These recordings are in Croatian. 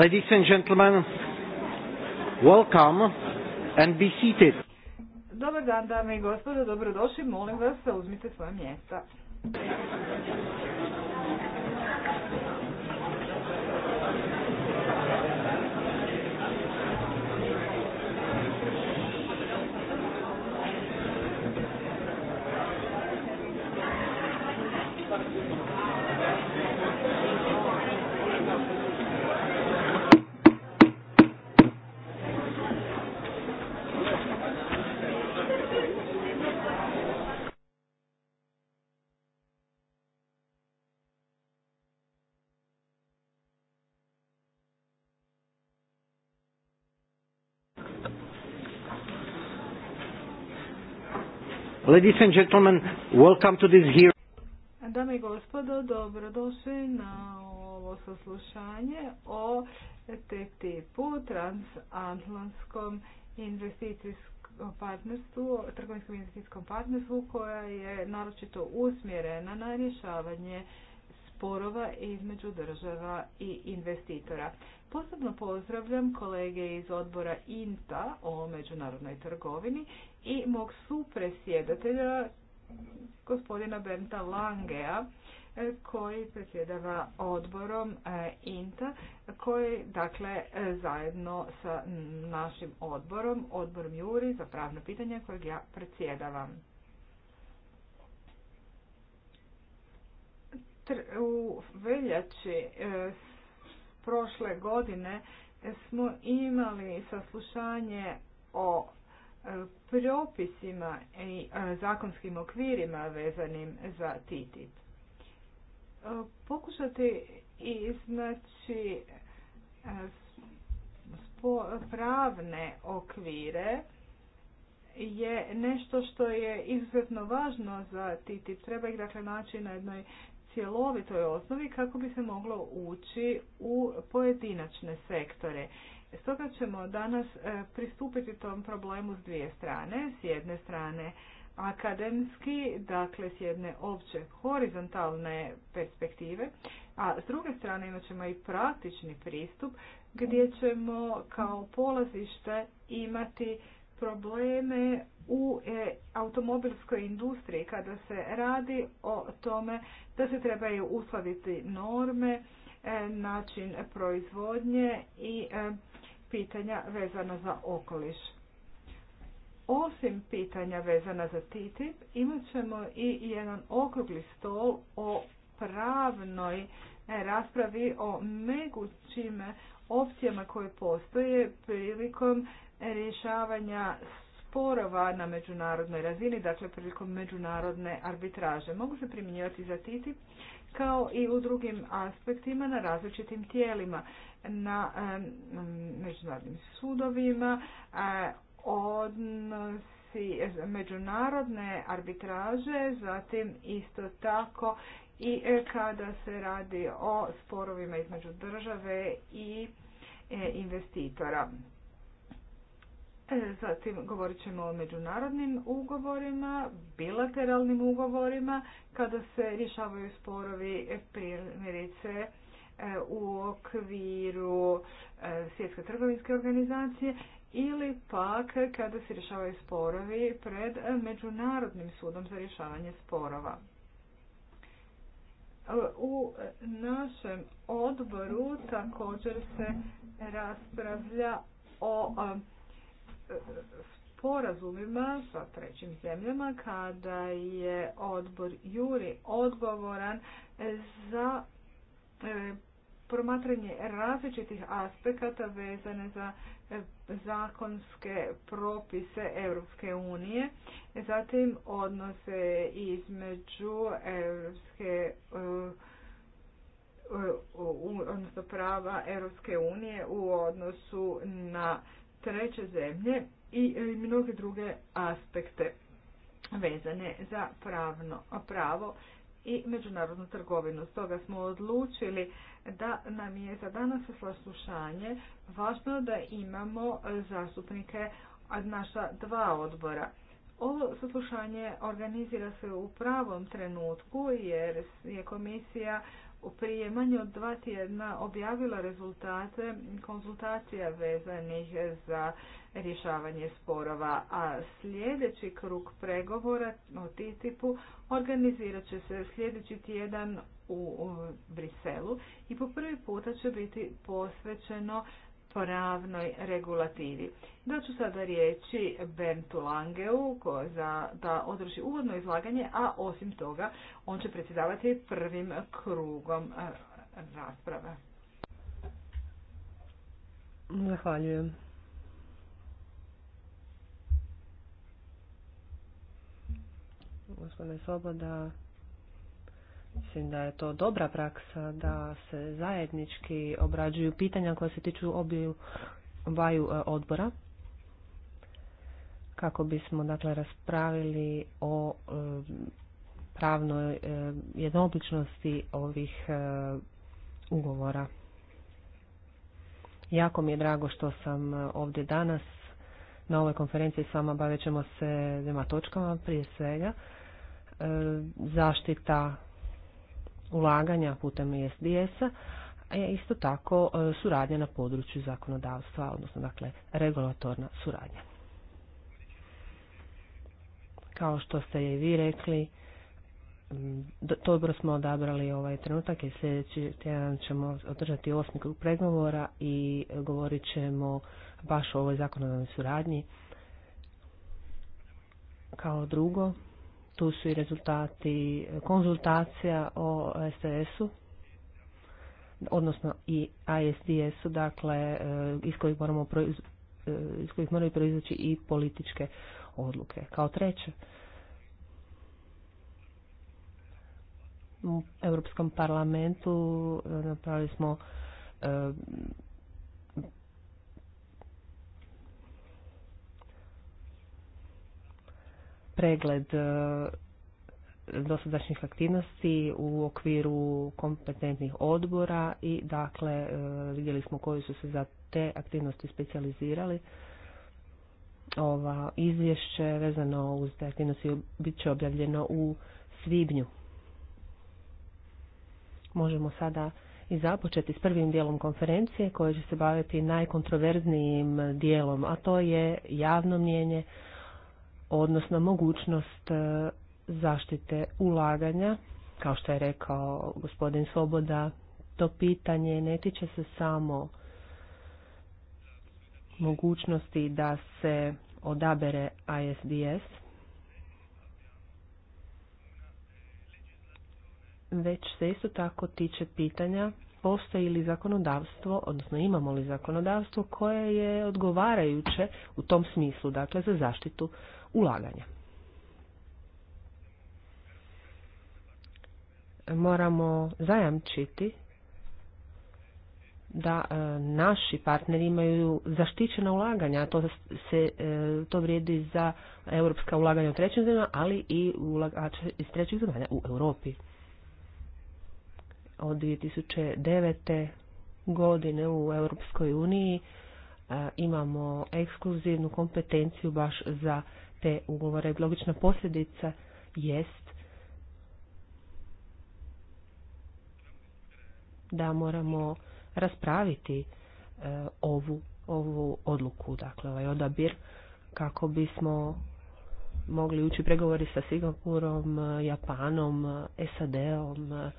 Ladies and gentlemen, welcome and be seated. Dobar dan, dame i gospodo, dobrodošli, molim vas, uzmite svoje mjesta. Ladies and gentlemen, welcome to this Dame i gospodo, dobrodošli na ovo saslušanje o TTIP-u, transatlantskom investicijskom partnerstvu, trgovinskom investicijskom partnerstvu koja je naročito usmjerena na rješavanje sporova između država i investitora. Posebno pozdravljam kolege iz odbora INTA o međunarodnoj trgovini i mog supresjedatelja gospodina Bernta Langea e, koji predsjedava odborom e, INTA koji dakle e, zajedno sa našim odborom, odborom Juri za pravno pitanje kojeg ja predsjedavam. U veljači prošle godine smo imali saslušanje o E, propisima i e, zakonskim okvirima vezanim za TTIP. E, pokušati iznaći pravne okvire je nešto što je izuzetno važno za TTIP. Treba ih dakle naći na jednoj cjelovitoj osnovi kako bi se moglo ući u pojedinačne sektore Stoga ćemo danas e, pristupiti tom problemu s dvije strane. S jedne strane akademski, dakle s jedne opće horizontalne perspektive, a s druge strane imat ćemo i praktični pristup gdje ćemo kao polazište imati probleme u e, automobilskoj industriji kada se radi o tome da se trebaju uskladiti norme, e, način proizvodnje i pitanja vezana za okoliš. Osim pitanja vezana za TTIP, imat ćemo i jedan okrugli stol o pravnoj e, raspravi o megućim opcijama koje postoje prilikom rješavanja sporova na međunarodnoj razini, dakle prilikom međunarodne arbitraže. Mogu se primjenjivati za TTIP kao i u drugim aspektima na različitim tijelima na međunarodnim sudovima, e, odnosi međunarodne arbitraže, zatim isto tako i e, kada se radi o sporovima između države i e, investitora. Zatim govorit ćemo o međunarodnim ugovorima, bilateralnim ugovorima, kada se rješavaju sporovi primjerice E, u okviru e, svjetske trgovinske organizacije ili pak kada se rješavaju sporovi pred Međunarodnim sudom za rješavanje sporova. E, u našem odboru također se raspravlja o sporazumima sa trećim zemljama kada je odbor Juri odgovoran za promatranje različitih aspekata vezane za e, zakonske propise Europske unije, zatim odnose između Europske e, e, odnosno prava Europske unije u odnosu na treće zemlje i mnoge druge aspekte vezane za pravno pravo i međunarodnu trgovinu. Stoga smo odlučili da nam je za danas saslušanje važno da imamo zastupnike od naša dva odbora. Ovo saslušanje organizira se u pravom trenutku jer je komisija prije manje od dva tjedna objavila rezultate konzultacija vezanih za rješavanje sporova, a sljedeći krug pregovora o TTIP-u organizirat će se sljedeći tjedan u Briselu i po prvi puta će biti posvećeno pravnoj regulativi. Da ću sada riječi Bentu Langeu za, da održi uvodno izlaganje, a osim toga on će predsjedavati prvim krugom e, rasprave. Zahvaljujem. Gospodine Soboda, Mislim da je to dobra praksa da se zajednički obrađuju pitanja koja se tiču obiju vaju e, odbora kako bismo dakle raspravili o e, pravnoj e, jednoobličnosti ovih ugovora. Jako mi je drago što sam ovdje danas na ovoj konferenciji s vama bavit ćemo se dvema točkama prije svega. Zaštita ulaganja putem ISDS-a, e je isto tako e, suradnja na području zakonodavstva, odnosno dakle regulatorna suradnja. Kao što ste i vi rekli, dobro smo odabrali ovaj trenutak i sljedeći tjedan ćemo održati osmi krug pregovora i govorit ćemo baš o ovoj zakonodavnoj suradnji. Kao drugo, tu su i rezultati konzultacija o STS-u, odnosno i ISDS-u, dakle e, iz kojih, moramo proiz... E, iz kojih moraju proizaći i političke odluke. Kao treće, u Europskom parlamentu e, napravili smo pregled e, dosadašnjih aktivnosti u okviru kompetentnih odbora i dakle e, vidjeli smo koji su se za te aktivnosti specijalizirali. Ova izvješće vezano uz te aktivnosti bit će objavljeno u svibnju. Možemo sada i započeti s prvim dijelom konferencije koje će se baviti najkontroverznijim dijelom, a to je javno mnjenje odnosno mogućnost e, zaštite ulaganja, kao što je rekao gospodin Svoboda, to pitanje ne tiče se samo mogućnosti da se odabere ISDS, već se isto tako tiče pitanja postoji li zakonodavstvo, odnosno imamo li zakonodavstvo koje je odgovarajuće u tom smislu, dakle za zaštitu ulaganja. Moramo zajamčiti da e, naši partneri imaju zaštićena ulaganja, to se e, to vrijedi za europska ulaganja u trećim zemljama, ali i ulagače iz trećih zemalja u Europi. Od 2009. godine u Europskoj uniji e, imamo ekskluzivnu kompetenciju baš za te ugovore. Logična posljedica jest da moramo raspraviti e, ovu, ovu odluku, dakle ovaj odabir, kako bismo mogli ući pregovori sa Singapurom, Japanom, SAD-om.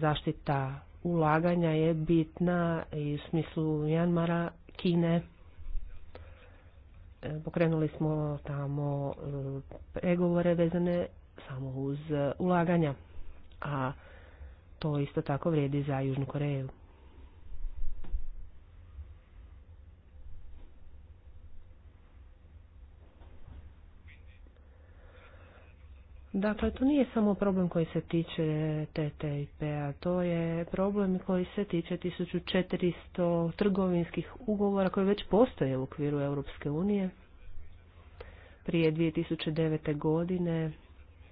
Zaštita ulaganja je bitna i u smislu Janmara, Kine, pokrenuli smo tamo e, pregovore vezane samo uz e, ulaganja, a to isto tako vrijedi za Južnu Koreju. Dakle, to nije samo problem koji se tiče TTIP-a, to je problem koji se tiče 1400 trgovinskih ugovora koji već postoje u okviru Europske unije. Prije 2009. godine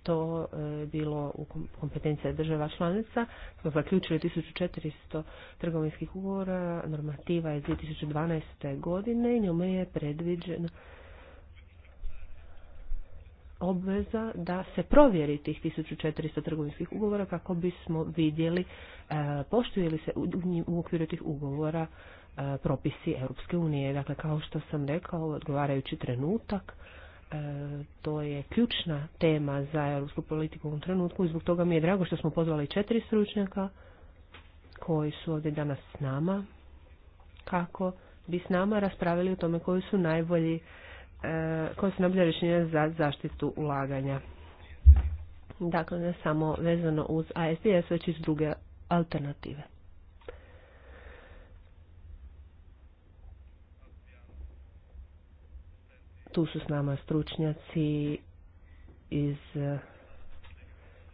to je bilo u kompetencija država članica, smo zaključili 1400 trgovinskih ugovora, normativa je 2012. godine i njome je predviđeno obveza da se provjeri tih 1400 trgovinskih ugovora kako bismo vidjeli e, poštuje li se u okviru tih ugovora e, propisi Europske unije. Dakle, kao što sam rekao, odgovarajući trenutak, e, to je ključna tema za europsku politiku u ovom trenutku i zbog toga mi je drago što smo pozvali četiri stručnjaka koji su ovdje danas s nama kako bi s nama raspravili o tome koji su najbolji E, koje su najbolje rješenja za zaštitu ulaganja. Dakle, ne samo vezano uz ASDS, već i s druge alternative. Tu su s nama stručnjaci iz...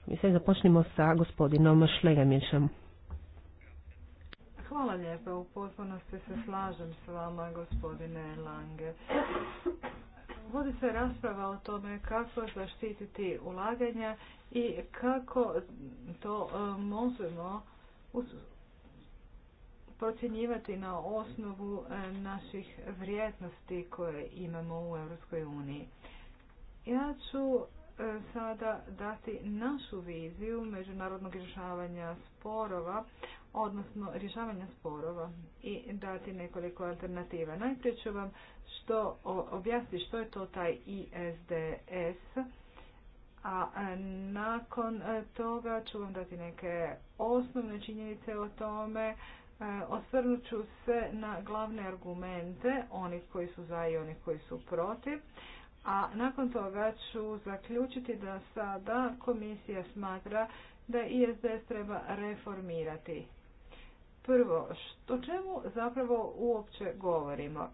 Mislim, započnimo sa gospodinom Šlegamićem. Hvala lijepa, u potpunosti se slažem s vama, gospodine Lange. Vodi se rasprava o tome kako zaštititi ulaganja i kako to e, možemo procjenjivati na osnovu e, naših vrijednosti koje imamo u Europskoj uniji. Ja ću e, sada dati našu viziju međunarodnog rješavanja sporova odnosno rješavanja sporova i dati nekoliko alternativa. Najprije ću vam što objasniti što je to taj ISDS, a e, nakon e, toga ću vam dati neke osnovne činjenice o tome, e, Osvrnut ću se na glavne argumente, onih koji su za i onih koji su protiv, a nakon toga ću zaključiti da sada komisija smatra da ISDS treba reformirati. Prvo, o čemu zapravo uopće govorimo?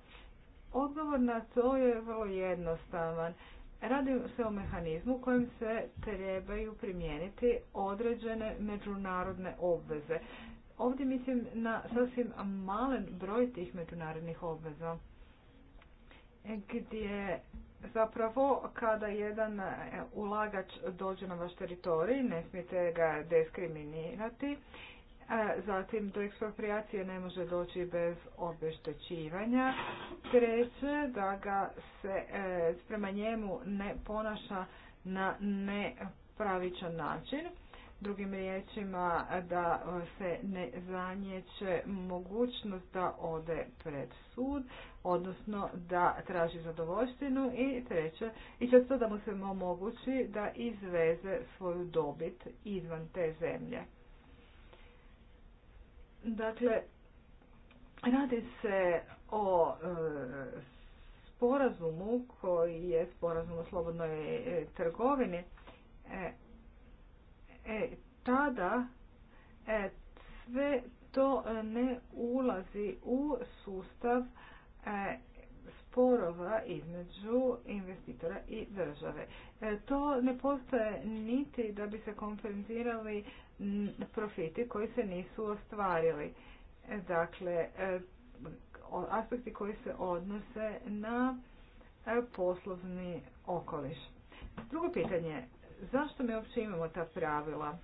Odgovor na to je vrlo jednostavan. Radi se o mehanizmu kojim se trebaju primijeniti određene međunarodne obveze. Ovdje mislim na sasvim malen broj tih međunarodnih obveza gdje zapravo kada jedan ulagač dođe na vaš teritorij, ne smijete ga diskriminirati Zatim do ekspropriacije ne može doći bez obeštećivanja. Treće, da ga se e, prema njemu ne ponaša na nepravičan način. Drugim riječima da se ne zanječe mogućnost da ode pred sud, odnosno da traži zadovoljstinu i treće, i često da mu se omogući da izveze svoju dobit izvan te zemlje. Dakle, radi se o e, sporazumu koji je sporazum o slobodnoj e, trgovini. E, tada sve to ne ulazi u sustav sporova između investitora i države. E, to ne postoje niti da bi se kompenzirali profiti koji se nisu ostvarili. E, dakle, e, aspekti koji se odnose na poslovni okoliš. Drugo pitanje, zašto mi uopće imamo ta pravila?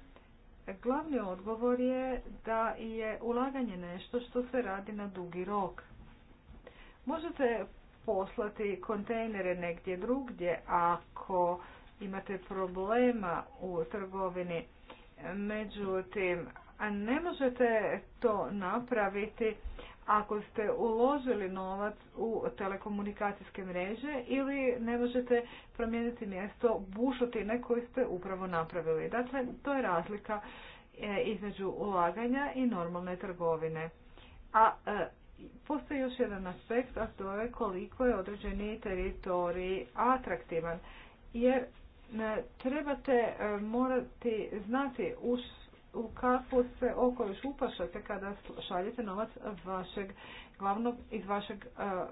Glavni odgovor je da je ulaganje nešto što se radi na dugi rok. Možete poslati kontejnere negdje drugdje ako imate problema u trgovini. Međutim, ne možete to napraviti ako ste uložili novac u telekomunikacijske mreže ili ne možete promijeniti mjesto bušotine koju ste upravo napravili. Dakle, to je razlika e, između ulaganja i normalne trgovine. A e, Postoji još jedan aspekt, a to je koliko je određeni teritorij atraktivan. Jer e, trebate e, morati znati u, u kakvu se okoliš upašate kada šaljete novac vašeg glavnog, iz vašeg e,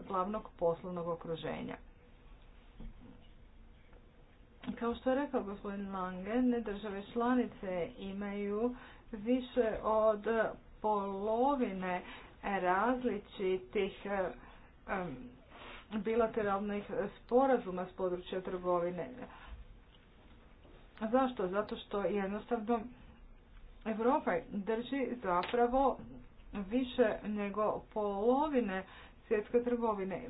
glavnog poslovnog okruženja. Kao što je rekao gospodin Langen, države članice imaju više od polovine različitih e, e, bilateralnih sporazuma s područja trgovine. Zašto? Zato što jednostavno Europa drži zapravo više nego polovine svjetske trgovine.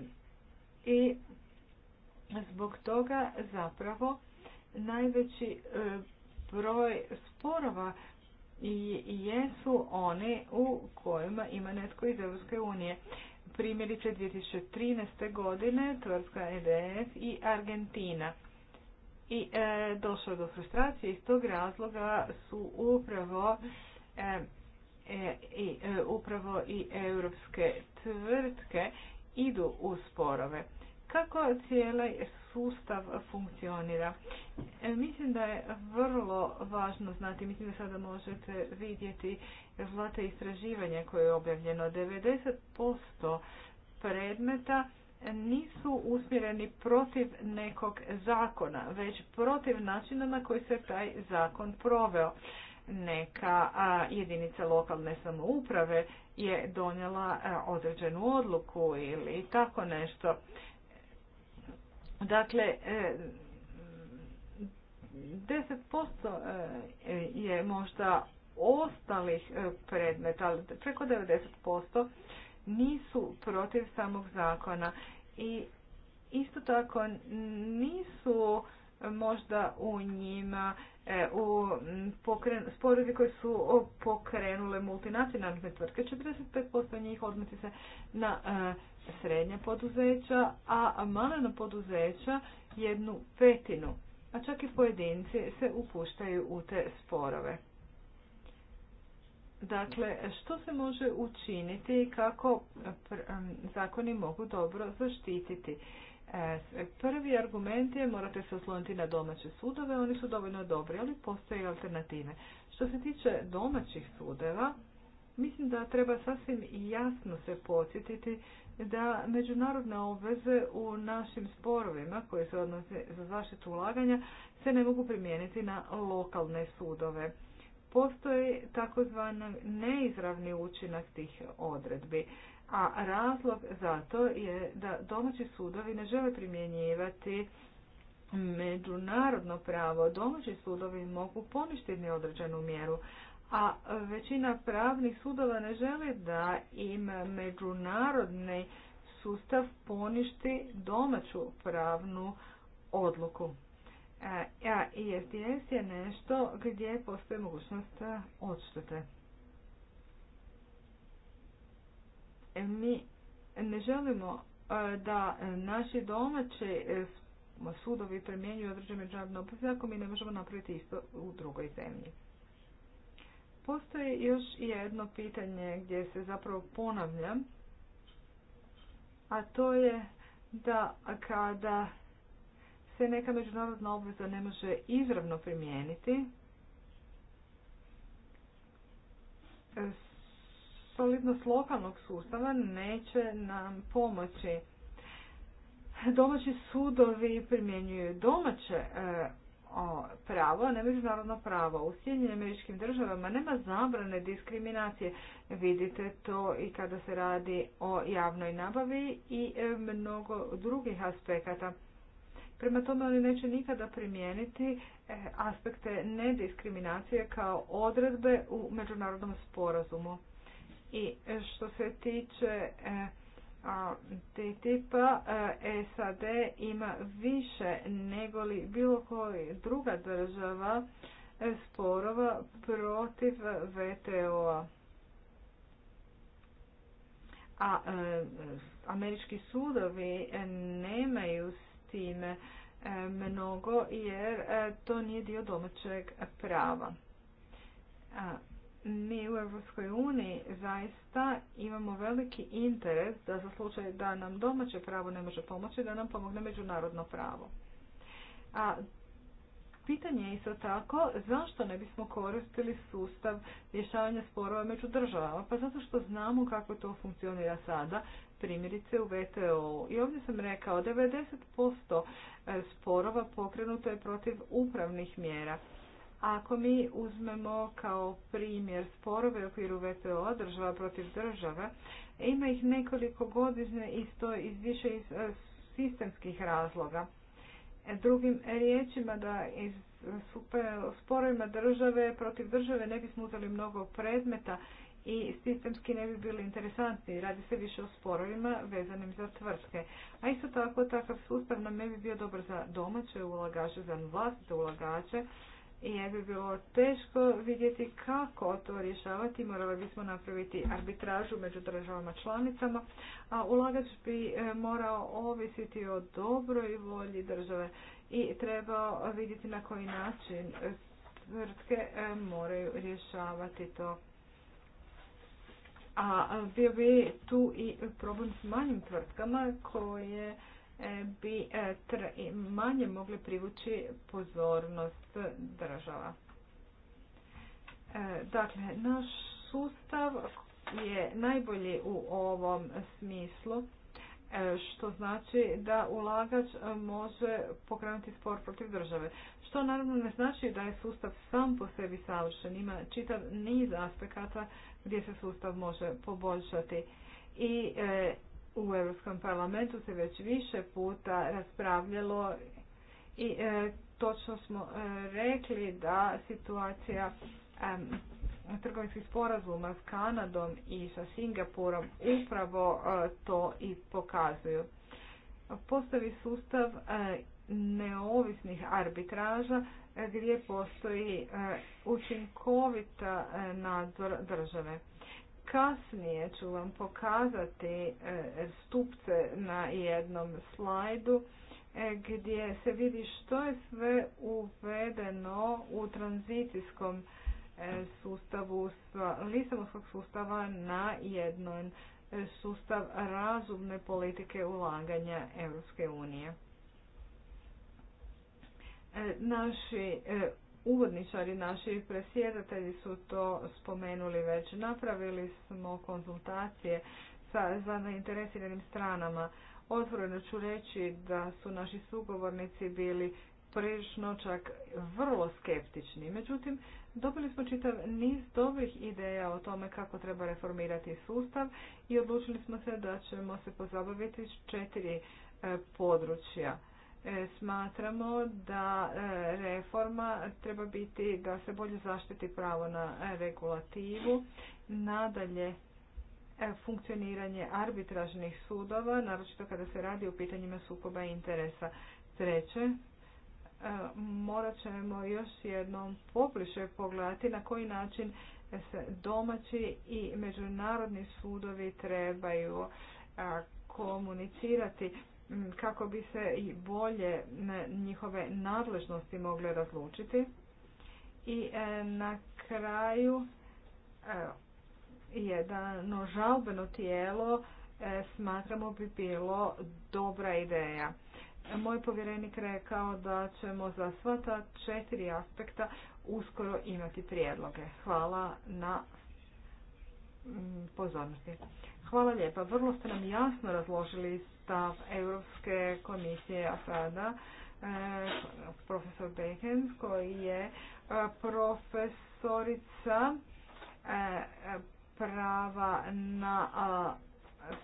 I zbog toga zapravo najveći e, broj sporova i jesu one u kojima ima netko iz Europske unije. Primjerice 2013. godine tvrtka EDF i Argentina. I e, došlo do frustracije iz tog razloga su upravo e, e, i e, upravo i europske tvrtke idu u sporove kako cijeli sustav funkcionira. E, mislim da je vrlo važno znati, mislim da sada možete vidjeti zlate istraživanje koje je objavljeno. 90% predmeta nisu usmjereni protiv nekog zakona, već protiv načina na koji se taj zakon proveo. Neka jedinica lokalne samouprave je donijela određenu odluku ili tako nešto. Dakle, 10% e, e, je možda ostalih e, predmeta, ali preko 90% nisu protiv samog zakona i isto tako nisu možda u njima e, u pokren, sporovi koji su pokrenule multinacionalne tvrtke, 45% njih odnosi se na e, srednja poduzeća, a na poduzeća jednu petinu, a čak i pojedinci se upuštaju u te sporove. Dakle, što se može učiniti i kako zakoni mogu dobro zaštititi? E, prvi argument je morate se osloniti na domaće sudove, oni su dovoljno dobri, ali postoje alternative. Što se tiče domaćih sudeva, mislim da treba sasvim jasno se podsjetiti da međunarodne obveze u našim sporovima koje se odnose za zaštitu ulaganja se ne mogu primijeniti na lokalne sudove. Postoji takozvani neizravni učinak tih odredbi a razlog za to je da domaći sudovi ne žele primjenjivati međunarodno pravo. Domaći sudovi mogu poništiti neodređenu mjeru, a većina pravnih sudova ne želi da im međunarodni sustav poništi domaću pravnu odluku. E, a ISDS je nešto gdje postoje mogućnost odštete. E, mi ne želimo e, da naši domaći e, sudovi primjenjuju određene međunarodne obveze ako mi ne možemo napraviti isto u drugoj zemlji. Postoji još jedno pitanje gdje se zapravo ponavljam, a to je da kada se neka međunarodna obveza ne može izravno primijeniti, solidnost lokalnog sustava neće nam pomoći. Domaći sudovi primjenjuju domaće e, pravo, a ne međunarodno pravo. U Sjedinjenim američkim državama nema zabrane diskriminacije. Vidite to i kada se radi o javnoj nabavi i e, mnogo drugih aspekata. Prema tome oni neće nikada primijeniti e, aspekte nediskriminacije kao odredbe u međunarodnom sporazumu. I e, što se tiče e, TTIP-a, e, SAD ima više nego li bilo koji druga država sporova protiv VTO-a. A američki sudovi nemaju s time mnogo jer to nije dio domaćeg prava mi u Europskoj uniji zaista imamo veliki interes da za slučaj da nam domaće pravo ne može pomoći, da nam pomogne međunarodno pravo. A pitanje je isto tako zašto ne bismo koristili sustav rješavanja sporova među državama? Pa zato što znamo kako to funkcionira sada, primjerice u VTO. I ovdje sam rekao 90% sporova pokrenuto je protiv upravnih mjera ako mi uzmemo kao primjer sporove u okviru VTO država protiv države, ima ih nekoliko godine i iz više iz e, sistemskih razloga. E, drugim riječima da iz sporovima države protiv države ne bismo uzeli mnogo predmeta i sistemski ne bi bili interesantni. Radi se više o sporovima vezanim za tvrtke. A isto tako takav sustav nam ne bi bio dobar za domaće ulagače, za vlastite ulagače, i bi bilo teško vidjeti kako to rješavati. Morali bismo napraviti arbitražu među državama članicama, a ulagač bi e, morao ovisiti o dobroj volji države i trebao vidjeti na koji način tvrtke e, moraju rješavati to. A e, bio bi tu i problem s manjim tvrtkama koje E, bi e, manje mogli privući pozornost država. E, dakle, naš sustav je najbolji u ovom smislu, što znači da ulagač može pokrenuti spor protiv države. Što naravno ne znači da je sustav sam po sebi savršen. Ima čitav niz aspekata gdje se sustav može poboljšati. I u Europskom parlamentu se već više puta raspravljalo i e, točno smo e, rekli da situacija e, trgovinskih sporazuma s Kanadom i sa Singapurom upravo e, to i pokazuju. Postoji sustav e, neovisnih arbitraža gdje postoji učinkovita nadzor države. Kasnije ću vam pokazati e, stupce na jednom slajdu e, gdje se vidi što je sve uvedeno u tranzicijskom e, sustavu lisabonskog sustava na jednom sustav razumne politike ulaganja Europske unije. Naši uvodničari, naši presjedatelji su to spomenuli već. Napravili smo konzultacije sa zainteresiranim stranama. Otvoreno ću reći da su naši sugovornici bili prilično čak vrlo skeptični. Međutim, dobili smo čitav niz dobrih ideja o tome kako treba reformirati sustav i odlučili smo se da ćemo se pozabaviti s četiri e, područja E, smatramo da e, reforma treba biti da se bolje zaštiti pravo na regulativu. Nadalje, e, funkcioniranje arbitražnih sudova, naročito kada se radi o pitanjima sukoba interesa. Treće, morat ćemo još jednom popliše pogledati na koji način se domaći i međunarodni sudovi trebaju komunicirati kako bi se i bolje njihove nadležnosti mogle razlučiti. I e, na kraju e, jedano žalbeno tijelo e, smatramo bi bilo dobra ideja. Moj povjerenik rekao da ćemo za sva ta četiri aspekta uskoro imati prijedloge. Hvala na pozornosti. Hvala lijepa. Vrlo ste nam jasno razložili stav Europske komisije, a sada e, profesor Beckens koji je e, profesorica e, prava na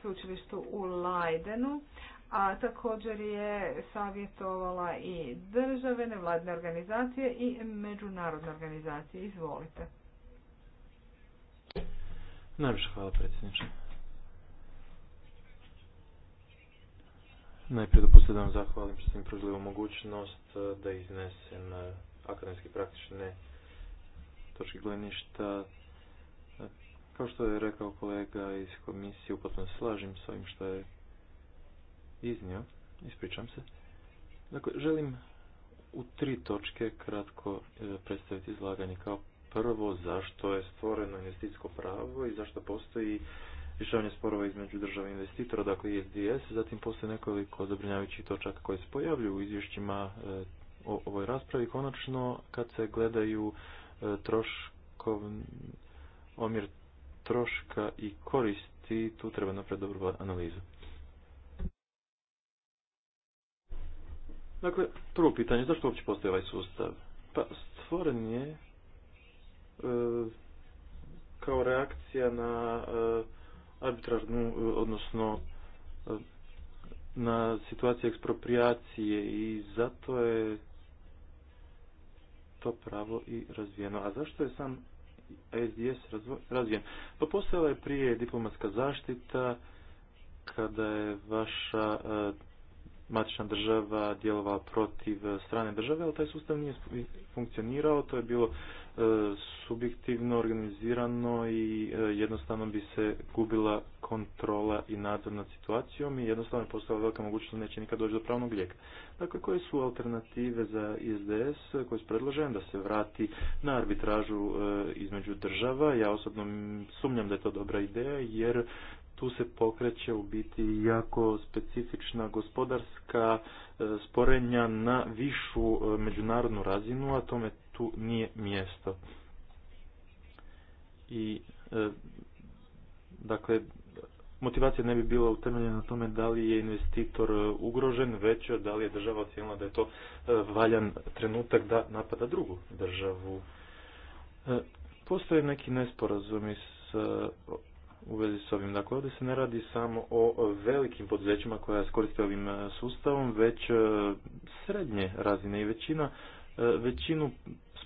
sveučilištu u Lajdenu, a također je savjetovala i države, nevladne organizacije i međunarodne organizacije. Izvolite. Najviše hvala predsjedniče. Najprije dopustite da vam zahvalim što ste mi pružili mogućnost eh, da iznesem eh, akademski praktične točke gledišta. Eh, kao što je rekao kolega iz komisije, upotno slažem s ovim što je iznio, ispričam se. Dakle, želim u tri točke kratko predstaviti izlaganje kao prvo zašto je stvoreno investicijsko pravo i zašto postoji rješavanje sporova između države investitora, dakle ISDS, zatim postoje nekoliko zabrinjavajućih točaka koje se pojavljuju u izvješćima e, o ovoj raspravi. Konačno, kad se gledaju e, troškov, omjer troška i koristi, tu treba napred dobru analizu. Dakle, prvo pitanje, zašto uopće postoji ovaj sustav? Pa, stvoren je e, kao reakcija na arbitrarnu, e, odnosno e, na situaciju ekspropriacije i zato je to pravo i razvijeno. A zašto je sam SDS razvijen? Pa postojala je prije diplomatska zaštita kada je vaša e, matična država djelovala protiv strane države, ali taj sustav nije funkcionirao, to je bilo E, subjektivno, organizirano i e, jednostavno bi se gubila kontrola i nadzor nad situacijom i jednostavno je postala velika mogućnost da neće nikad doći do pravnog lijeka. Dakle, koje su alternative za ISDS koje su predložene da se vrati na arbitražu e, između država? Ja osobno sumnjam da je to dobra ideja jer tu se pokreće u biti jako specifična gospodarska sporenja na višu međunarodnu razinu, a tome tu nije mjesto. I e, dakle motivacija ne bi bila utemeljena na tome da li je investitor e, ugrožen, već da li je država ocijenila da je to e, valjan trenutak da napada drugu državu. Postoje neki nesporazumi s, u vezi s ovim. Dakle, ovdje se ne radi samo o velikim poduzećima koja koriste ovim sustavom, već srednje razine i većina većinu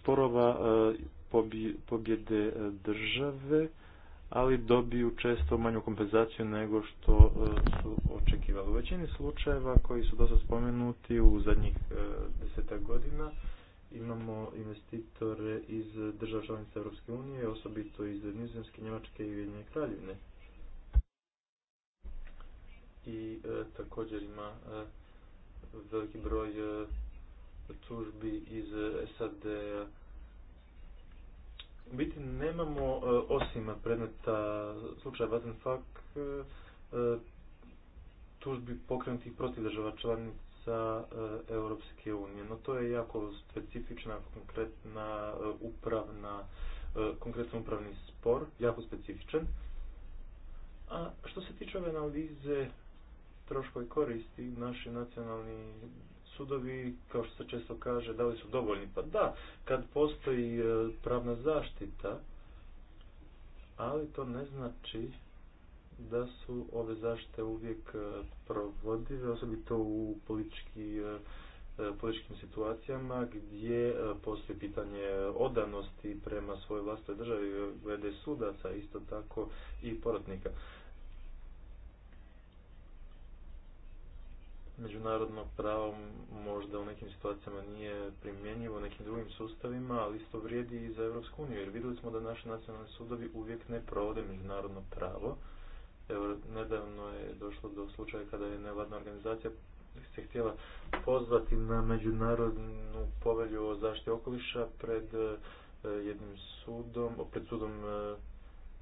sporova e, pobjede e, države, ali dobiju često manju kompenzaciju nego što e, su očekivali. U većini slučajeva koji su dosta spomenuti u zadnjih desetak godina imamo investitore iz država članica Europske unije, osobito iz Nizemske, Njemačke i Ujedinjene kraljevine. I također ima veliki broj tužbi iz eh, SAD. U biti nemamo, eh, osim predmeta slučaja Vazenfak, eh, tužbi pokrenutih protiv država članica Europske unije. No to je jako specifična, konkretna upravna, konkretno upravni spor, jako specifičan. A što se tiče ove analize troškoj koristi, naši nacionalni sudovi, kao što se često kaže, da li su dovoljni? Pa da, kad postoji e, pravna zaštita, ali to ne znači da su ove zaštite uvijek e, provodive, osobito u politički, e, političkim situacijama gdje postoji pitanje odanosti prema svojoj vlastitoj državi glede sudaca, isto tako i porotnika. međunarodno pravo možda u nekim situacijama nije primjenjivo u nekim drugim sustavima, ali isto vrijedi i za Europsku uniju, jer vidjeli smo da naši nacionalni sudovi uvijek ne provode međunarodno pravo. Evo, nedavno je došlo do slučaja kada je nevladna organizacija se htjela pozvati na međunarodnu povelju o zaštiti okoliša pred eh, jednim sudom, pred sudom, eh,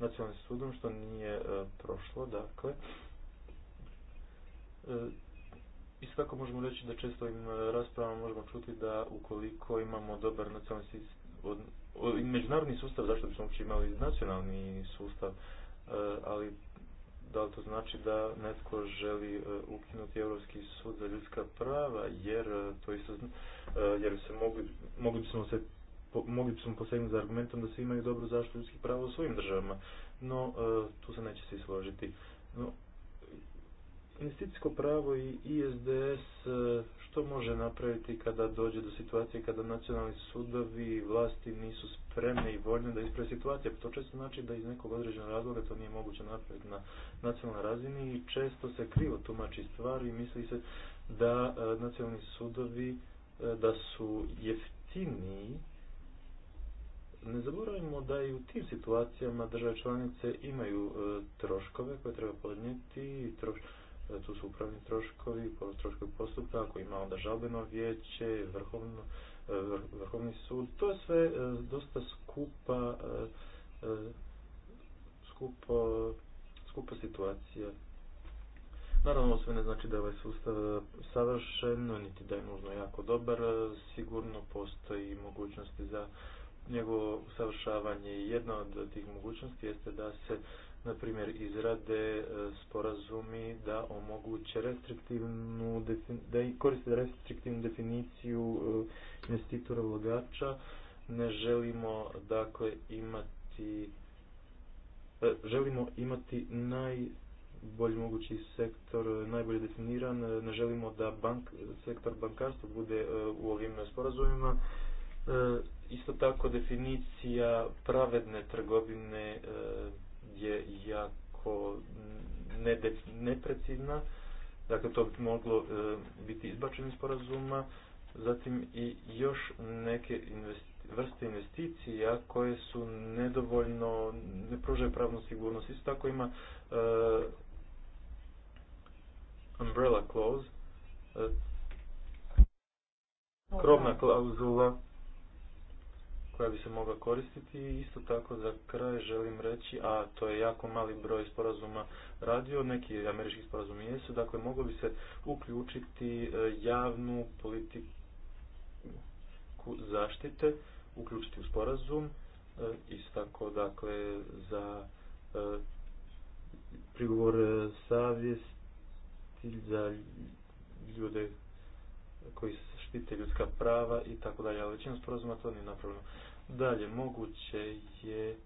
nacionalnim sudom, što nije eh, prošlo, dakle Isto tako možemo reći da često ovim e, raspravama možemo čuti da ukoliko imamo dobar nacionalni sistem, međunarodni sustav, zašto bismo uopće imali nacionalni sustav, e, ali da li to znači da netko želi e, ukinuti Europski sud za ljudska prava, jer to isto, jer se mogli, mogli bismo se mogli posegnuti za argumentom da svi imaju dobru zaštitu ljudskih prava u svojim državama, no tu se neće svi složiti. No, investicijsko pravo i ISDS e, što može napraviti kada dođe do situacije kada nacionalni sudovi i vlasti nisu spremni i voljne da isprave situacije. To često znači da iz nekog određenog razloga to nije moguće napraviti na nacionalnoj razini i često se krivo tumači stvar i misli se da e, nacionalni sudovi e, da su jeftiniji ne zaboravimo da i u tim situacijama države članice imaju troškove koje treba podnijeti i troškove Dakle, tu su upravni troškovi, troškovi postupka, ako ima onda žalbeno vijeće, vrhovno, e, vrhovni sud, to je sve e, dosta skupa, e, skupa situacija. Naravno, sve ne znači da je ovaj sustav savršen, niti da je nužno jako dobar, sigurno postoji mogućnosti za njegovo usavršavanje i jedna od tih mogućnosti jeste da se na primjer izrade e, sporazumi da omoguće restriktivnu da koriste restriktivnu definiciju e, investitora ulagača ne želimo dakle imati e, želimo imati najbolji mogući sektor najbolje definiran ne želimo da bank, sektor bankarstva bude u ovim sporazumima isto tako definicija pravedne trgovine je jako neprecizna, dakle to bi moglo e, biti izbačeno iz sporazuma, zatim i još neke vrste investicija koje su nedovoljno, ne pružaju pravnu sigurnost. Isto tako ima e, umbrella clause, e, krovna klauzula koja bi se mogla koristiti i isto tako za kraj želim reći, a to je jako mali broj sporazuma radio, neki američki sporazumi jesu, dakle moglo bi se uključiti e, javnu politiku zaštite, uključiti u sporazum, e, isto tako dakle za e, prigovor savjesti za ljude koji štite ljudska prava i tako dalje, ali većina sporazuma to nije napravljeno. Dalje, moguće je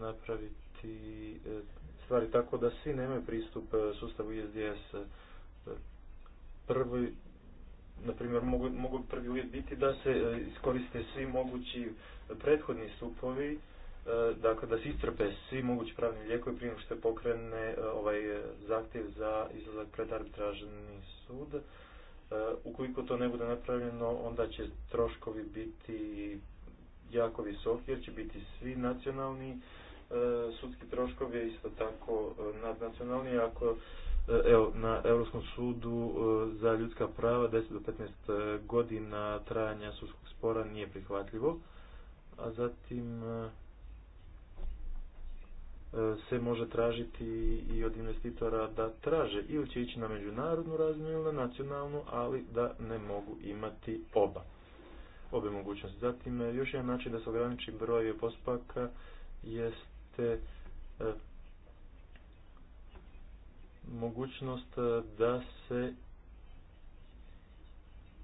napraviti e, stvari tako da svi nemaju pristup e, sustavu ISDS. E, prvi, na primjer, mogu, prvi uvjet biti da se iskoriste svi mogući prethodni stupovi, dakle da se istrpe svi mogući pravni lijekovi prije nego što pokrene ovaj zahtjev za izlazak pred arbitražni sud E, ukoliko to ne bude napravljeno, onda će troškovi biti jako visoki, jer će biti svi nacionalni e, sudski troškovi, isto tako e, nadnacionalni, ako evo, na Europskom sudu za ljudska prava 10 do 15 godina trajanja sudskog spora nije prihvatljivo, a zatim E, se može tražiti i od investitora da traže ili će ići na međunarodnu razinu ili na nacionalnu, ali da ne mogu imati oba. Obe mogućnosti. Zatim, e, još jedan način da se ograniči broj postupaka jeste e, mogućnost da se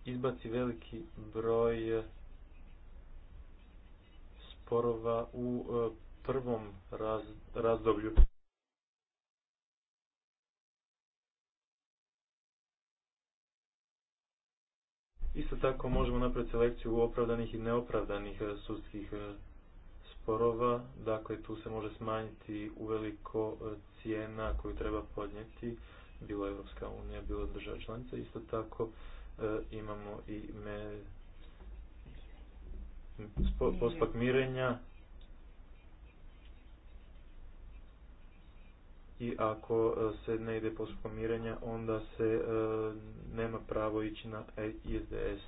izbaci veliki broj sporova u prvom razdoblju Isto tako možemo napraviti selekciju opravdanih i neopravdanih e, sudskih e, sporova, dakle tu se može smanjiti uveliko e, cijena koju treba podnijeti, bilo Europska unija, bilo država članica, isto tako imamo i me, postupak mirenja i ako e, se ne ide poslu mirenja, onda se e, nema pravo ići na e ISDS.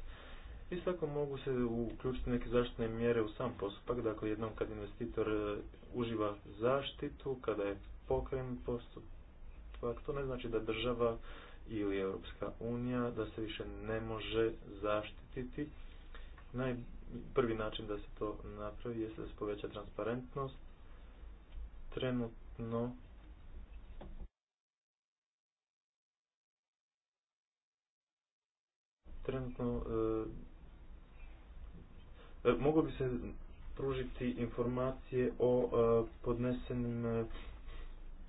Isto tako mogu se uključiti neke zaštitne mjere u sam postupak, dakle jednom kad investitor uživa zaštitu, kada je pokrenut postupak, to ne znači da država ili Europska unija da se više ne može zaštititi. Naj, prvi način da se to napravi je da se poveća transparentnost. Trenutno trenutno e, e, mogu bi se pružiti informacije o e, podnesenim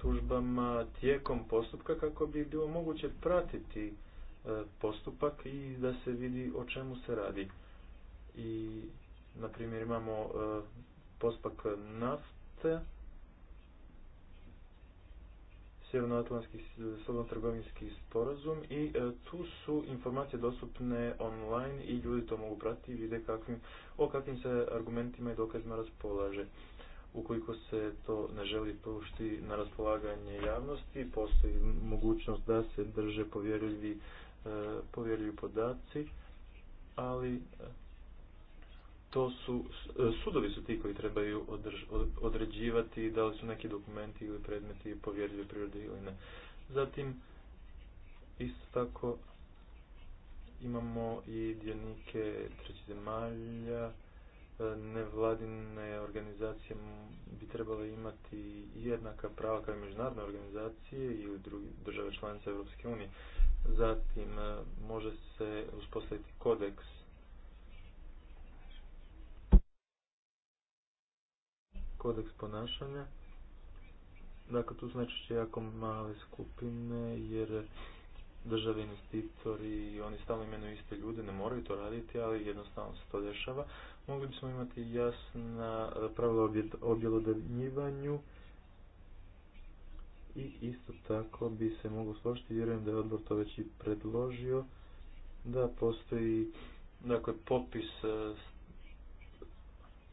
tužbama tijekom postupka kako bi bilo moguće pratiti postupak i da se vidi o čemu se radi. I, na primjer, imamo postupak nafte Sjevernoatlantski slobodno trgovinski sporazum i e, tu su informacije dostupne online i ljudi to mogu pratiti i vide kakvim, o kakvim se argumentima i dokazima raspolaže. Ukoliko se to ne želi pušti na raspolaganje javnosti, postoji mogućnost da se drže povjerljivi, e, povjerljivi podaci, ali e, to su, e, sudovi su ti koji trebaju određivati da li su neki dokumenti ili predmeti povjerljive prirode ili ne. Zatim, isto tako, imamo i dionike trećih zemalja, e, nevladine organizacije bi trebale imati jednaka prava kao i međunarodne organizacije i u drugi države članice Europske unije. Zatim e, može se uspostaviti kodeks kodeks ponašanja. Dakle, tu znači će jako male skupine, jer države investitori, oni stalno imenuju iste ljude, ne moraju to raditi, ali jednostavno se to dešava. Mogli bismo imati jasna e, pravila objelodanjivanju i isto tako bi se moglo složiti, vjerujem da je odbor to već i predložio, da postoji dakle, popis e,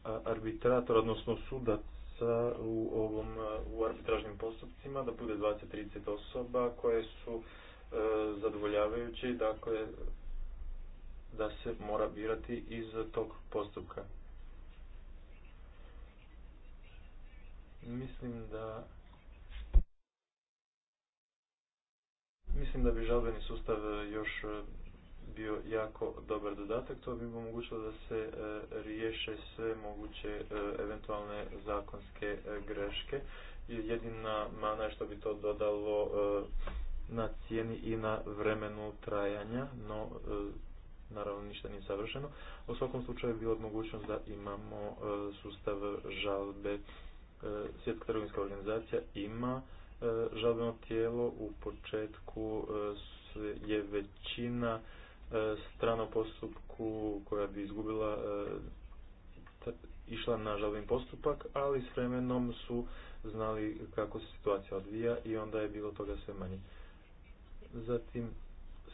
arbitrator, odnosno sudaca u ovom u arbitražnim postupcima, da bude 20-30 osoba koje su e, zadovoljavajući, dakle da se mora birati iz tog postupka. Mislim da mislim da bi žalbeni sustav još bio jako dobar dodatak. To bi omogućilo da se e, riješe sve moguće e, eventualne zakonske e, greške. Jedina mana je što bi to dodalo na cijeni i na vremenu trajanja, no naravno ništa nije savršeno. U svakom slučaju je bilo mogućnost da imamo sustav žalbe. Svjetska trgovinska organizacija ima žalbeno tijelo u početku je većina E, strana postupku koja bi izgubila e, išla na žalbeni postupak, ali s vremenom su znali kako se situacija odvija i onda je bilo toga sve manje. Zatim,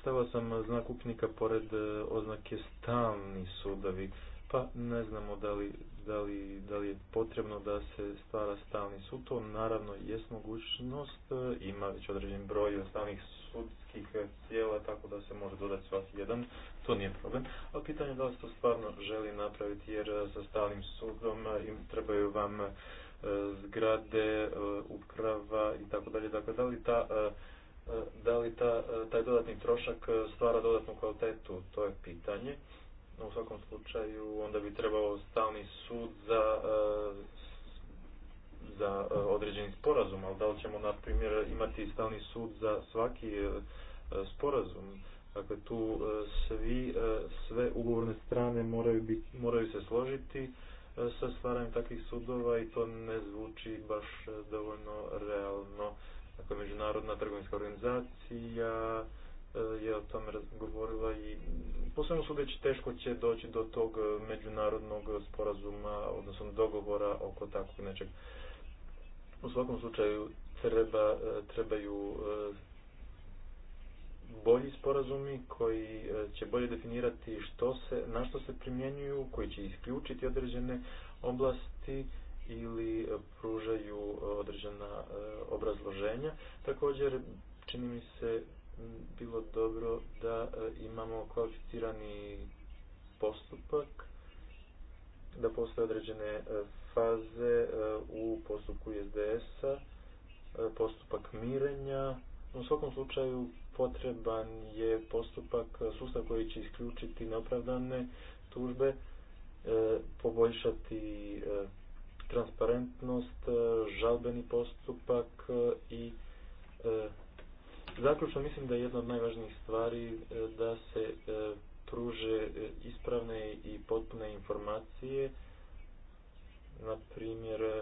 stavio sam znak upnika pored e, oznake stalni sudovi, pa ne znamo da li, je potrebno da se stvara stalni sud, to naravno jest mogućnost, ima već određen broj stalnih sud, svih tijela, tako da se može dodati svaki jedan, to nije problem. a pitanje je da li se to stvarno želi napraviti, jer e, sa stalnim sudom e, im trebaju vam e, zgrade, uprava i tako dalje. Dakle, da li ta da li ta, taj dodatni trošak stvara dodatnu kvalitetu, to je pitanje. U svakom slučaju onda bi trebao stalni sud za, za određeni sporazum, ali da li ćemo na primjer imati stalni sud za svaki E, sporazum. Dakle, tu e, svi, e, sve ugovorne strane moraju, biti, moraju se složiti sa stvaranjem takvih sudova i to ne zvuči baš dovoljno realno. Dakle, Međunarodna trgovinska organizacija je o tome govorila i posebno sudeći teško će doći do tog međunarodnog sporazuma, odnosno dogovora oko takvog nečeg. U svakom slučaju treba, trebaju bolji sporazumi koji e, će bolje definirati što se, na što se primjenjuju, koji će isključiti određene oblasti ili e, pružaju e, određena obrazloženja. Također, čini mi se bilo dobro da imamo kvalificirani postupak, da postoje određene faze u postupku SDS-a, postupak mirenja. U svakom slučaju potreban je postupak, sustav koji će isključiti neopravdane tužbe, e, poboljšati e, transparentnost, e, žalbeni postupak i zaključno mislim da je jedna od najvažnijih stvari da se pruže ispravne i potpune informacije, na primjer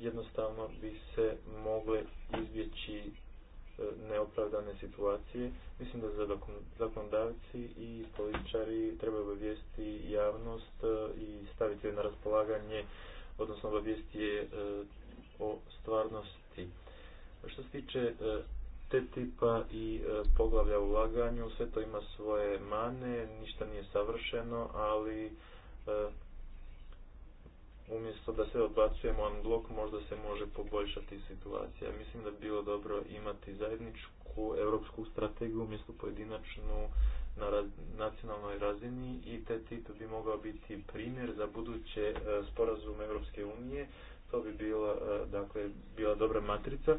jednostavno bi se mogle izbjeći neopravdane situacije. Mislim da za zakonodavci i političari trebaju obavijesti javnost e, i staviti je na raspolaganje, odnosno obavijesti je e, o stvarnosti. Što se tiče te tipa i e, poglavlja ulaganju, sve to ima svoje mane, ništa nije savršeno, ali umjesto da se odbacujemo on blok možda se može poboljšati situacija. Mislim da bi bilo dobro imati zajedničku europsku strategiju umjesto pojedinačnu na nacionalnoj razini i te to bi mogao biti primjer za buduće e, sporazume Europske unije. To bi bila, e, dakle, bila dobra matrica. E,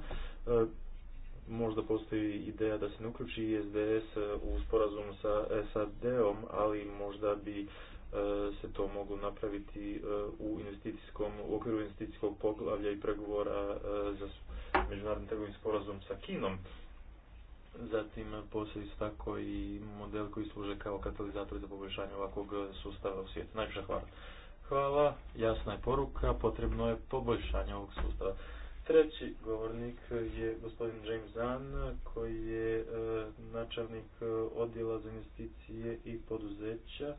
možda postoji ideja da se ne uključi ISDS u sporazum sa SAD-om, ali možda bi E, se to mogu napraviti e, u investicijskom u okviru investicijskog poglavlja i pregovora e, za međunarodni trgovinski sporazum sa Kinom. Zatim postoji isto tako i model koji služe kao katalizator za poboljšanje ovakvog sustava u svijetu. Najviše hvala. Hvala, jasna je poruka, potrebno je poboljšanje ovog sustava. Treći govornik je gospodin James Zan koji je načelnik odjela za investicije i poduzeća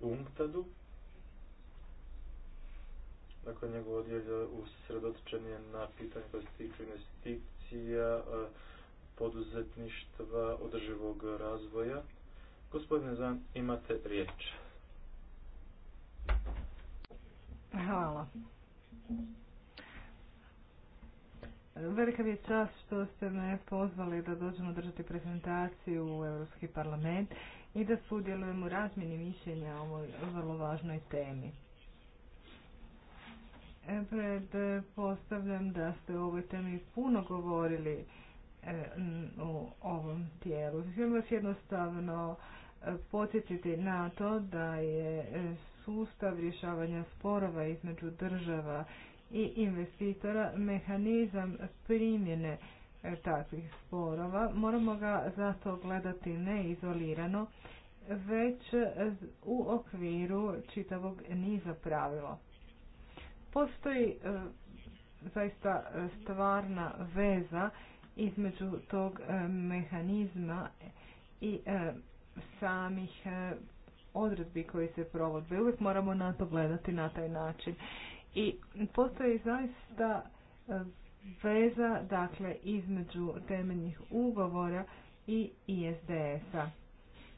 unctad Dakle, njegov odjel usredotčen je na pitanje koje se investicija, poduzetništva, održivog razvoja. Gospodine Zan, imate riječ. Hvala. Velika mi je čast što ste me pozvali da dođemo držati prezentaciju u Europski parlament i da sudjelujemo u razmjeni mišljenja o ovoj vrlo važnoj temi. E, e, postavljam da ste o ovoj temi puno govorili e, u ovom tijelu. Želim vas jednostavno podsjetiti na to da je sustav rješavanja sporova između država i investitora mehanizam primjene E, takvih sporova. Moramo ga zato gledati ne izolirano, već u okviru čitavog niza pravila. Postoji e, zaista stvarna veza između tog e, mehanizma i samih odredbi koji se provode. Uvijek moramo na to gledati na taj način. I postoji zaista veza dakle između temeljnih ugovora i ISDS-a.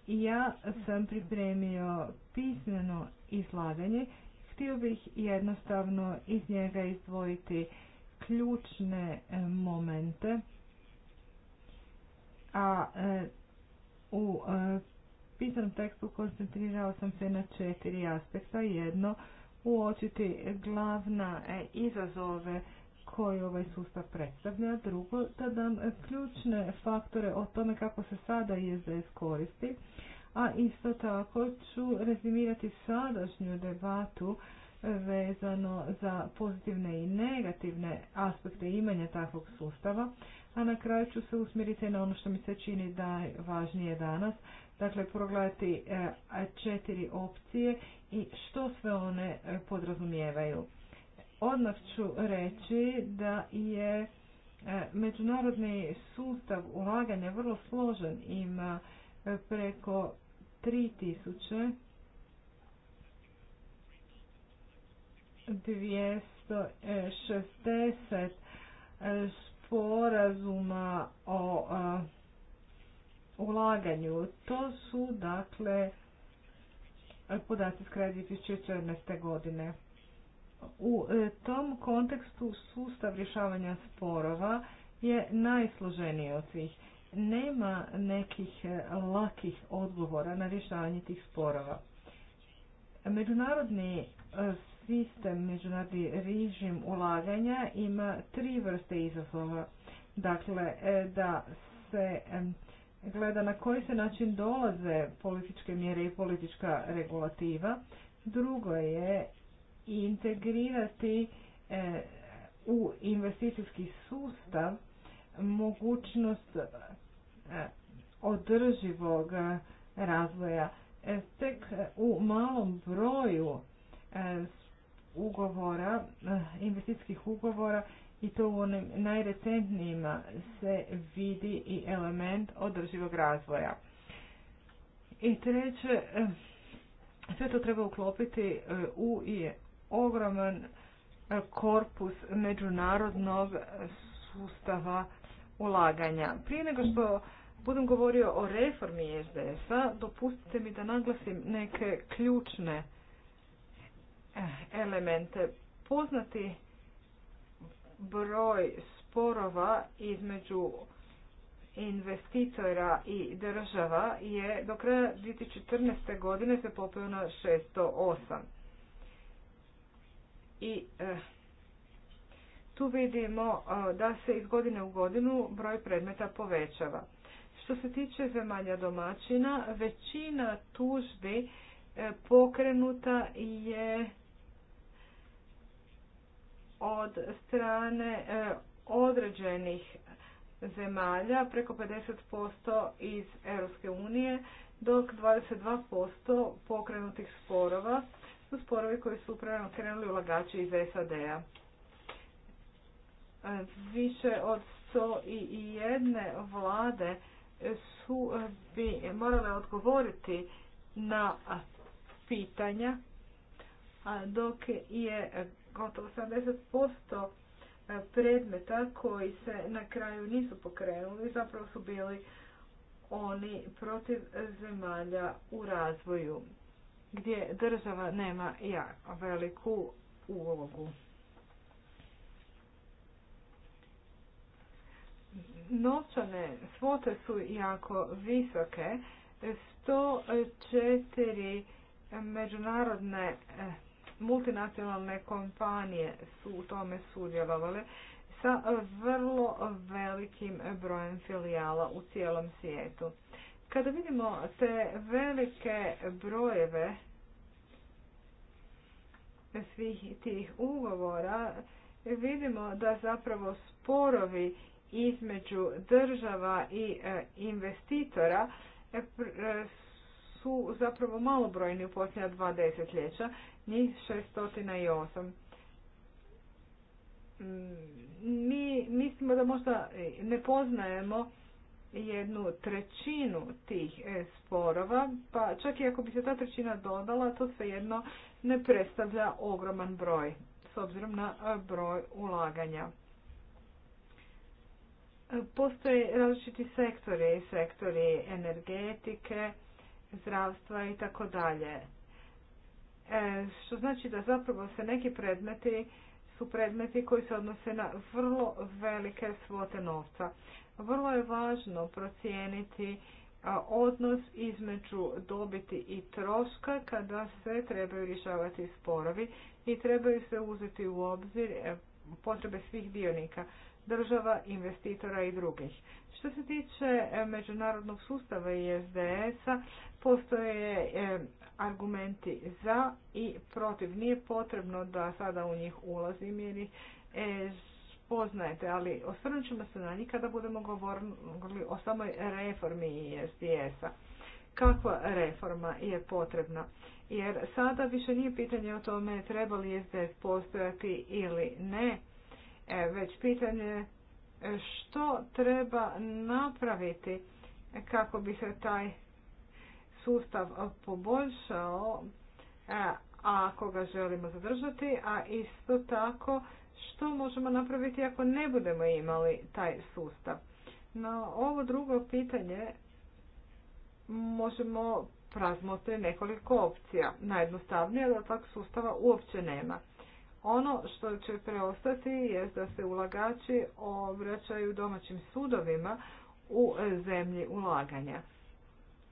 ja sam pripremio pismeno izlaganje. Htio bih jednostavno iz njega izdvojiti ključne e, momente. A e, u e, pisanom tekstu koncentrirao sam se na četiri aspekta. Jedno, uočiti glavna izazove koji ovaj sustav predstavlja, drugo da dam ključne faktore o tome kako se sada ISDS koristi, a isto tako ću rezimirati sadašnju debatu vezano za pozitivne i negativne aspekte imanja takvog sustava, a na kraju ću se usmjeriti na ono što mi se čini da je važnije danas, dakle progledati e, četiri opcije i što sve one podrazumijevaju odmah ću reći da je e, međunarodni sustav ulaganja vrlo složen. Ima e, preko 3000 e, sporazuma o ulaganju. To su dakle podaci s kraja 2014. godine. U e, tom kontekstu sustav rješavanja sporova je najsloženiji od svih. Nema nekih e, lakih odgovora na rješavanje tih sporova. Međunarodni e, sistem, međunarodni režim ulaganja ima tri vrste izazova. Dakle, da se gleda na koji se način dolaze političke mjere i politička regulativa. Drugo je integrirati e, u investicijski sustav mogućnost e, održivog razvoja. E, tek u malom broju ugovora, investicijskih ugovora i to u onim najrecentnijima se vidi i element održivog razvoja. I treće, sve to treba uklopiti u ogroman e, korpus međunarodnog sustava ulaganja. Prije nego što budem govorio o reformi SDS-a, dopustite mi da naglasim neke ključne e, elemente. Poznati broj sporova između investitora i država je do kraja 2014. godine se popeo na 608 i e, tu vidimo e, da se iz godine u godinu broj predmeta povećava. Što se tiče zemalja domaćina, većina tužbi e, pokrenuta je od strane određenih zemalja, preko 50% iz Europske unije, dok 22% pokrenutih sporova su sporovi koji su upravljeno krenuli ulagači iz SAD-a. E, više od 101 vlade su e, bi morale odgovoriti na pitanja, dok je gotovo 70% e, predmeta koji se na kraju nisu pokrenuli, zapravo su bili oni protiv zemalja u razvoju gdje država nema jako veliku ulogu. Novčane svote su jako visoke. 104 međunarodne eh, multinacionalne kompanije su u tome sudjelovale sa vrlo velikim brojem filijala u cijelom svijetu. Kada vidimo te velike brojeve svih tih ugovora vidimo da zapravo sporovi između država i e, investitora e, e, su zapravo malobrojni u posljednja dva desetljeća, njih 608. Mm, mi mislimo da možda ne poznajemo jednu trećinu tih sporova, pa čak i ako bi se ta trećina dodala, to se jedno ne predstavlja ogroman broj s obzirom na e, broj ulaganja. E, postoje različiti sektori, sektori energetike, zdravstva i tako dalje. E, što znači da zapravo se neki predmeti su predmeti koji se odnose na vrlo velike svote novca. Vrlo je važno procijeniti odnos između dobiti i troška kada se trebaju rješavati sporovi i trebaju se uzeti u obzir e, potrebe svih dionika, država, investitora i drugih. Što se tiče e, međunarodnog sustava i SDS-a, postoje e, argumenti za i protiv. Nije potrebno da sada u njih ulazim jer poznajete, ali osvrnut ćemo se na njih kada budemo govorili o samoj reformi isds a Kakva reforma je potrebna? Jer sada više nije pitanje o tome treba li SDS postojati ili ne, e, već pitanje e, što treba napraviti kako bi se taj sustav poboljšao, a e, ako ga želimo zadržati, a isto tako što možemo napraviti ako ne budemo imali taj sustav. Na ovo drugo pitanje možemo razmotriti nekoliko opcija. Najjednostavnije je da tak sustava uopće nema. Ono što će preostati je da se ulagači obraćaju domaćim sudovima u zemlji ulaganja.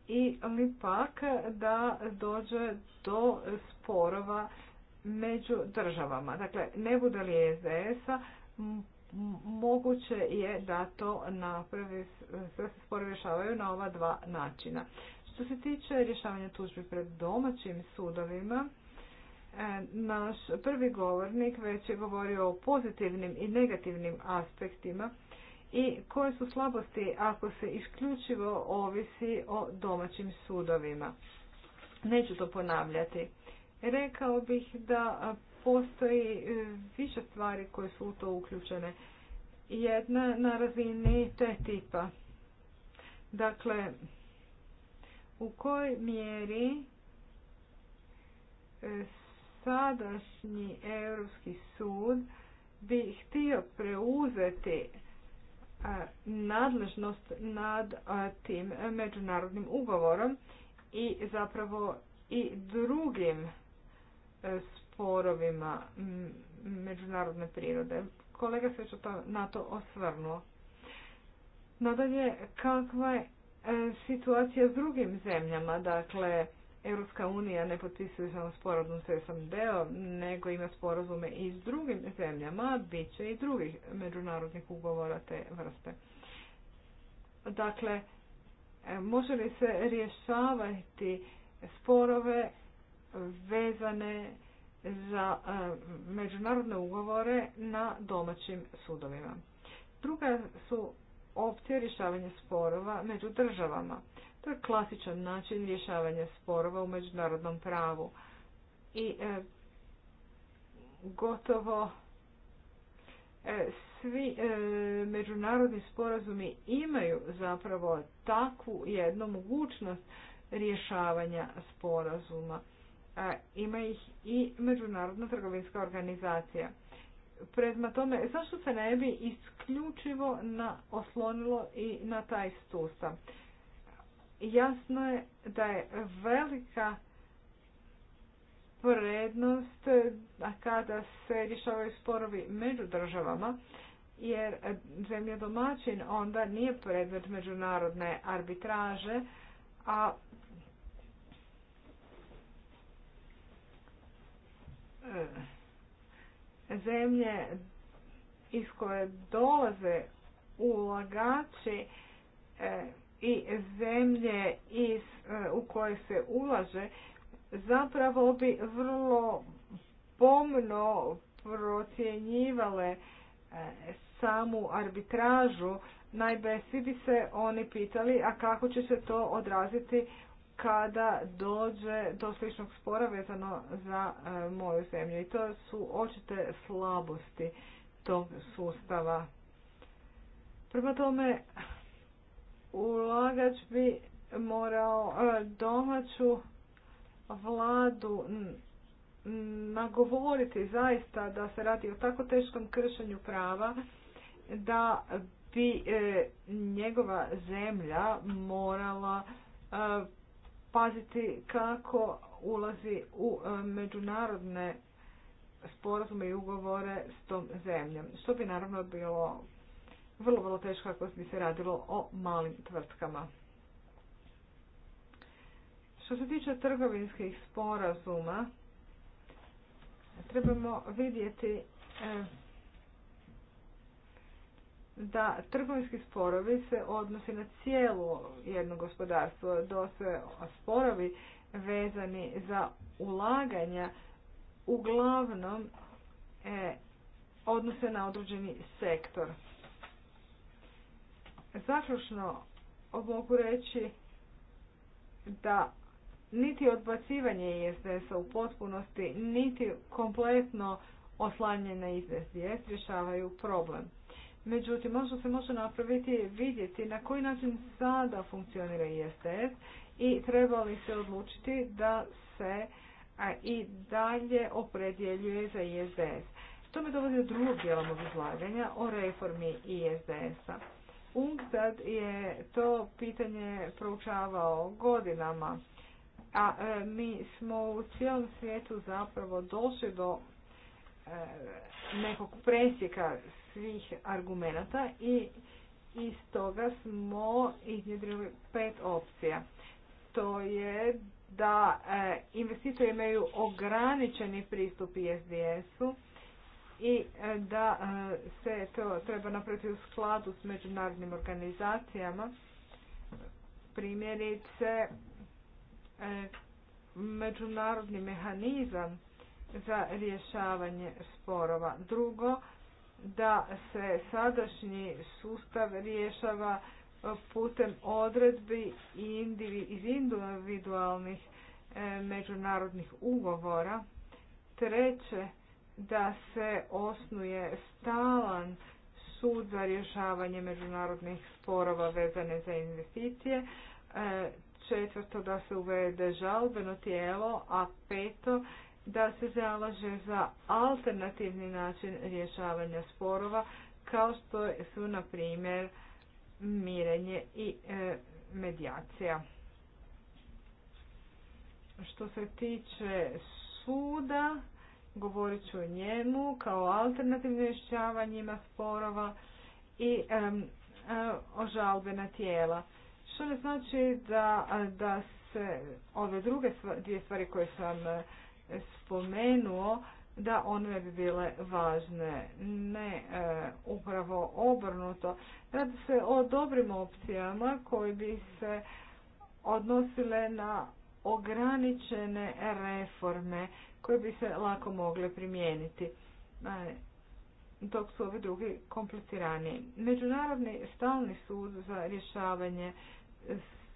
I li pak da dođe do sporova među državama. Dakle, ne bude li EZS-a, moguće je da to napravi, sve se rješavaju na ova dva načina. Što se tiče rješavanja tužbi pred domaćim sudovima, e, naš prvi govornik već je govorio o pozitivnim i negativnim aspektima i koje su slabosti ako se isključivo ovisi o domaćim sudovima. Neću to ponavljati. Rekao bih da postoji e, više stvari koje su u to uključene. Jedna na razini te tipa. Dakle, u kojoj mjeri e, sadašnji Europski sud bi htio preuzeti e, nadležnost nad tim međunarodnim ugovorom i zapravo i drugim E, sporovima međunarodne prirode. Kolega se što na to osvrnuo. Nadalje, kakva je e, situacija s drugim zemljama? Dakle, Europska unija ne potpisuje samo sporazum s smd nego ima sporazume i s drugim zemljama, bit će i drugih međunarodnih ugovora te vrste. Dakle, e, može li se rješavati sporove vezane za e, međunarodne ugovore na domaćim sudovima. Druga su opcije rješavanja sporova među državama. To je klasičan način rješavanja sporova u međunarodnom pravu. I e, gotovo e, svi međunarodni sporazumi imaju zapravo takvu jednu mogućnost rješavanja sporazuma ima ih i Međunarodna trgovinska organizacija. Prema tome, zašto se ne bi isključivo na, oslonilo i na taj sustav? Jasno je da je velika prednost kada se rješavaju sporovi među državama, jer zemlja domaćin onda nije predmet međunarodne arbitraže, a Eh, zemlje iz koje dolaze ulagači eh, i zemlje iz, eh, u koje se ulaže zapravo bi vrlo pomno procjenjivale samu arbitražu. Najbe bi se oni pitali, a kako će se to odraziti kada dođe do sličnog spora vezano za e, moju zemlju. I to su očite slabosti tog sustava. Prema tome, ulagač bi morao e, domaću vladu nagovoriti zaista da se radi o tako teškom kršenju prava da bi e, njegova zemlja morala paziti kako ulazi u e, međunarodne sporazume i ugovore s tom zemljom, što bi naravno bilo vrlo, vrlo teško ako bi se radilo o malim tvrtkama. Što se tiče trgovinskih sporazuma, trebamo vidjeti e, da trgovinski sporovi se odnose na cijelu jedno gospodarstvo, da se sporovi vezani za ulaganja uglavnom e, odnose na određeni sektor. Zaključno mogu reći da niti odbacivanje ISDS-a u potpunosti, niti kompletno oslanjene na ISDS rješavaju problem. Međutim, možda ono se može napraviti vidjeti na koji način sada funkcionira ISDS i treba li se odlučiti da se i dalje opredjeljuje za ISDS. To me dovodi do drugog dijela mog izlaganja o reformi ISDS-a. UNCTAD je to pitanje proučavao godinama, a e, mi smo u cijelom svijetu zapravo došli do e, nekog presjeka svih argumenata i iz toga smo iznjedrili pet opcija. To je da e, investitori imaju ograničeni pristup ISDS-u i e, da e, se to treba napraviti u skladu s međunarodnim organizacijama. Primjerice, međunarodni mehanizam za rješavanje sporova. Drugo, da se sadašnji sustav rješava putem odredbi iz individualnih e, međunarodnih ugovora. Treće, da se osnuje stalan sud za rješavanje međunarodnih sporova vezane za investicije. E, četvrto, da se uvede žalbeno tijelo, a peto, da se zalaže za alternativni način rješavanja sporova kao što su na primjer mirenje i e, medijacija. Što se tiče suda, govorit ću o njemu kao alternativnim rješavanjima sporova i e, e o žalbena tijela. Što ne znači da, da se ove druge dvije stvari koje sam e, spomenuo da one bi bile važne. Ne, e, upravo obrnuto. Radi se o dobrim opcijama koji bi se odnosile na ograničene reforme koje bi se lako mogle primijeniti. E, dok su ovi drugi kompliciraniji. Međunarodni stalni sud za rješavanje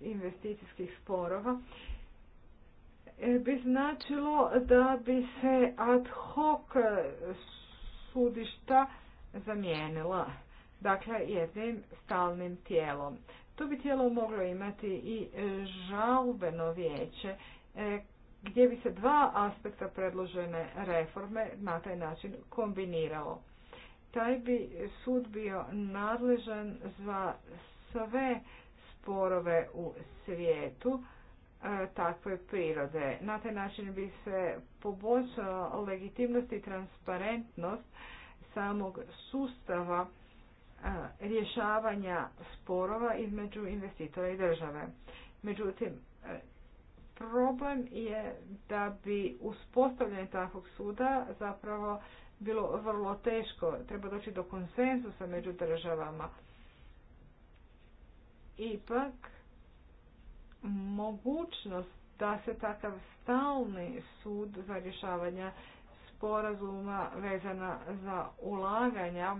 investicijskih sporova E, bi značilo da bi se ad hoc e, sudišta zamijenila, dakle jednim stalnim tijelom. To bi tijelo moglo imati i žalbeno vijeće e, gdje bi se dva aspekta predložene reforme na taj način kombiniralo. Taj bi sud bio nadležan za sve sporove u svijetu, E, takve prirode. Na taj način bi se poboljšala legitimnost i transparentnost samog sustava e, rješavanja sporova između investitora i države. Međutim, e, problem je da bi uspostavljanje takvog suda zapravo bilo vrlo teško. Treba doći do konsenzusa među državama. Ipak, mogućnost da se takav stalni sud za rješavanja sporazuma vezana za ulaganja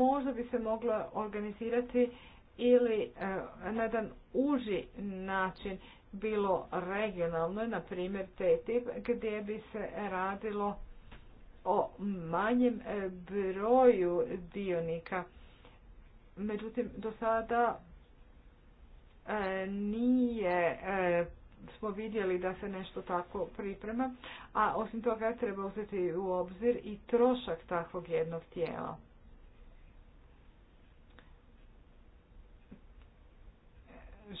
možda bi se mogla organizirati ili e, na jedan uži način bilo regionalno, na primjer TTIP, gdje bi se radilo o manjem broju dionika. Međutim, do sada E, nije e, smo vidjeli da se nešto tako priprema, a osim toga treba uzeti u obzir i trošak takvog jednog tijela.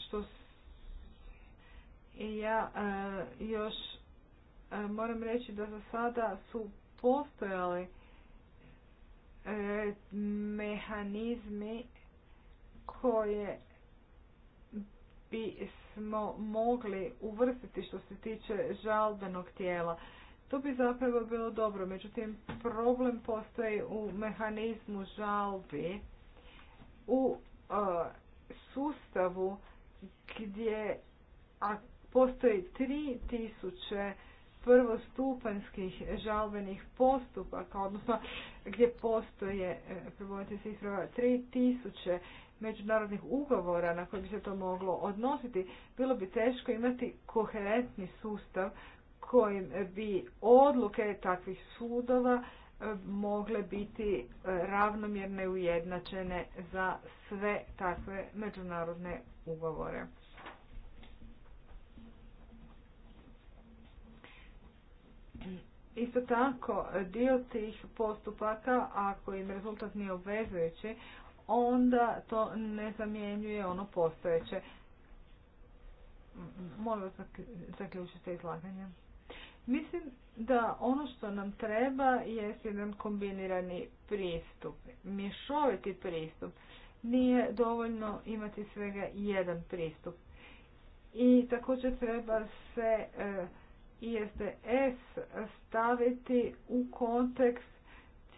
Što ja e, još moram reći da za sada su postojali mehanizmi koje bismo mogli uvrstiti što se tiče žalbenog tijela. To bi zapravo bilo dobro, međutim problem postoji u mehanizmu žalbi u e, sustavu gdje postoji 3000 prvostupanskih žalbenih postupaka, odnosno gdje postoje, e, probojte se 3000 međunarodnih ugovora na koji bi se to moglo odnositi, bilo bi teško imati koherentni sustav kojim bi odluke takvih sudova e, mogle biti e, ravnomjerne i ujednačene za sve takve međunarodne ugovore. Isto tako, dio tih postupaka, ako im rezultat nije obvezujući, onda to ne zamjenjuje ono postojeće. Molim vas zaključite izlaganje. Mislim da ono što nam treba je jedan kombinirani pristup, mješoviti pristup. Nije dovoljno imati svega jedan pristup. I također treba se e, ISDS staviti u kontekst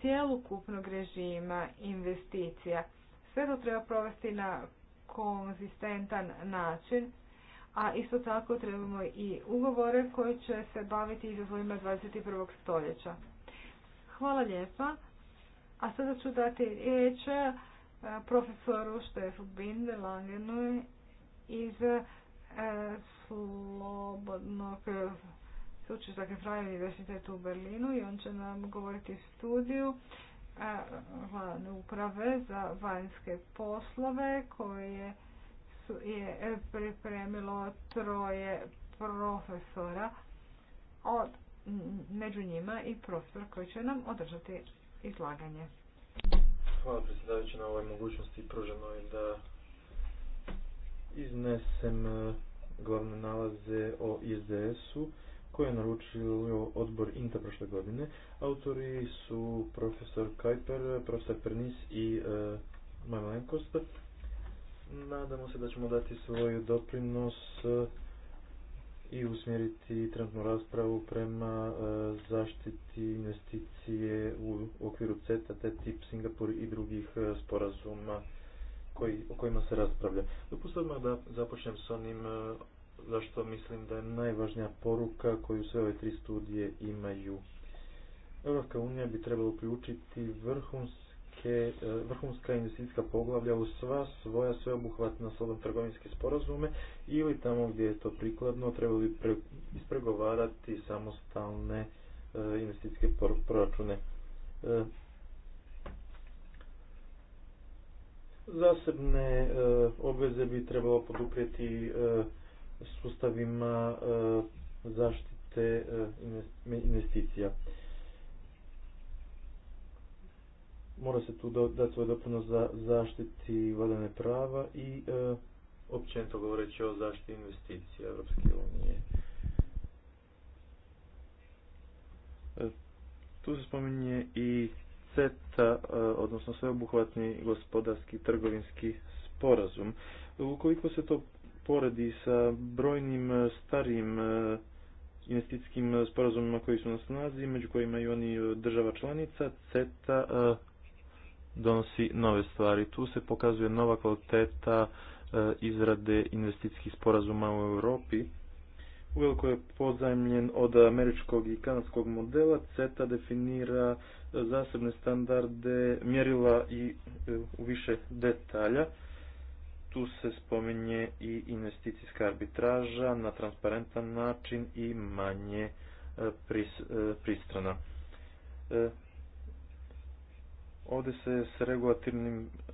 cjelokupnog režima investicija sve to treba provesti na konzistentan način, a isto tako trebamo i ugovore koji će se baviti izazovima 21. stoljeća. Hvala lijepa. A sada ću dati riječ e, profesoru Štefu langenu iz e, Slobodnog sveučilišta Kefraja Univerziteta u Berlinu i on će nam govoriti studiju glavne uprave za vanjske poslove koje su, je pripremilo troje profesora od među njima i profesor koji će nam održati izlaganje. Hvala predsjedavajući na ovoj mogućnosti pruženoj da iznesem eh, glavne nalaze o IZS-u koje je naručio odbor INTA prošle godine. Autori su profesor Kajper, profesor Pernis i e, Nadamo se da ćemo dati svoj doprinos e, i usmjeriti trenutnu raspravu prema e, zaštiti investicije u okviru CETA, TTIP, Singapur i drugih e, sporazuma o kojima se raspravlja. Dopustimo da započnem s onim zašto mislim da je najvažnija poruka koju sve ove tri studije imaju. Europska unija bi trebala uključiti vrhunske, e, vrhunska investicijska poglavlja u sva svoja sveobuhvatna slobodno trgovinske sporazume ili tamo gdje je to prikladno trebalo bi ispregovarati samostalne e, investicijske proračune. E, zasebne obveze bi trebalo poduprijeti sustavima e, zaštite e, investicija. Mora se tu dati svoj doprinos za zaštiti vladane prava i e, općenito govoreći o zaštiti investicija Europske unije. Tu se spominje i CETA, odnosno sveobuhvatni gospodarski trgovinski sporazum. Ukoliko se to poredi sa brojnim e, starim e, investicijskim e, sporazumima koji su na snazi, među kojima i oni država članica, CETA donosi nove stvari. Tu se pokazuje nova kvaliteta izrade investicijskih sporazuma u Europi. Uveliko je pozajmljen od američkog i kanadskog modela. CETA definira zasebne standarde, mjerila i u više detalja tu se spominje i investicijska arbitraža na transparentan način i manje e, e, pristrana. E, ovdje se s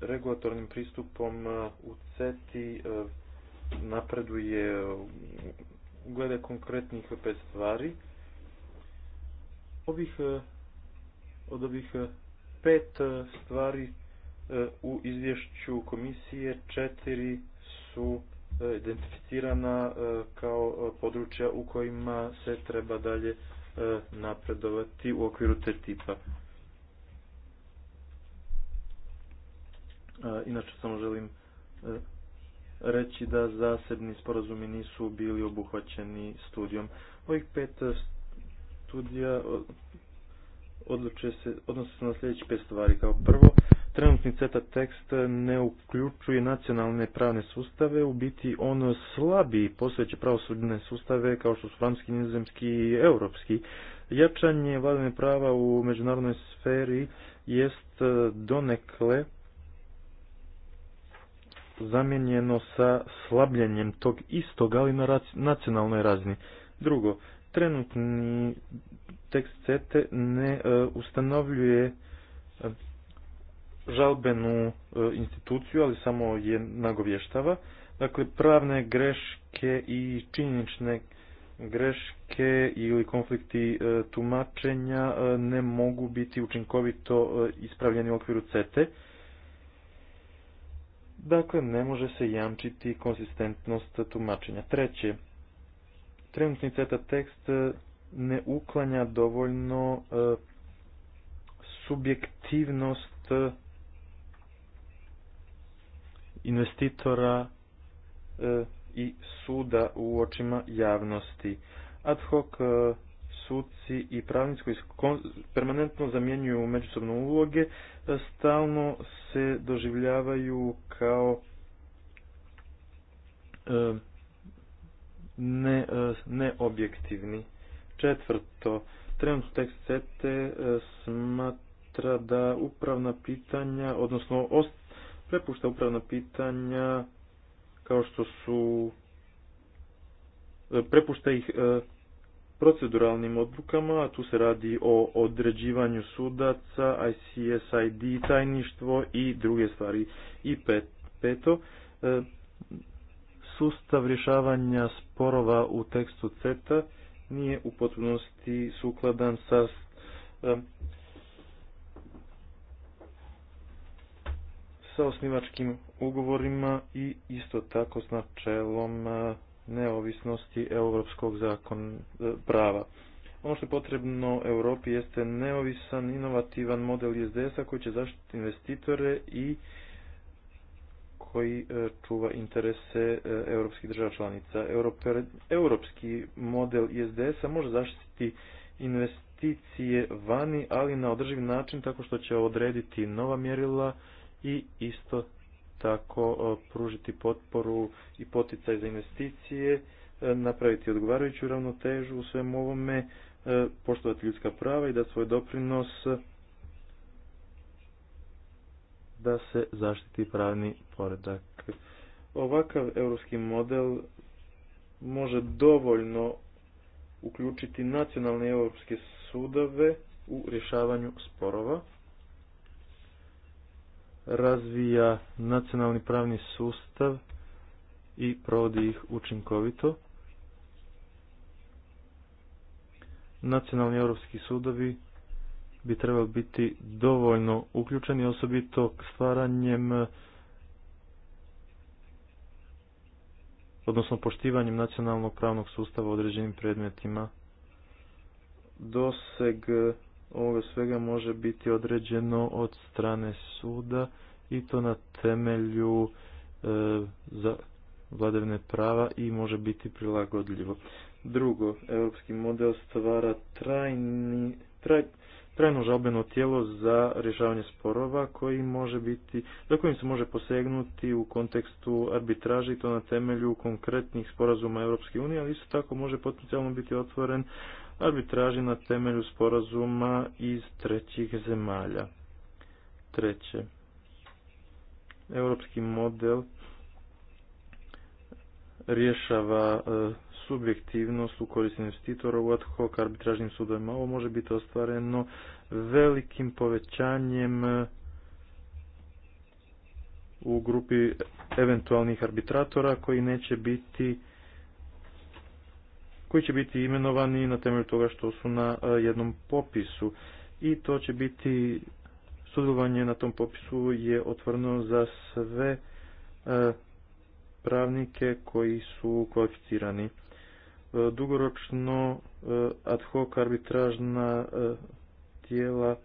regulatornim, pristupom u CETI napreduje glede konkretnih pet stvari. od ovih pet stvari E, u izvješću komisije četiri su e, identificirana e, kao područja u kojima se treba dalje napredovati u okviru te tipa. Inače samo želim reći da zasebni sporazumi nisu bili obuhvaćeni studijom. Ovih pet studija odlučuje se, odnosno na sljedeći pet stvari. Kao prvo, trenutni CETA tekst ne uključuje nacionalne pravne sustave, u biti on slabi posveće pravosudne sustave kao što su francuski, nizozemski i europski. Jačanje vladine prava u međunarodnoj sferi jest e, donekle zamijenjeno sa slabljenjem tog istog, ali na nacionalnoj razini. Drugo, trenutni tekst CETE ne e, ustanovljuje žalbenu e, instituciju, ali samo je nagovještava. Dakle, pravne greške i činjenične greške ili konflikti e, tumačenja e, ne mogu biti učinkovito ispravljeni u okviru CETE. Dakle, ne može se jamčiti konsistentnost tumačenja. Treće, trenutni CETA tekst ne uklanja dovoljno subjektivnost investitora e, i suda u očima javnosti. Ad hoc e, suci i pravnici koji permanentno zamjenjuju međusobne uloge e, stalno se doživljavaju kao ne, neobjektivni. Četvrto, trenutno tekst CETE smatra da upravna pitanja, odnosno prepušta upravna pitanja kao što su e, prepušta ih e, proceduralnim odlukama, a tu se radi o određivanju sudaca, ICSID tajništvo i druge stvari. I pet, peto, e, sustav rješavanja sporova u tekstu CETA nije u potpunosti sukladan sa sa osnivačkim ugovorima i isto tako s načelom e, neovisnosti europskog zakon e, prava. Ono što je potrebno Europi jeste neovisan, inovativan model ISDS-a koji će zaštiti investitore i koji e, čuva interese europskih država članica. Europski model ISDS-a može zaštiti investicije vani, ali na održiv način tako što će odrediti nova mjerila i isto tako e, pružiti potporu i poticaj za investicije, e, napraviti odgovarajuću ravnotežu u svem ovome, e, poštovati ljudska prava i da svoj doprinos da se zaštiti pravni poredak. Ovakav europski model može dovoljno uključiti nacionalne europske sudove u rješavanju sporova razvija nacionalni pravni sustav i provodi ih učinkovito. Nacionalni europski sudovi bi trebali biti dovoljno uključeni, osobito stvaranjem odnosno poštivanjem nacionalnog pravnog sustava u određenim predmetima. Doseg ovoga svega može biti određeno od strane suda i to na temelju e, za vladevne prava i može biti prilagodljivo. Drugo, europski model stvara trajni, trajno žalbeno tijelo za rješavanje sporova koji može biti, za kojim se može posegnuti u kontekstu arbitraži i to na temelju konkretnih sporazuma Europske unije, ali isto tako može potencijalno biti otvoren arbitraži na temelju sporazuma iz trećih zemalja. Treće, europski model rješava e, subjektivnost u korist investitora u ad hoc arbitražnim sudovima. Ovo može biti ostvareno velikim povećanjem e, u grupi eventualnih arbitratora koji neće biti koji će biti imenovani na temelju toga što su na e, jednom popisu i to će biti sudjelovanje na tom popisu je otvoreno za sve e, pravnike koji su kvalificirani. E, dugoročno ad hoc arbitražna tijela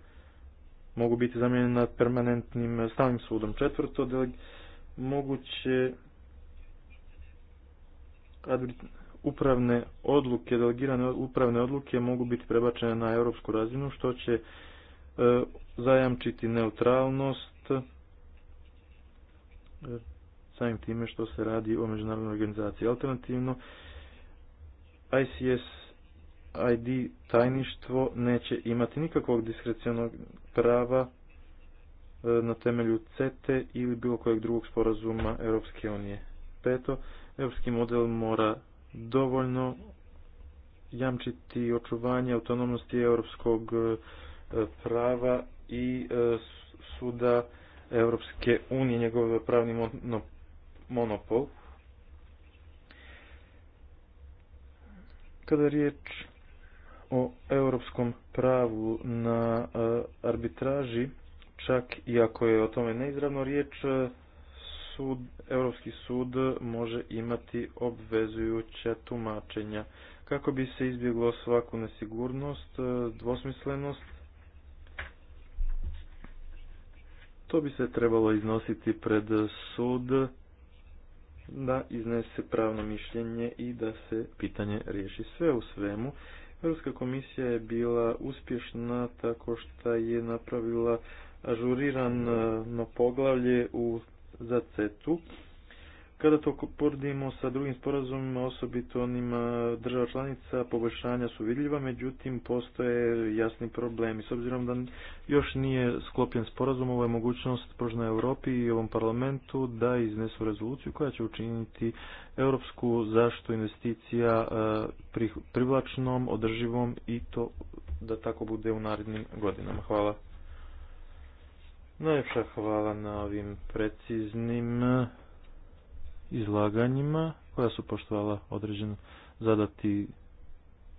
mogu biti zamijenjena permanentnim stalnim sudom. Četvrto, moguće upravne odluke, delegirane upravne odluke mogu biti prebačene na europsku razinu što će e, zajamčiti neutralnost e, samim time što se radi o međunarodnoj organizaciji. Alternativno, ICS ID tajništvo neće imati nikakvog diskrecionog prava e, na temelju CETE ili bilo kojeg drugog sporazuma Europske unije. Peto, europski model mora dovoljno jamčiti očuvanje autonomnosti europskog e, prava i e, suda Europske unije, njegov pravni monopol. Kada je riječ o europskom pravu na e, arbitraži, čak i ako je o tome neizravno riječ, sud, Europski sud može imati obvezujuća tumačenja kako bi se izbjeglo svaku nesigurnost, e, dvosmislenost. To bi se trebalo iznositi pred sud da iznese pravno mišljenje i da se pitanje riješi sve u svemu. Europska komisija je bila uspješna tako što je napravila ažurirano poglavlje u za CETU. Kada to poredimo sa drugim sporazumima, osobito onim država članica, poboljšanja su vidljiva, međutim postoje jasni problemi. S obzirom da još nije sklopljen sporazum, ovo je mogućnost pružna Europi i ovom parlamentu da iznesu rezoluciju koja će učiniti europsku zaštitu investicija e, privlačnom, održivom i to da tako bude u narednim godinama. Hvala. Najljepša hvala na ovim preciznim izlaganjima koja su poštovala određen zadati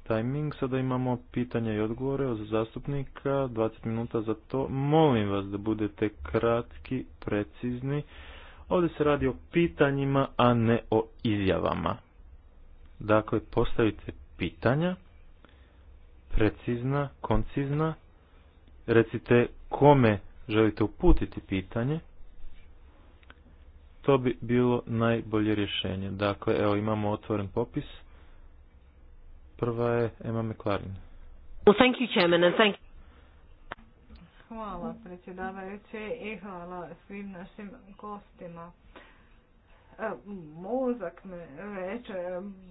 tajming. Sada imamo pitanja i odgovore od zastupnika, 20 minuta za to. Molim vas da budete kratki, precizni. Ovdje se radi o pitanjima, a ne o izjavama. Dakle, postavite pitanja, precizna, koncizna, recite kome želite uputiti pitanje, to bi bilo najbolje rješenje. Dakle, evo imamo otvoren popis. Prva je Emma McLaren. Well, thank you, Chairman, and thank Hvala predsjedavajući i hvala svim našim gostima. E, mozak me već e,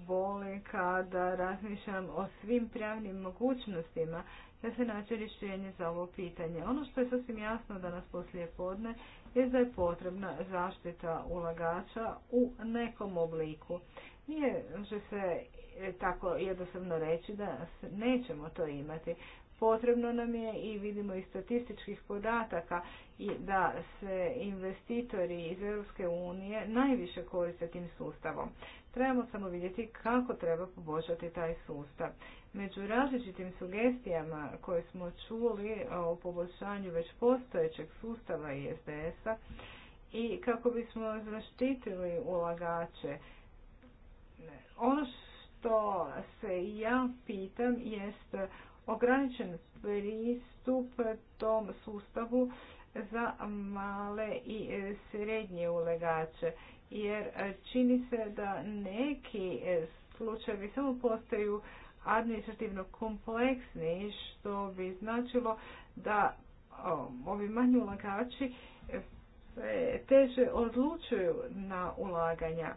boli kada razmišljam o svim pravnim mogućnostima da se nađe rješenje za ovo pitanje. Ono što je sasvim jasno danas poslije podne je da je potrebna zaštita ulagača u nekom obliku. Nije že se e, tako jednostavno reći da nećemo to imati. Potrebno nam je i vidimo iz statističkih podataka i da se investitori iz Europske unije najviše koriste tim sustavom. Trebamo samo vidjeti kako treba poboljšati taj sustav. Među različitim sugestijama koje smo čuli e, o poboljšanju već postojećeg sustava ISDS-a i kako bismo zaštitili ulagače, ono što se ja pitam jest ograničen pristup tom sustavu za male i srednje ulegače jer e, čini se da neki e, slučajevi samo postaju administrativno kompleksni što bi značilo da ovi manji ulagači e, teže odlučuju na ulaganja.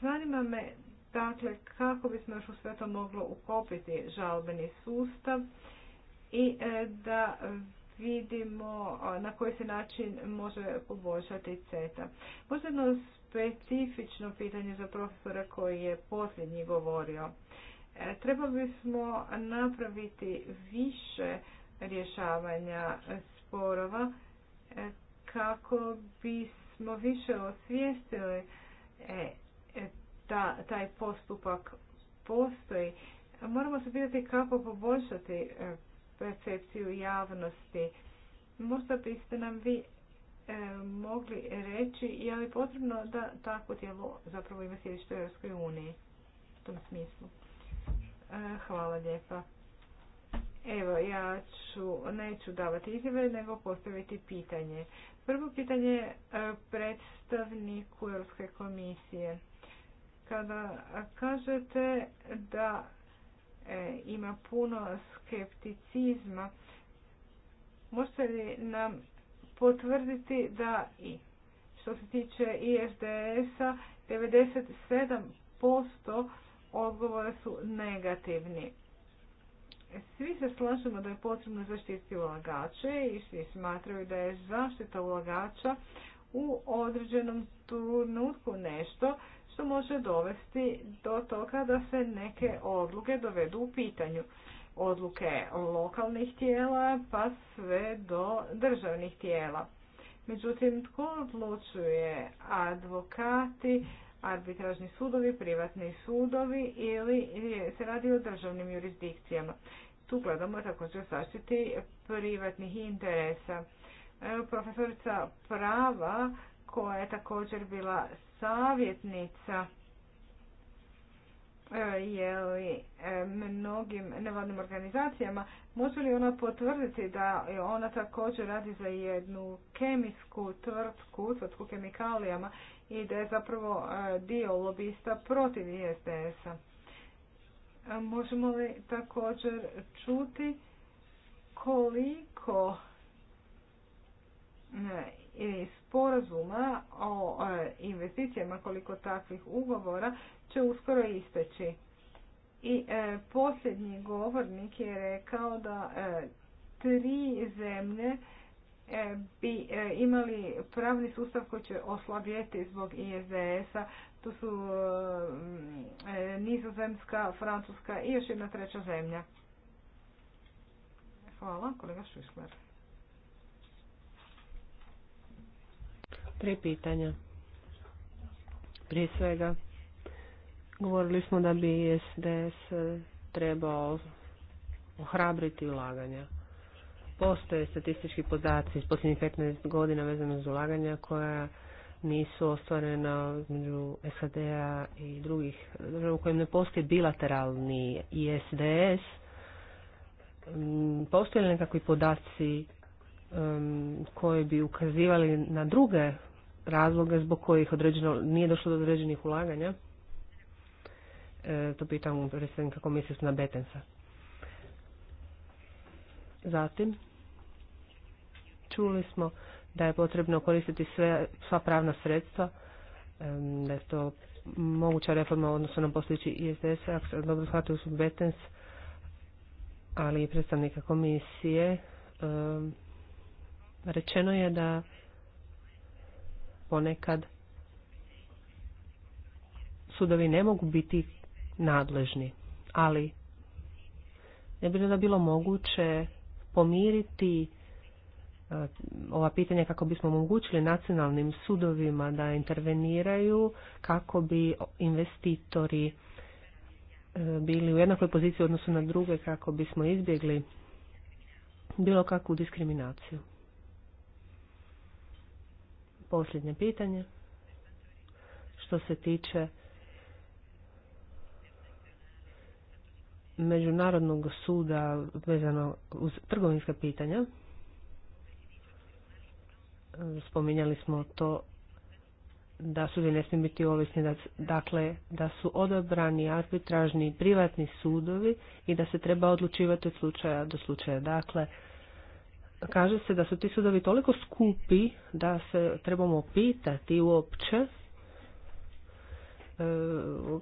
Zanima me dakle kako bismo još u sve to moglo ukopiti žalbeni sustav i da vidimo na koji se način može poboljšati CETA. Posebno specifično pitanje za profesora koji je posljednji govorio. E, Treba bismo napraviti više rješavanja sporova e, kako bismo više osvijestili da e, taj postupak postoji. Moramo se pitati kako poboljšati percepciju javnosti. Možda biste nam vi e, mogli reći je li potrebno da takvo tijelo zapravo ima sjedište u Europskoj uniji u tom smislu. E, hvala lijepa. Evo, ja ću, neću davati izjave, nego postaviti pitanje. Prvo pitanje e, predstavniku Europske komisije. Kada kažete da E, ima puno skepticizma. Možete li nam potvrditi da i što se tiče ISDS-a 97% odgovora su negativni. Svi se slažemo da je potrebno zaštititi ulagače i svi smatraju da je zaštita ulagača u određenom trenutku nešto što može dovesti do toga da se neke odluke dovedu u pitanju. Odluke lokalnih tijela pa sve do državnih tijela. Međutim, tko odlučuje? Advokati, arbitražni sudovi, privatni sudovi ili se radi o državnim jurisdikcijama. Tu gledamo također zaštiti privatnih interesa. E, profesorica prava koja je također bila savjetnica e, je li e, mnogim nevladnim organizacijama, može li ona potvrditi da ona također radi za jednu kemijsku tvrtku, tvrtku kemikalijama i da je zapravo e, dio lobista protiv ISDS-a? Možemo li također čuti koliko sporazuma o e, investicijama koliko takvih ugovora će uskoro isteći. I e, posljednji govornik je rekao da e, tri zemlje bi imali pravni sustav koji će oslabjeti zbog ISDS-a. To su Nizozemska, Francuska i još jedna treća zemlja. Hvala, kolega Šišler. tri pitanja. Prije svega, govorili smo da bi SDS trebao ohrabriti ulaganja. Postoje statistički podaci iz posljednjih 15 godina vezano za ulaganja koja nisu ostvarena između SAD-a i drugih država u kojem ne postoji bilateralni SDS. Mm, postoje li nekakvi podaci koji bi ukazivali na druge razloga zbog kojih određeno, nije došlo do određenih ulaganja. E, to pitam predstavnika komisije na Betensa. Zatim, čuli smo da je potrebno koristiti sve, sva pravna sredstva, e, da je to moguća reforma odnosno na postojeći ISDS, ako se dobro shvatio su Betens, ali i predstavnika komisije, rečeno je da ponekad sudovi ne mogu biti nadležni, ali ne bi da bilo moguće pomiriti e, ova pitanja kako bismo omogućili nacionalnim sudovima da interveniraju kako bi investitori e, bili u jednakoj poziciji u odnosu na druge kako bismo izbjegli bilo kakvu diskriminaciju posljednje pitanje što se tiče Međunarodnog suda vezano uz trgovinska pitanja. Spominjali smo to da sudovi ne smiju biti ovisni, da, dakle da su odabrani arbitražni privatni sudovi i da se treba odlučivati od slučaja do slučaja. Dakle, kaže se da su ti sudovi toliko skupi da se trebamo pitati uopće e,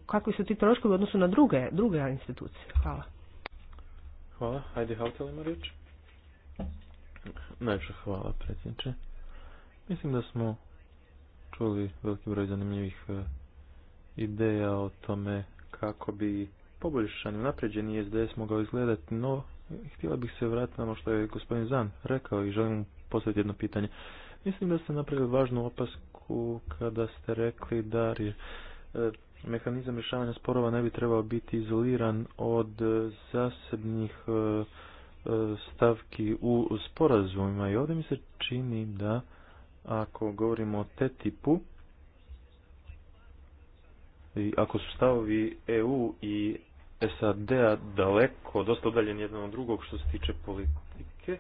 kakvi su ti troškovi u odnosu na druge, druge institucije. Hvala. Hvala. Hajde, Najviše hvala, predsjedniče. Mislim da smo čuli veliki broj zanimljivih e, ideja o tome kako bi poboljšan napređeni SDS mogao izgledati, no Htjela bih se vratiti na ono što je gospodin Zan rekao i želim postaviti jedno pitanje. Mislim da ste napravili važnu opasku kada ste rekli da e, mehanizam rješavanja sporova ne bi trebao biti izoliran od zasebnih e, e, stavki u sporazumima i ovdje mi se čini da ako govorimo o te tipu i ako su stavovi EU i SAD-a daleko, dosta udaljen jedan od drugog što se tiče politike,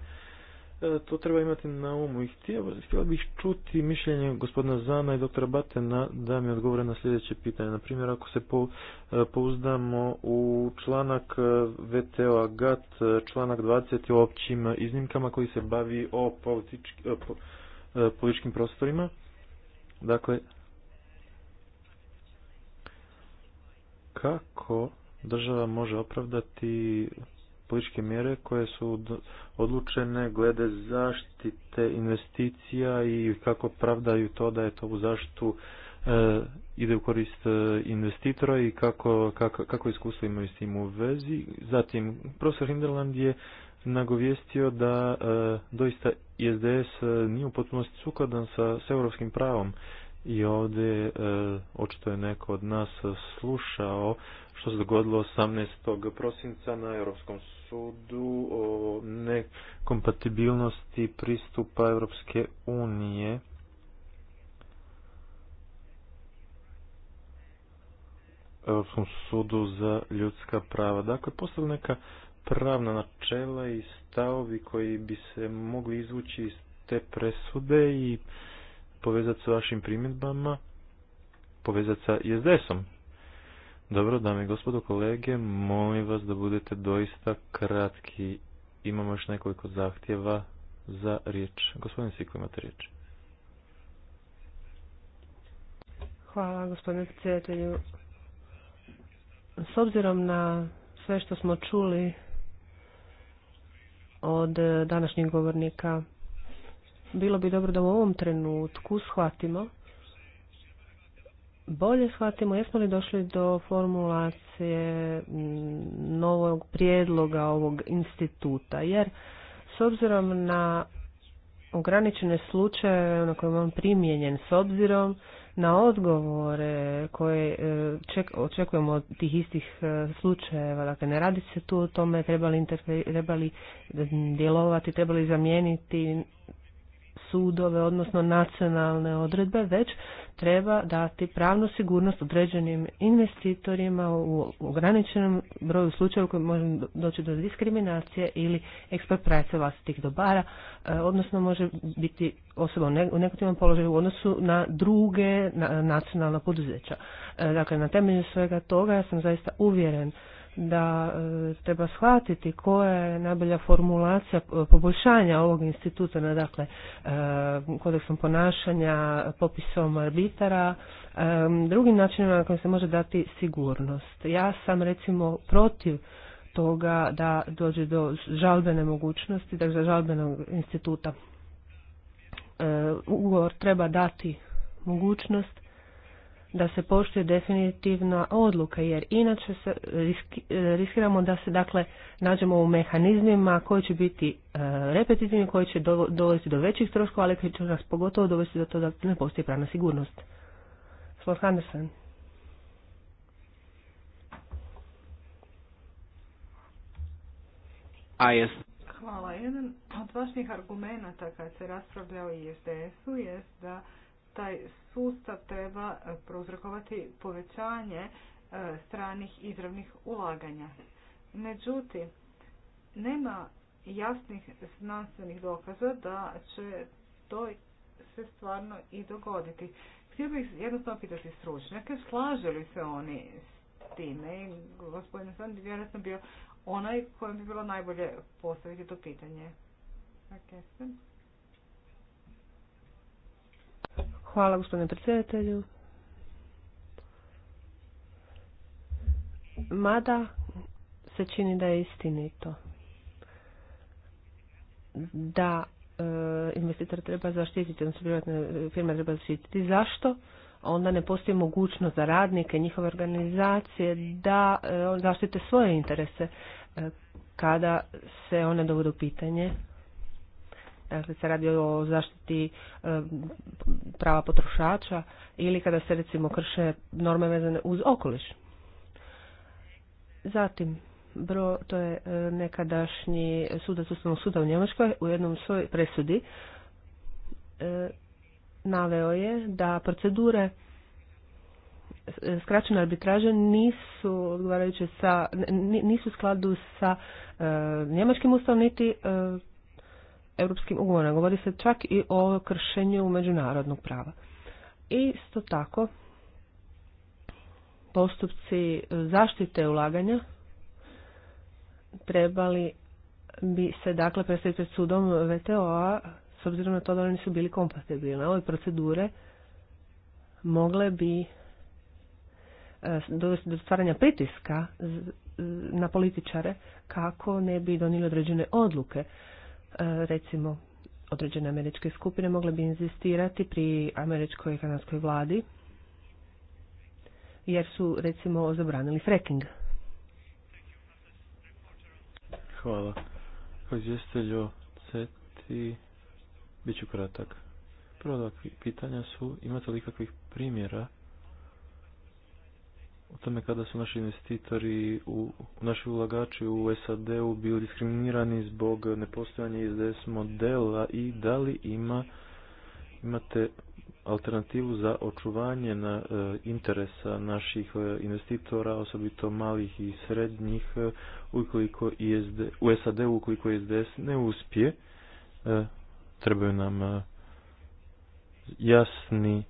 e, to treba imati na umu. I htio, bih čuti mišljenje gospodina Zana i doktora Batena da mi odgovore na sljedeće pitanje. Na primjer, ako se po, e, pouzdamo u članak e, VTO Agat, članak 20 o općim iznimkama koji se bavi o politički, političkim prostorima, dakle, kako država može opravdati političke mjere koje su odlučene glede zaštite investicija i kako pravdaju to da je to u zaštitu e, ide u korist e, investitora i kako, kako, kako iskustvo imaju s tim u vezi. Zatim, profesor Hinderland je nagovijestio da e, doista ISDS nije u potpunosti sukladan sa, s europskim pravom i ovdje e, očito je neko od nas slušao što se dogodilo 18. prosinca na Europskom sudu o nekompatibilnosti pristupa Europske unije Europskom sudu za ljudska prava. Dakle, postoje neka pravna načela i stavovi koji bi se mogli izvući iz te presude i povezati sa vašim primjedbama, povezati sa ISDS-om. Dobro, dame i gospodo kolege, molim vas da budete doista kratki. Imamo još nekoliko zahtjeva za riječ. Gospodin Siko, imate riječ. Hvala gospodine predsjedatelju. S obzirom na sve što smo čuli od današnjeg govornika, bilo bi dobro da u ovom trenutku shvatimo bolje shvatimo jesmo li došli do formulacije mm, novog prijedloga ovog instituta, jer s obzirom na ograničene slučaje na kojima on primijenjen, s obzirom na odgovore koje e, ček, očekujemo od tih istih e, slučajeva, dakle ne radi se tu o tome trebali, trebali djelovati, trebali zamijeniti sudove, odnosno nacionalne odredbe, već treba dati pravnu sigurnost određenim investitorima u ograničenom broju slučajeva u kojem može doći do diskriminacije ili ekspropriacije vlastitih dobara, e, odnosno može biti osoba u negativnom položaju u odnosu na druge nacionalna poduzeća. E, dakle, na temelju svega toga ja sam zaista uvjeren da e, treba shvatiti koja je najbolja formulacija poboljšanja ovog instituta, na dakle e, kodeksom ponašanja, popisom arbitara, e, drugim načinima na kojem se može dati sigurnost. Ja sam recimo protiv toga da dođe do žalbene mogućnosti, dakle žalbenog instituta. Ugovor treba dati mogućnost da se poštuje definitivna odluka jer inače se e, riskiramo da se dakle nađemo u mehanizmima koji će biti e, repetitivni, koji će dovesti do većih troškova, ali koji će nas pogotovo dovesti do toga da ne postoji pravna sigurnost. Slot Henderson. Hvala. Jedan od vaših argumenata kad se raspravlja o ISDS-u jest da taj sustav treba e, prouzrokovati povećanje e, stranih izravnih ulaganja. Međutim, nema jasnih znanstvenih dokaza da će to se stvarno i dogoditi. Htio bih jednostavno pitati stručnjake, slaže li se oni s time? I gospodin Sandi vjerojatno bio onaj kojem bi bilo najbolje postaviti to pitanje. Okay. Hvala gospodine predsjedatelju. Mada se čini da je istinito da e, investitor treba zaštititi, odnosno privatne firme treba zaštititi. Zašto? Onda ne postoji mogućnost za radnike, njihove organizacije da e, zaštite svoje interese e, kada se one dovode u pitanje dakle se radi o zaštiti e, prava potrošača ili kada se recimo krše norme vezane uz okoliš. Zatim, bro, to je e, nekadašnji sudac Ustavnog suda u Njemačkoj u jednom svojoj presudi e, naveo je da procedure skraćene arbitraže nisu odgovarajuće sa nisu u skladu sa njemačkim ustavom niti europskim ugovorima. Govori se čak i o kršenju međunarodnog prava. I isto tako, postupci zaštite ulaganja trebali bi se dakle predstaviti pred sudom VTO-a s obzirom na to da oni su bili kompatibilni. Ove procedure mogle bi e, dovesti do stvaranja pritiska na političare kako ne bi donijeli određene odluke. E, recimo određene američke skupine mogle bi inzistirati pri američkoj i kanadskoj vladi jer su recimo zabranili fracking. Hvala. Kao izvjestelju CETI bit ću kratak. Prvo pitanja su imate li kakvih primjera o tome kada su naši investitori, u, naši ulagači u SAD-u bili diskriminirani zbog nepostojanja SDS modela i da li ima, imate alternativu za očuvanje na, e, interesa naših e, investitora, osobito malih i srednjih, e, ukoliko u SAD-u ukoliko SDS ne uspije, trebaju nam jasni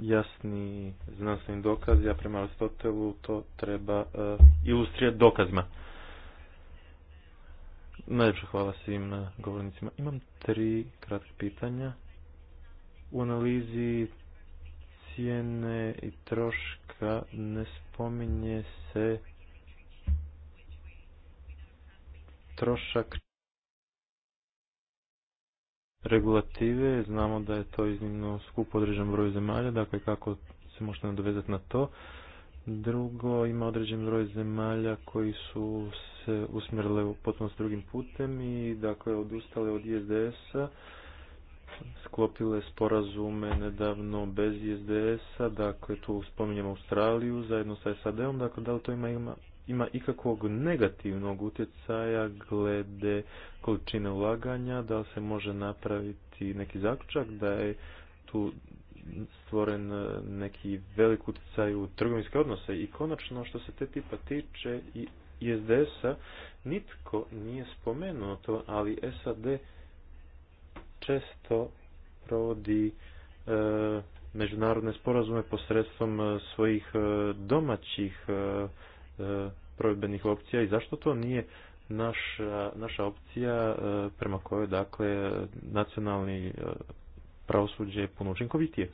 jasni znanstveni dokazi, a prema Aristotelu to treba uh, ilustrirati dokazima. Najljepša hvala svim e, govornicima. Imam tri kratka pitanja. U analizi cijene i troška ne spominje se trošak regulative, znamo da je to iznimno skup određen broj zemalja, dakle kako se možete nadovezati na to. Drugo, ima određen broj zemalja koji su se usmjerile u potpuno s drugim putem i dakle odustale od ISDS-a, sklopile sporazume nedavno bez ISDS-a, dakle tu spominjemo Australiju zajedno sa SAD-om, dakle da li to ima, ima ima ikakvog negativnog utjecaja glede količine ulaganja, da li se može napraviti neki zaključak da je tu stvoren e, neki velik utjecaj u trgovinske odnose i konačno što se te tipa tiče i ISDS-a nitko nije spomenuo to, ali SAD često provodi e, međunarodne sporazume posredstvom e, svojih domaćih E, provedbenih opcija i zašto to nije naša, naša opcija e, prema kojoj dakle nacionalni e, pravosuđe je puno učinkovitije.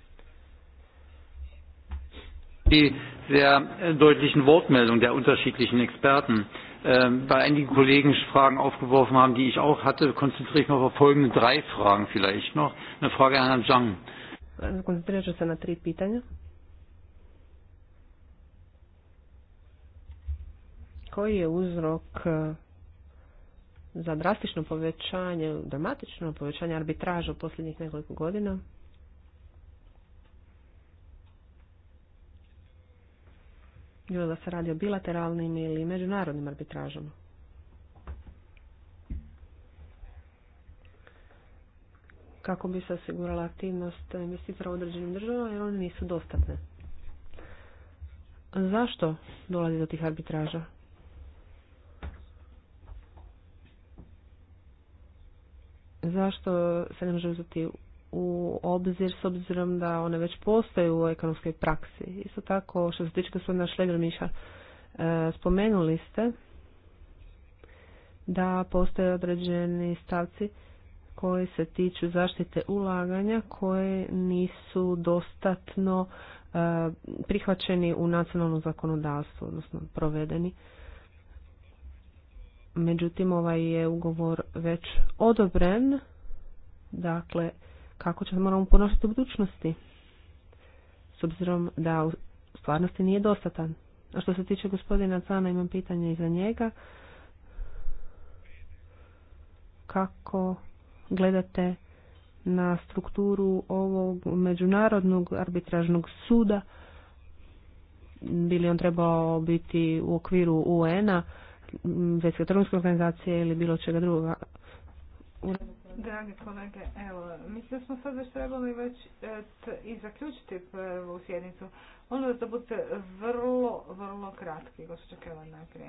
Die sehr deutlichen Wortmeldung der unterschiedlichen Experten ähm, bei einigen Kollegen Fragen aufgeworfen haben, die ich auch hatte, konzentriere ich mich auf folgende drei Fragen vielleicht noch. Eine Frage an Herrn Zhang. Konzentriert se na tri pitanja. koji je uzrok e, za drastično povećanje, dramatično povećanje arbitraža u posljednjih nekoliko godina. Bilo da se radi o bilateralnim ili međunarodnim arbitražama. kako bi se osigurala aktivnost investitora u određenim državama jer one nisu dostatne. Zašto dolazi do tih arbitraža? zašto se ne može uzeti u obzir s obzirom da one već postoje u ekonomskoj praksi. Isto tako, što se tiče gospodina Miša, e, spomenuli ste da postoje određeni stavci koji se tiču zaštite ulaganja koje nisu dostatno e, prihvaćeni u nacionalnom zakonodavstvu, odnosno provedeni. Međutim, ovaj je ugovor već odobren, dakle, kako ćemo moramo ponositi u budućnosti, s obzirom da u stvarnosti nije dostatan. A što se tiče gospodina Cana, imam pitanje i za njega. Kako gledate na strukturu ovog međunarodnog arbitražnog suda? Bili on trebao biti u okviru UN-a? svjetske trgovinske organizacije ili bilo čega drugoga. Dragi kolege, evo, mislim da smo sad već trebali već e, i zaključiti prvu sjednicu. Molim vas da budete vrlo, vrlo kratki, gospođa Kevan, najprije.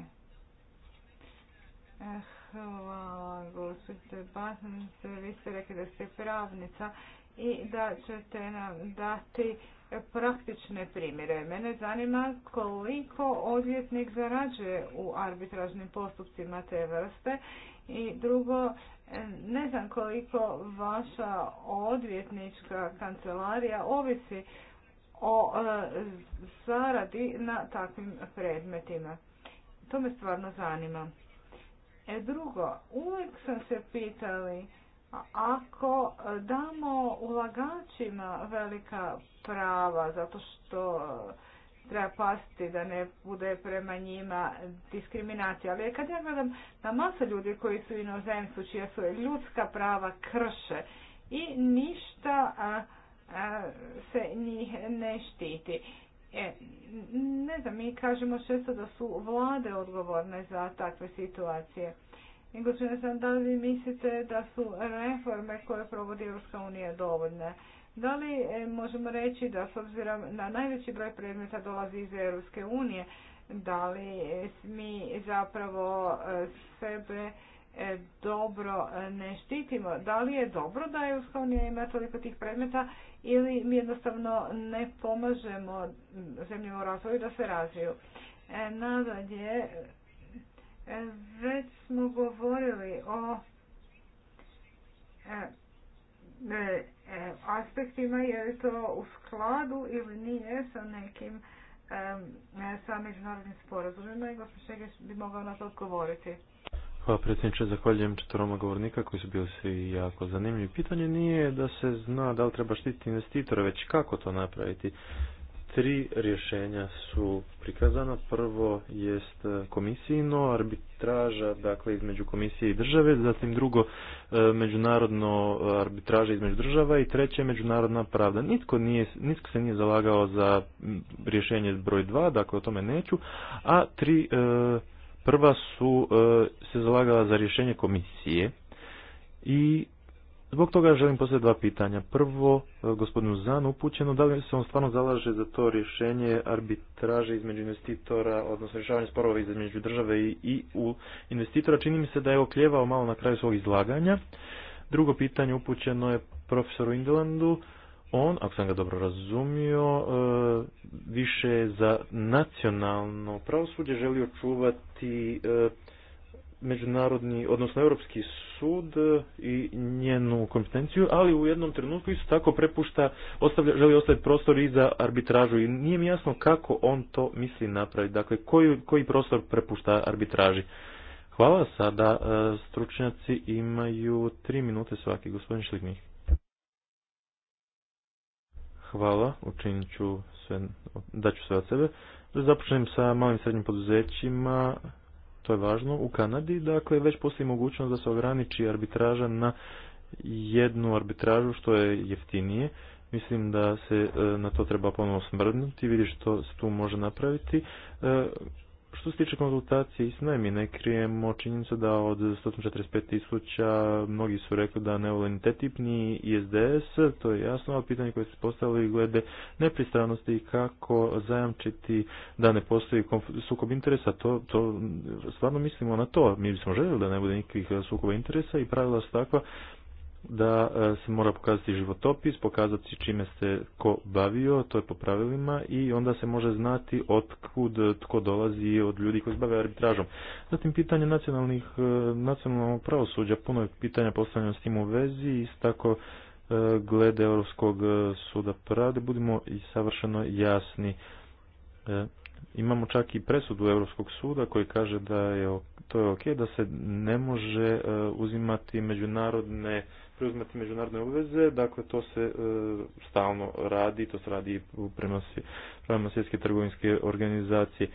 Eh, hvala, gospođo Basnice, vi ste rekli da ste pravnica i da ćete nam dati praktične primjere. Mene zanima koliko odvjetnik zarađuje u arbitražnim postupcima te vrste i drugo, ne znam koliko vaša odvjetnička kancelarija ovisi o e, zaradi na takvim predmetima. To me stvarno zanima. E drugo, uvijek sam se pitali ako damo ulagačima velika prava zato što e, treba pasti da ne bude prema njima diskriminacija. Ali kad ja gledam na masa ljudi koji su inozemstvu, čija su ljudska prava krše i ništa se njih ne štiti. E, ne znam, mi kažemo često da su vlade odgovorne za takve situacije. Gospodine Sam, da li vi mislite da su reforme koje provodi EU unija dovoljne? Da li e, možemo reći da s obzirom na najveći broj predmeta dolazi iz EU, unije, da li e, mi zapravo e, sebe dobro ne štitimo? Da li je dobro da EU unija ima toliko tih predmeta ili mi jednostavno ne pomažemo zemljivom u razvoju da se razviju? Nadalje, već smo govorili o e, e, e, aspektima je li to u skladu ili nije sa nekim sa međunarodnim sporazumima i bi mogao to odgovoriti. Hvala predsjedniče, zahvaljujem četvroma govornika koji su bili svi jako zanimljivi. Pitanje nije da se zna da li treba štititi investitora, već kako to napraviti tri rješenja su prikazana. Prvo jest komisijno arbitraža dakle između komisije i države, zatim drugo e, međunarodno arbitraža između država i treće međunarodna pravda. Nitko, nije, nitko se nije zalagao za rješenje broj dva, dakle o tome neću, a tri e, prva su e, se zalagala za rješenje komisije i Zbog toga želim postaviti dva pitanja. Prvo, e, gospodinu Zan upućeno, da li se on stvarno zalaže za to rješenje arbitraže između investitora, odnosno rješavanje sporova između države i, i u investitora. Čini mi se da je okljevao malo na kraju svog izlaganja. Drugo pitanje upućeno je profesoru Indelandu. On, ako sam ga dobro razumio, e, više za nacionalno pravosuđe želi očuvati e, međunarodni, odnosno Europski sud e, i njenu kompetenciju, ali u jednom trenutku isto tako prepušta, ostavlja, želi ostaviti prostor i za arbitražu i nije mi jasno kako on to misli napraviti, dakle koji, koji prostor prepušta arbitraži. Hvala sada, e, stručnjaci imaju tri minute svaki, gospodin Šlikmih. Hvala, učinit ću sve, daću sve od sebe. započnem sa malim srednjim poduzećima, to je važno, u Kanadi, dakle, već postoji mogućnost da se ograniči arbitraža na jednu arbitražu što je jeftinije. Mislim da se e, na to treba ponovno smrdnuti, vidi što se tu može napraviti. E, što se tiče konzultacije, istina je, mi ne krijemo činjenica da od 145 tisuća mnogi su rekli da ne ni TTIP ISDS, to je jasno, ali pitanje koje se postavili glede nepristranosti i kako zajamčiti da ne postoji sukob interesa, to, to stvarno mislimo na to. Mi bismo željeli da ne bude nikakvih sukoba interesa i pravila su takva da e, se mora pokazati životopis, pokazati čime se ko bavio, to je po pravilima i onda se može znati otkud tko dolazi od ljudi koji se bave arbitražom. Zatim pitanje nacionalnih, e, nacionalnog pravosuđa, puno je pitanja postavljeno s tim u vezi i tako e, glede Europskog suda pravde, budimo i savršeno jasni. Imamo čak i presudu Europskog suda koji kaže da je to je ok, da se ne može uzimati međunarodne preuzimati međunarodne obveze, dakle to se e, stalno radi, to se radi u prema svjetske trgovinske organizacije.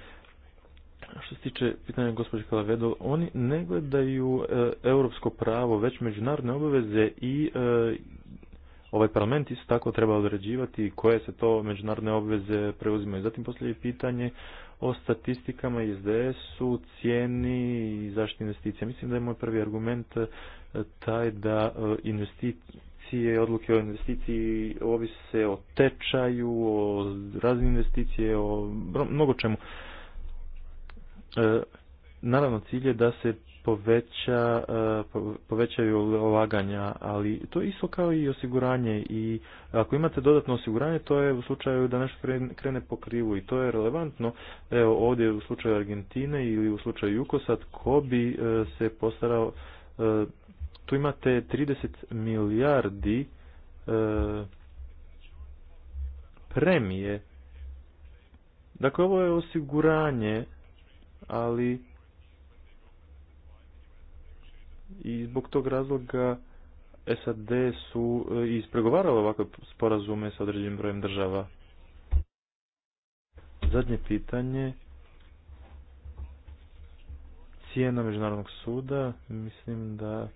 Što se tiče pitanja gospođe Kalavedo, oni ne gledaju e, europsko pravo, već međunarodne obveze i e, ovaj parlament isto tako treba određivati koje se to međunarodne obveze preuzimaju. Zatim poslije pitanje o statistikama sds u cijeni i zaštiti investicija. Mislim da je moj prvi argument e, taj da e, investicije, odluke o investiciji ovise o tečaju, o razne investicije, o mnogo čemu. E, naravno, cilj je da se poveća, e, povećaju ulaganja, ali to je isto kao i osiguranje i ako imate dodatno osiguranje, to je u slučaju da nešto krene po krivu i to je relevantno. Evo ovdje u slučaju Argentine ili u slučaju UKOSat ko bi e, se postarao, e, tu imate 30 milijardi premije. Dakle, ovo je osiguranje, ali i zbog tog razloga SAD su e, ispregovarali ovakve sporazume sa određenim brojem država. Zadnje pitanje. Cijena Međunarodnog suda. Mislim da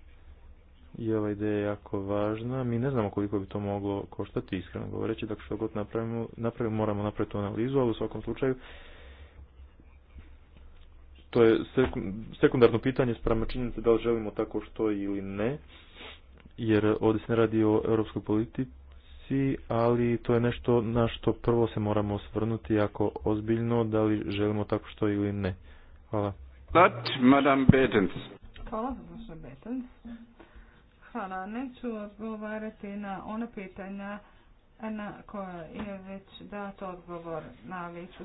je ova ideja jako važna. Mi ne znamo koliko bi to moglo koštati, iskreno govoreći, dakle što god napravimo, napravimo moramo napraviti analizu, ali u svakom slučaju to je sekundarno pitanje sprema činjenice da li želimo tako što ili ne, jer ovdje se ne radi o europskoj politici, ali to je nešto na što prvo se moramo osvrnuti jako ozbiljno, da li želimo tako što ili ne. Hvala. Madame Betens. Hvala, Betens. Hvala, neću odgovarati na ona pitanja na koja je već dat odgovor, na ću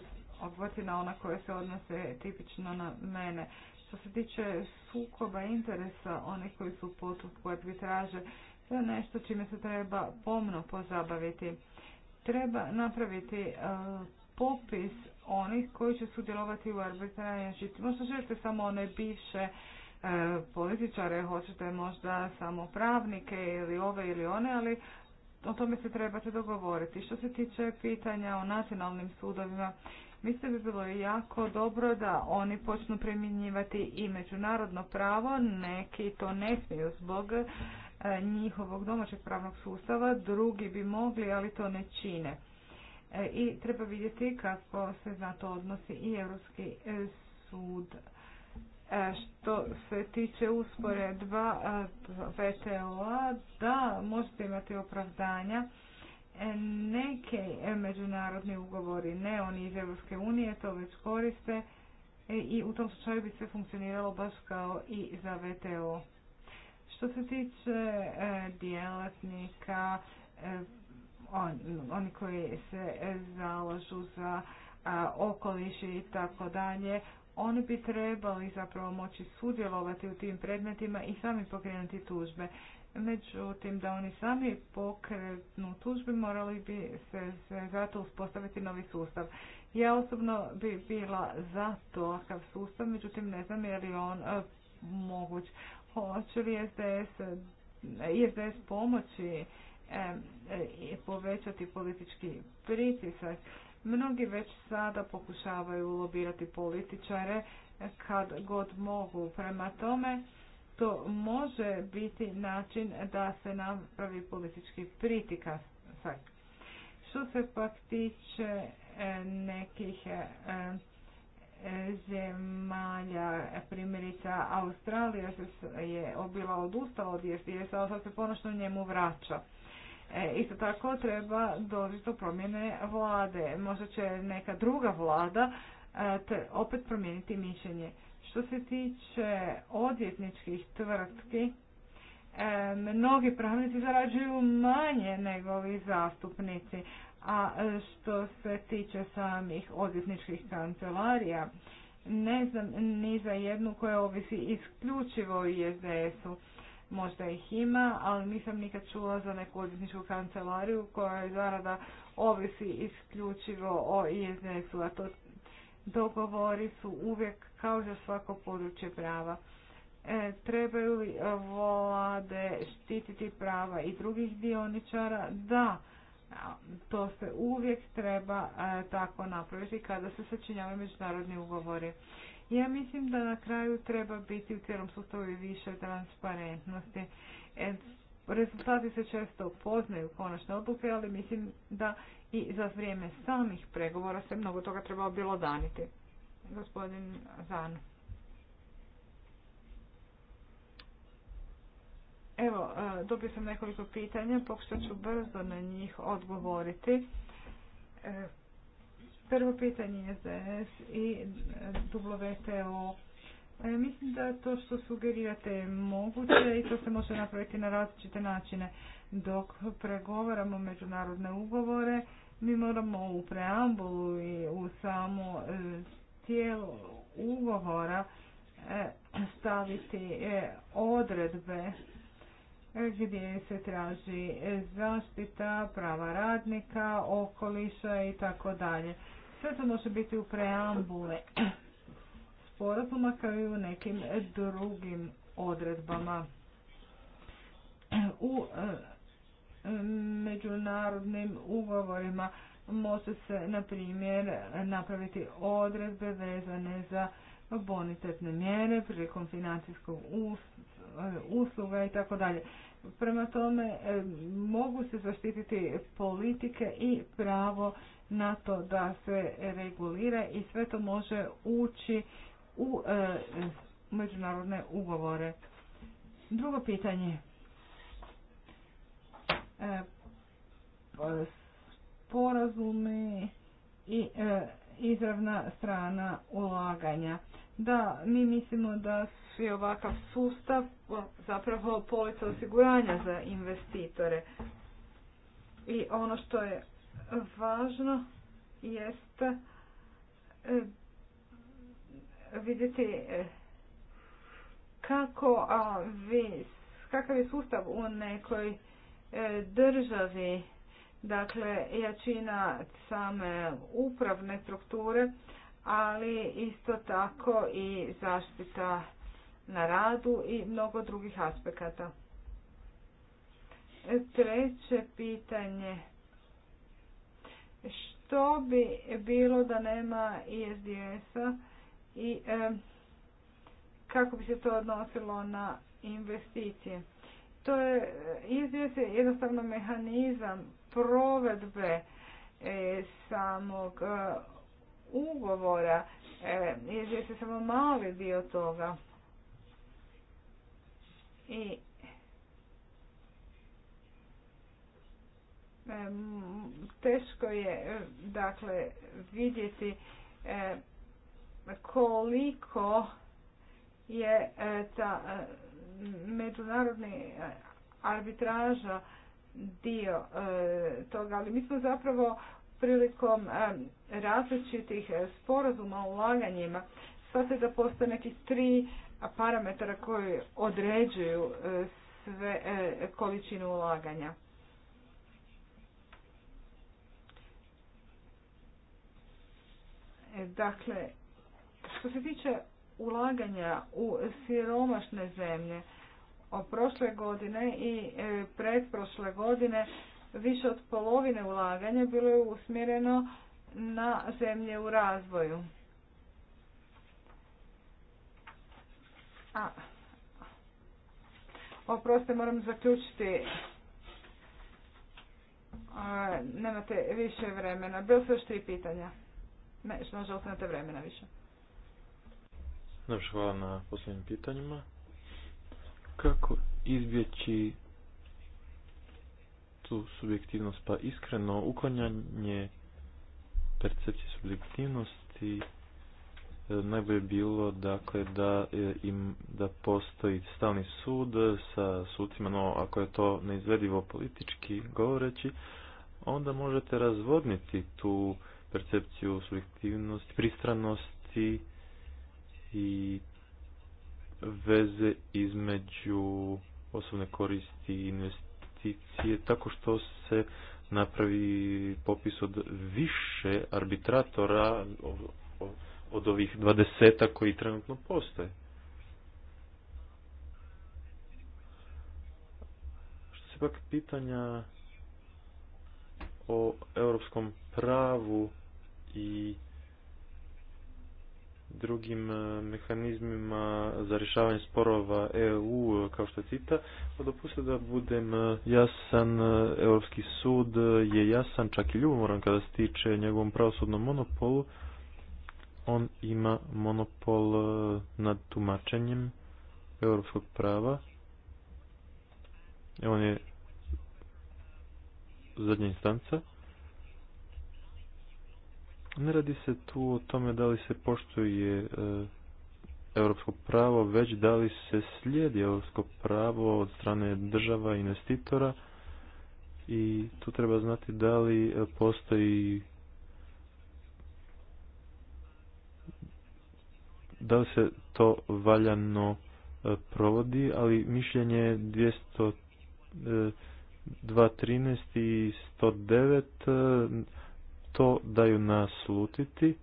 na ona koje se odnose tipično na mene. Što se tiče sukoba interesa, onih koji su u postupku arbitraže, to je nešto čime se treba pomno pozabaviti. Treba napraviti e, popis onih koji će sudjelovati u arbitraži. Možda želite samo one bivše e, političare, hoćete možda samo pravnike ili ove ili one, ali o tome se trebate dogovoriti. Što se tiče pitanja o nacionalnim sudovima, Mislim bi bilo jako dobro da oni počnu primjenjivati i međunarodno pravo, neki to ne smiju zbog e, njihovog domaćeg pravnog sustava, drugi bi mogli, ali to ne čine. E, I treba vidjeti kako se na to odnosi i Europski e, sud. Što se tiče usporedba VTO-a, da, možete imati opravdanja E, neke e, međunarodni ugovori, ne oni iz Europske unije, to već koriste e, i u tom slučaju bi sve funkcioniralo baš kao i za VTO. Što se tiče djelatnika, oni koji se zalažu za okoliš i tako dalje, oni bi trebali zapravo moći sudjelovati u tim predmetima i sami pokrenuti tužbe. Međutim, da oni sami pokretnu tužbi morali bi se, zato uspostaviti novi sustav. Ja osobno bi bila za takav sustav, međutim ne znam je li on e, moguć. Hoće li SDS, pomoći e, povećati politički pritisak? Mnogi već sada pokušavaju lobirati političare kad god mogu. Prema tome, to može biti način da se napravi politički pritisak. Što se pak tiče e, nekih e, e, zemalja, primjerice Australija je obila odustala od i ali sad se ponošno njemu vraća. Isto tako treba doći do promjene vlade. Možda će neka druga vlada opet promijeniti mišljenje. Što se tiče odvjetničkih tvrtki, e, mnogi pravnici zarađuju manje nego ovi zastupnici, a što se tiče samih odvjetničkih kancelarija, ne znam ni za jednu koja ovisi isključivo o ISDS-u. Možda ih ima, ali nisam nikad čula za neku odvjetničku kancelariju koja je zarada ovisi isključivo o ISDS-u, a to dogovori su uvijek kao za svako područje prava. E, trebaju li e, vlade štititi prava i drugih dioničara? Da, to se uvijek treba e, tako napraviti kada se sačinjavaju međunarodni ugovori. Ja mislim da na kraju treba biti u cijelom sustavu više transparentnosti. rezultati se često poznaju konačne odluke, ali mislim da i za vrijeme samih pregovora se mnogo toga treba bilo daniti. Gospodin Zan. Evo, e, dobio sam nekoliko pitanja, pokušat ću brzo na njih odgovoriti. E, prvo pitanje je ZS i WTO. E, mislim da to što sugerirate moguće i to se može napraviti na različite načine. Dok pregovaramo međunarodne ugovore, mi moramo u preambulu i u samo tijelu ugovora e, staviti e, odredbe gdje se traži zaštita prava radnika, okoliša i tako dalje. Sve to može biti u preambule sporazuma kao i u nekim drugim odredbama. U e, međunarodnim ugovorima može se, na primjer, napraviti odredbe vezane za bonitetne mjere prilikom financijskog usluga i tako dalje. Prema tome, e, mogu se zaštititi politike i pravo na to da se regulira i sve to može ući u e, međunarodne ugovore. Drugo pitanje. E, pa, sporazumi i e, izravna strana ulaganja. Da, mi mislimo da je ovakav sustav zapravo polica osiguranja za investitore. I ono što je važno jest e, vidjeti e, kako a, vi, kakav je sustav u nekoj državi dakle jačina same upravne strukture, ali isto tako i zaštita na radu i mnogo drugih aspekata. Treće pitanje. Što bi bilo da nema ISDS-a i kako bi se to odnosilo na investicije? To je e, ISDS je jednostavno mehanizam provedbe e, samog e, ugovora, e, je se samo mali dio toga. I teško je dakle vidjeti koliko je ta međunarodni arbitraža dio e, toga, ali mi smo zapravo prilikom e, različitih e, sporazuma o ulaganjima se da postoje neki tri parametara koji određuju sve količinu ulaganja. Dakle, što se tiče ulaganja u siromašne zemlje, prošle godine i e, pretprošle godine više od polovine ulaganja bilo je usmjereno na zemlje u razvoju. A, oproste, moram zaključiti. A, e, nemate više vremena. Bilo su još tri pitanja. Ne, nažalost nemate vremena više. Dobro, hvala na posljednjim pitanjima kako izbjeći tu subjektivnost pa iskreno uklanjanje percepcije subjektivnosti e, najbolje bilo dakle da e, im da postoji stalni sud sa sucima no ako je to neizvedivo politički govoreći onda možete razvodniti tu percepciju subjektivnosti pristranosti i veze između osobne koristi i investicije tako što se napravi popis od više arbitratora od ovih dvadeseta koji trenutno postoje. Što se pak pitanja o europskom pravu i drugim e, mehanizmima za rješavanje sporova EU e, kao što je CITA, pa dopustite da budem e, jasan, Europski sud je jasan, čak i ljubomoran kada se tiče njegovom pravosudnom monopolu, on ima monopol nad tumačenjem europskog prava, on je zadnja instanca, ne radi se tu o tome da li se poštuje e, europsko pravo, već da li se slijedi europsko pravo od strane država, investitora i tu treba znati da li e, postoji da li se to valjano e, provodi, ali mišljenje 200 213 i 109 to daju naslutiti.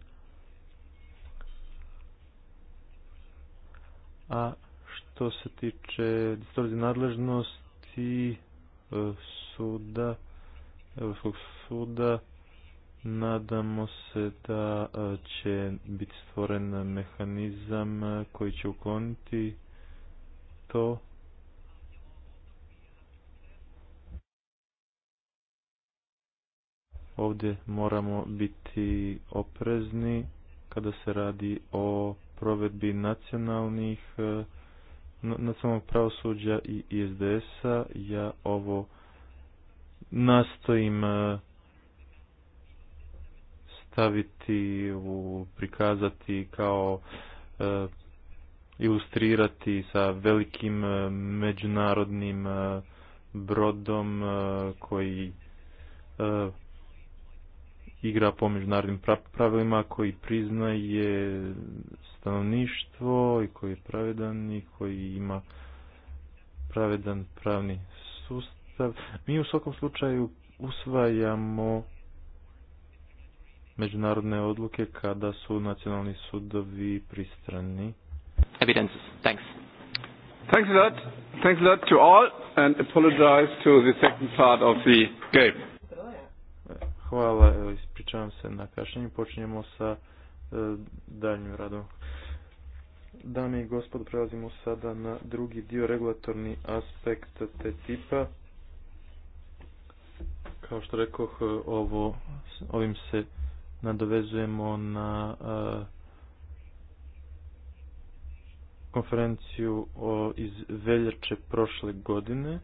A što se tiče distorzije nadležnosti e, suda, Europskog suda, nadamo se da e, će biti stvoren mehanizam e, koji će ukloniti to Ovdje moramo biti oprezni kada se radi o provedbi nacionalnih e, nacionalnog pravosuđa i ISDS-a. Ja ovo nastojim e, staviti, u, prikazati kao e, ilustrirati sa velikim međunarodnim brodom koji igra po međunarodnim pravilima koji priznaje stanovništvo i koji je pravedan i koji ima pravedan pravni sustav. Mi u svakom slučaju usvajamo međunarodne odluke kada su nacionalni sudovi pristrani. Evidences. Thanks. Thanks a lot. Thanks a lot to all and apologize to the second part of the game. Hvala, Ispričavam se na kašnjenju. Počinjemo sa e, daljnjim radom. Dame i gospodo, prelazimo sada na drugi dio regulatorni aspekt te tipa. Kao što rekao, ovo, ovim se nadovezujemo na e, konferenciju iz veljače prošle godine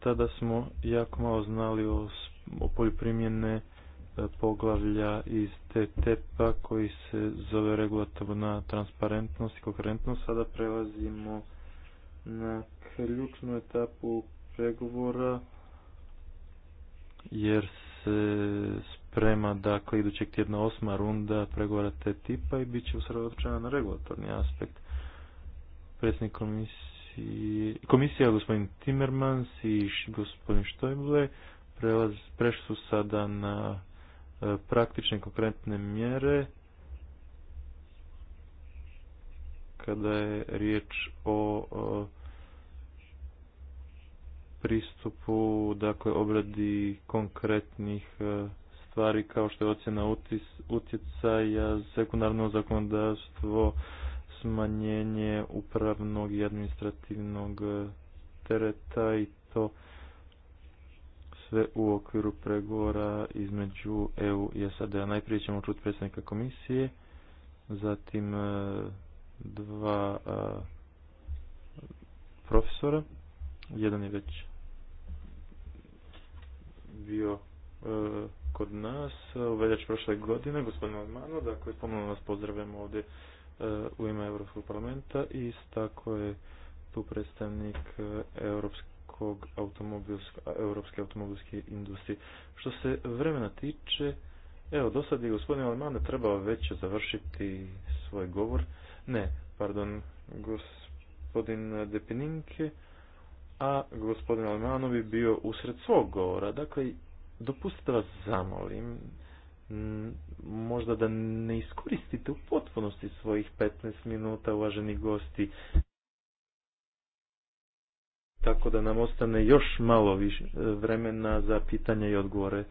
tada smo jako malo znali o o polju primjene e, poglavlja iz TTP-a koji se zove regulatorna transparentnost i koherentnost. Sada prelazimo na ključnu etapu pregovora jer se sprema dakle idućeg tjedna osma runda pregovora ttip tipa i bit će usredočena na regulatorni aspekt. Predsjednik komisije, komisija gospodin Timmermans i gospodin Štojble prešli su sada na e, praktične konkretne mjere kada je riječ o pristupu, dakle obradi konkretnih e, stvari kao što je ocjena utjecaja, sekundarno zakonodavstvo, smanjenje upravnog i administrativnog e, tereta i to sve u okviru pregovora između EU i sad Najprije ćemo čuti predsjednika komisije, zatim e, dva e, profesora. Jedan je već bio e, kod nas u veljači prošle godine, gospodin Almano, dakle ponovno vas pozdravljamo ovdje u ime Europskog parlamenta i tako je tu predstavnik Europske kog automobilske, europske automobilske industrije. Što se vremena tiče, evo, do sad je gospodin Alemane trebao već završiti svoj govor. Ne, pardon, gospodin Depininke, a gospodin Alemano bi bio usred svog govora. Dakle, dopustite vas zamolim, možda da ne iskoristite u potpunosti svojih 15 minuta uvaženi gosti tako da nam ostane još malo više e, vremena za pitanje i odgovore.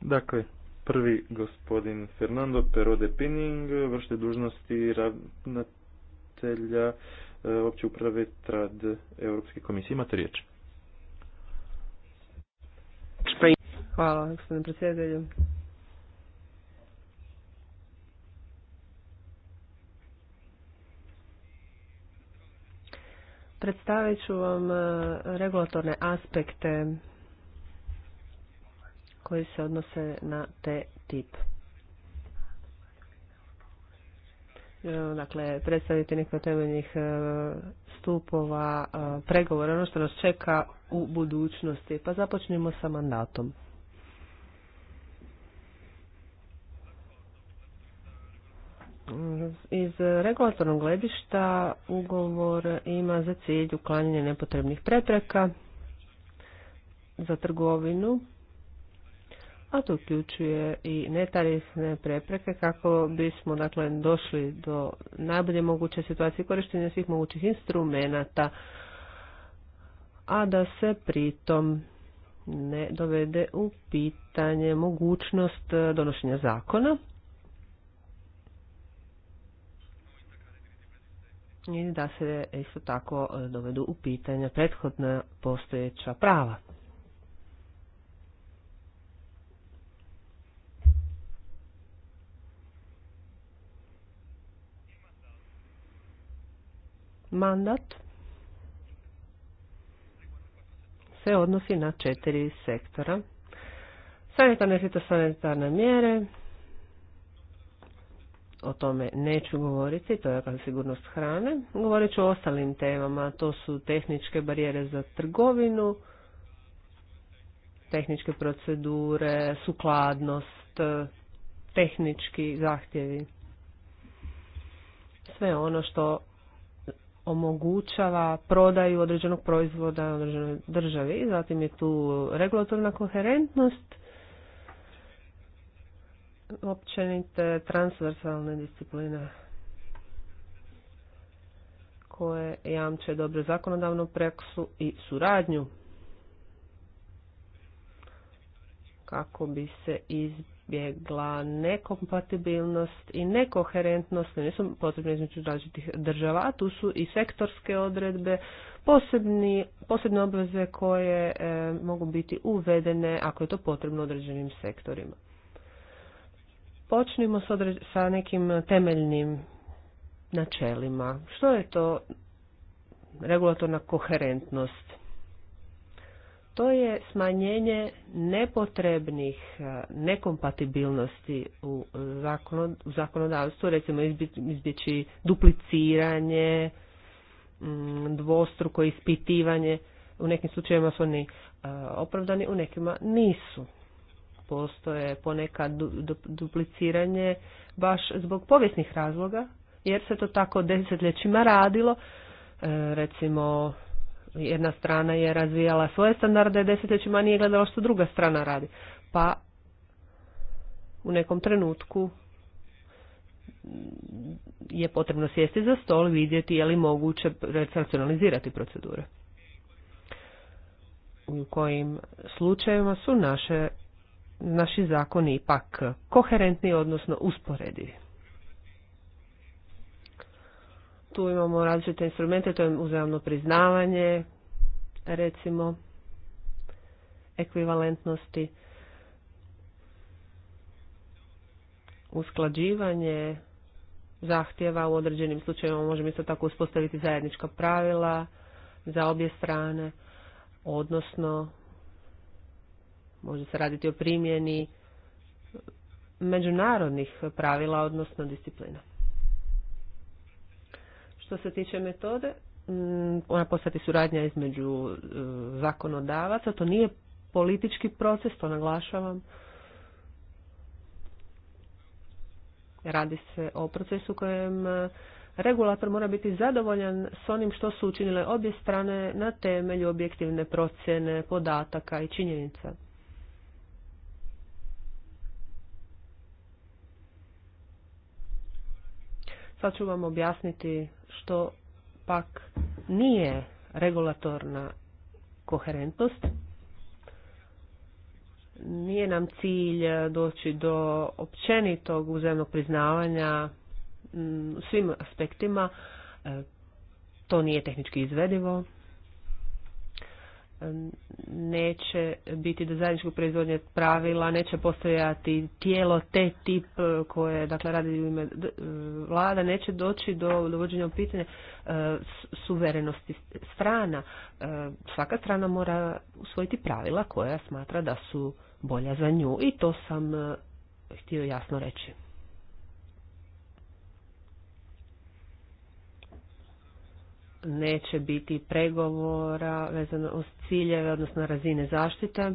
Dakle, prvi gospodin Fernando de Pining, vršte dužnosti ravnatelja e, opće uprave trad Europske komisije. Imate riječ. Hvala, gospodin predsjedatelju. Predstavit ću vam e, regulatorne aspekte koji se odnose na te tip. E, dakle, predstaviti nekako temeljnih e, stupova pregovora, ono što nas čeka u budućnosti. Pa započnimo sa mandatom. Iz regulatornog gledišta ugovor ima za cilj uklanjanje nepotrebnih prepreka za trgovinu, a to uključuje i netarifne prepreke kako bismo dakle došli do najbolje moguće situacije korištenja svih mogućih instrumenata, a da se pritom ne dovede u pitanje mogućnost donošenja zakona i da se isto tako e, dovedu u pitanje prethodna postojeća prava. Mandat se odnosi na četiri sektora. Sanitarne i fitosanitarne mjere, o tome neću govoriti, to je kao sigurnost hrane. Govorit ću o ostalim temama, to su tehničke barijere za trgovinu, tehničke procedure, sukladnost, tehnički zahtjevi. Sve ono što omogućava prodaju određenog proizvoda određenoj državi. Zatim je tu regulatorna koherentnost općenite transversalne discipline koje jamče dobro zakonodavnu preksu i suradnju kako bi se izbjegla nekompatibilnost i nekoherentnost, ne su potrebne između različitih država, tu su i sektorske odredbe, posebni, posebne obveze koje eh, mogu biti uvedene ako je to potrebno određenim sektorima. Počnimo s sa nekim temeljnim načelima. Što je to regulatorna koherentnost? To je smanjenje nepotrebnih e, nekompatibilnosti e, u zakonodavstvu, recimo izbjeći dupliciranje, mm, dvostruko ispitivanje. U nekim slučajevima su oni e, opravdani, u nekima nisu postoje ponekad dupliciranje baš zbog povijesnih razloga, jer se to tako desetljećima radilo. E, recimo, jedna strana je razvijala svoje standarde, desetljećima nije gledala što druga strana radi. Pa u nekom trenutku je potrebno sjesti za stol, i vidjeti je li moguće racionalizirati procedure. U kojim slučajevima su naše naši zakoni ipak koherentni, odnosno usporedivi. Tu imamo različite instrumente, to je uzajamno priznavanje, recimo, ekvivalentnosti, usklađivanje zahtjeva u određenim slučajevima možemo isto tako uspostaviti zajednička pravila za obje strane, odnosno Može se raditi o primjeni međunarodnih pravila, odnosno disciplina. Što se tiče metode, mm, ona postati suradnja između e, zakonodavaca, to nije politički proces, to naglašavam. Radi se o procesu kojem e, regulator mora biti zadovoljan s onim što su učinile obje strane na temelju objektivne procjene podataka i činjenica. Sad ću vam objasniti što pak nije regulatorna koherentnost. Nije nam cilj eh, doći do općenitog uzemnog priznavanja mm, svim aspektima. Eh, to nije tehnički izvedivo neće biti do zajedničkog proizvodnje pravila, neće postojati tijelo te tip e, koje dakle, radi u ime e, vlada, neće doći do dovođenja u pitanje e, suverenosti strana. Svaka strana mora usvojiti pravila koja smatra da su bolja za nju i to sam htio jasno reći. neće biti pregovora vezano uz ciljeve, odnosno razine zaštite.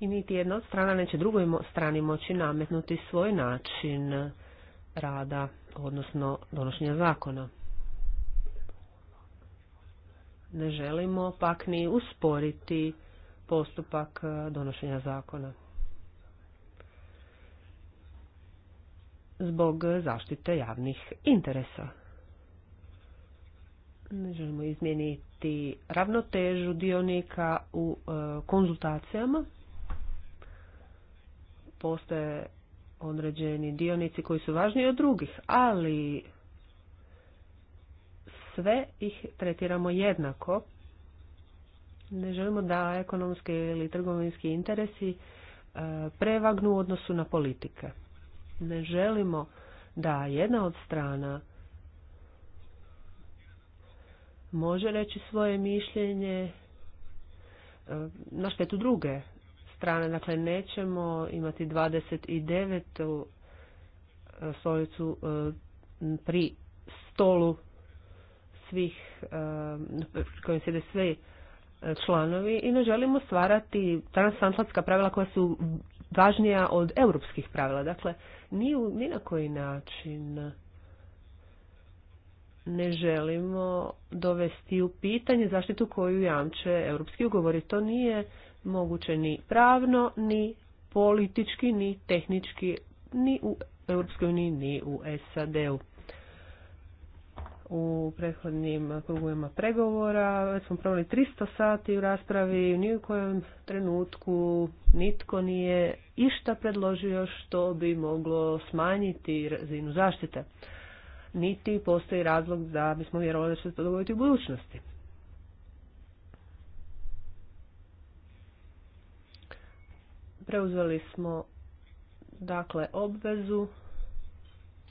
I niti jedna od strana neće drugoj strani moći nametnuti svoj način rada, odnosno donošenja zakona. Ne želimo pak ni usporiti postupak eh, donošenja zakona. zbog zaštite javnih interesa. Ne želimo izmijeniti ravnotežu dionika u e, konzultacijama. Postoje određeni dionici koji su važniji od drugih, ali sve ih tretiramo jednako. Ne želimo da ekonomski ili trgovinski interesi e, prevagnu u odnosu na politike ne želimo da jedna od strana može reći svoje mišljenje e, na štetu druge strane. Dakle, nećemo imati 29. E, stolicu e, pri stolu svih, kojim sjede svi članovi i ne želimo stvarati transatlantska pravila koja su važnija od europskih pravila. Dakle, ni, u, ni na koji način ne želimo dovesti u pitanje zaštitu koju jamče europski ugovori. To nije moguće ni pravno, ni politički, ni tehnički, ni u Europskoj uniji, ni u SAD-u u prethodnim krugovima pregovora. Već smo proveli 300 sati u raspravi i u nijekom trenutku nitko nije išta predložio što bi moglo smanjiti razinu zaštite. Niti postoji razlog da bismo vjerovali da će se to dogoditi u budućnosti. Preuzeli smo dakle obvezu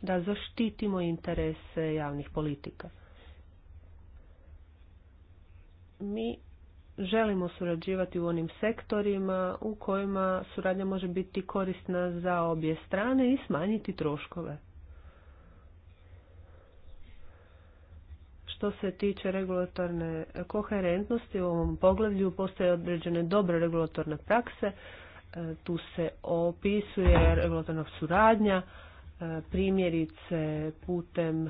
da zaštitimo interese javnih politika. Mi želimo surađivati u onim sektorima u kojima suradnja može biti korisna za obje strane i smanjiti troškove. Što se tiče regulatorne koherentnosti u ovom poglavlju postoje određene dobre regulatorne prakse. E, tu se opisuje regulatorna suradnja, E, primjerice putem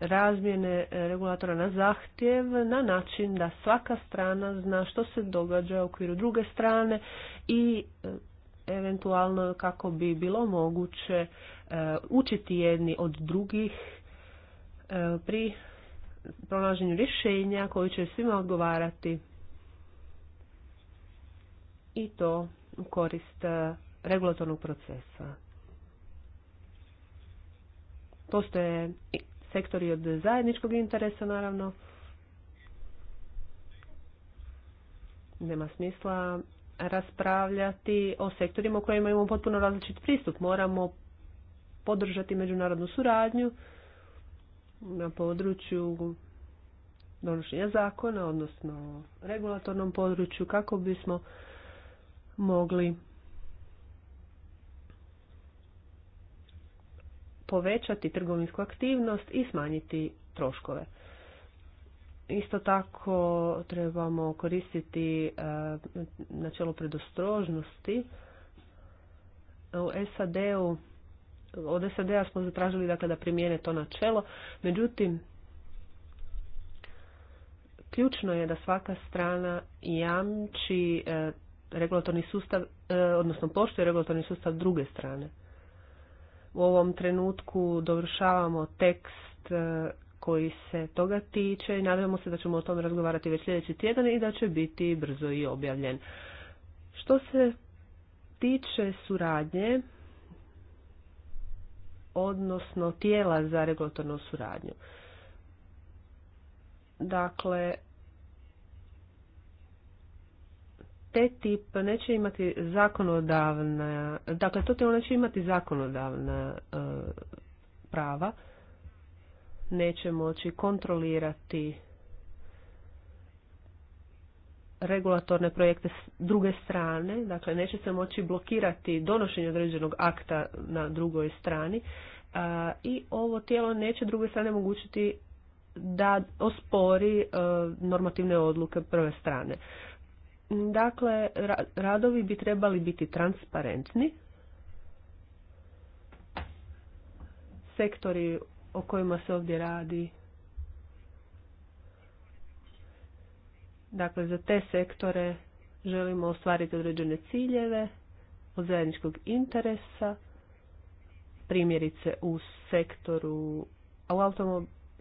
razmjene e, regulatora na zahtjev na način da svaka strana zna što se događa u okviru druge strane i e, eventualno kako bi bilo moguće učiti jedni od drugih pri pronaženju rješenja koji će svima odgovarati i to u korist regulatornog procesa. Postoje sektori od zajedničkog interesa, naravno. Nema smisla raspravljati o sektorima u kojima imamo potpuno različit pristup. Moramo podržati međunarodnu suradnju na području donošenja zakona, odnosno regulatornom području, kako bismo mogli povećati trgovinsku aktivnost i smanjiti troškove. Isto tako trebamo koristiti eh, načelo predostrožnosti. U SAD-u od SAD-a smo zatražili dakle, da primijene to načelo, međutim, ključno je da svaka strana jamči eh, regulatorni sustav, eh, odnosno poštuje regulatorni sustav druge strane u ovom trenutku dovršavamo tekst e, koji se toga tiče i nadamo se da ćemo o tome razgovarati već sljedeći tjedan i da će biti brzo i objavljen. Što se tiče suradnje, odnosno tijela za regulatornu suradnju. Dakle, te tip neće imati zakonodavna, dakle to tijelo neće imati zakonodavna e, prava, neće moći kontrolirati regulatorne projekte s druge strane, dakle neće se moći blokirati donošenje određenog akta na drugoj strani e, i ovo tijelo neće druge strane omogućiti da ospori e, normativne odluke prve strane. Dakle, radovi bi trebali biti transparentni. Sektori o kojima se ovdje radi, dakle, za te sektore želimo ostvariti određene ciljeve od zajedničkog interesa, primjerice u sektoru u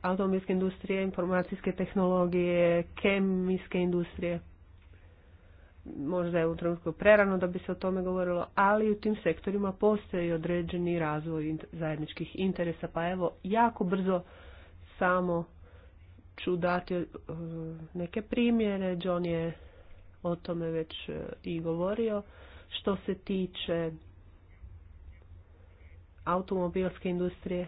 automobilske industrije, informacijske tehnologije, kemijske industrije možda je u trenutku prerano da bi se o tome govorilo, ali u tim sektorima i određeni razvoj zajedničkih interesa, pa evo jako brzo samo ću dati e, neke primjere, John je o tome već e, i govorio. Što se tiče automobilske industrije,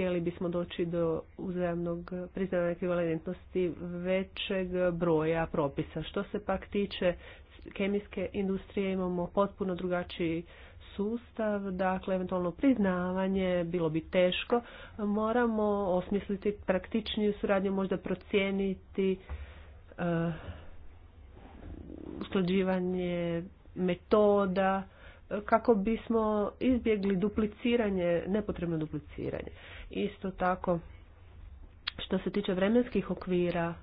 htjeli bismo doći do uzajamnog priznavanja ekvivalentnosti većeg broja propisa. Što se pak tiče kemijske industrije imamo potpuno drugačiji sustav, dakle eventualno priznavanje bilo bi teško. Moramo osmisliti praktičniju suradnju, možda procijeniti eh, usklađivanje metoda eh, kako bismo izbjegli dupliciranje, nepotrebno dupliciranje. Isto tako, što se tiče vremenskih okvira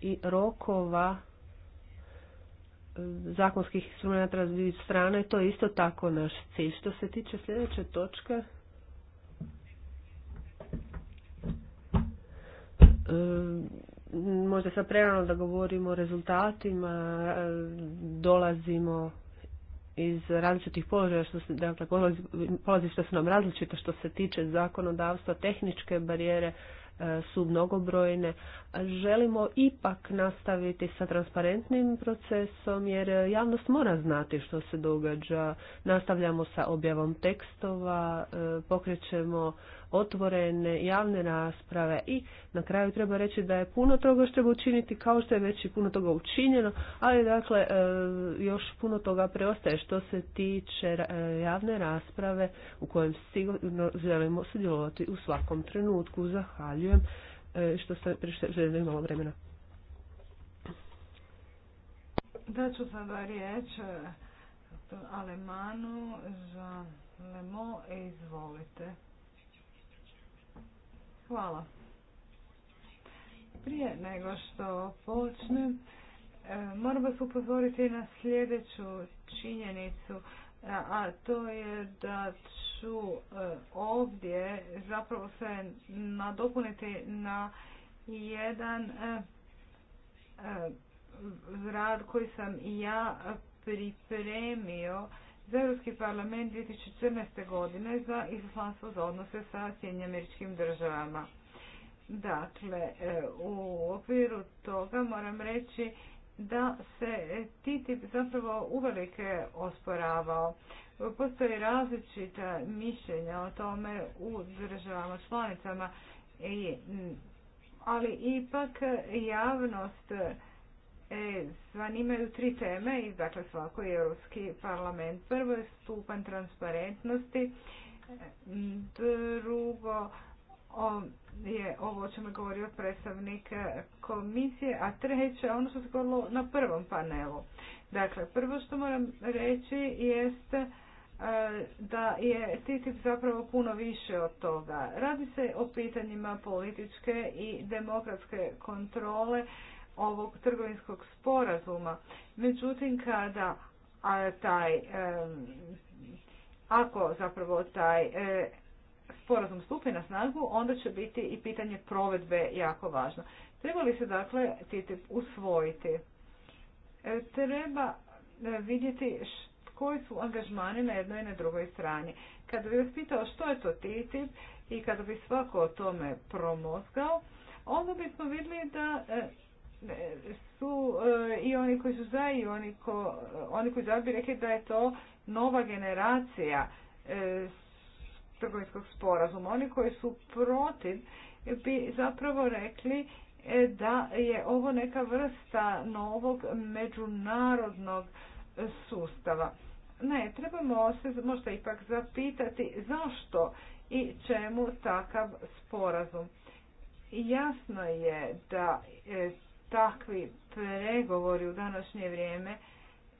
i rokova eh, zakonskih instrumenta razvijenih strane, to je isto tako naš cilj. Što se tiče sljedeće točke, eh, možda sad prerano da govorimo o rezultatima, eh, dolazimo iz različitih položaja, što se, dakle, polazišta su nam različita što se tiče zakonodavstva, tehničke barijere e, su mnogobrojne. Želimo ipak nastaviti sa transparentnim procesom jer javnost mora znati što se događa. Nastavljamo sa objavom tekstova, e, pokrećemo otvorene javne rasprave i na kraju treba reći da je puno toga što treba učiniti kao što je već i puno toga učinjeno, ali dakle e, još puno toga preostaje što se tiče e, javne rasprave u kojem sigurno želimo sudjelovati u svakom trenutku. Zahvaljujem e, što ste prišli malo vremena. Da ću sada riječ Alemanu za Lemo, izvolite. Hvala. Prije nego što počnem, e, moram vas upozoriti na sljedeću činjenicu, a to je da ću e, ovdje zapravo se nadopuniti na jedan e, rad koji sam ja pripremio za Europski parlament 2014. godine za izaslanstvo za odnose sa Sjedinjenim američkim državama. Dakle, e, u okviru toga moram reći da se TTIP zapravo uvelike osporavao. Postoje različita mišljenja o tome u državama članicama, ali ipak javnost zanimaju e, tri teme i dakle svako je Europski parlament. Prvo je stupan transparentnosti, drugo je ovo o čemu je govorio predstavnik komisije, a treće ono što se govorilo na prvom panelu. Dakle, prvo što moram reći jest e, da je TTIP zapravo puno više od toga. Radi se o pitanjima političke i demokratske kontrole ovog trgovinskog sporazuma. Međutim, kada taj, ako zapravo taj e, sporazum stupi na snagu, onda će biti i pitanje provedbe jako važno. Treba li se dakle TTIP usvojiti? E, treba e, vidjeti koji su angažmani na jednoj i na drugoj strani. Kada bi vas pitao što je to TTIP i kada bi svako o tome promozgao, onda bismo vidjeli da e, su e, i oni koji su za i oni, koji za bi rekli da je to nova generacija e, trgovinskog sporazuma. Oni koji su protiv bi zapravo rekli e, da je ovo neka vrsta novog međunarodnog sustava. Ne, trebamo se možda ipak zapitati zašto i čemu takav sporazum. Jasno je da takvi pregovori u današnje vrijeme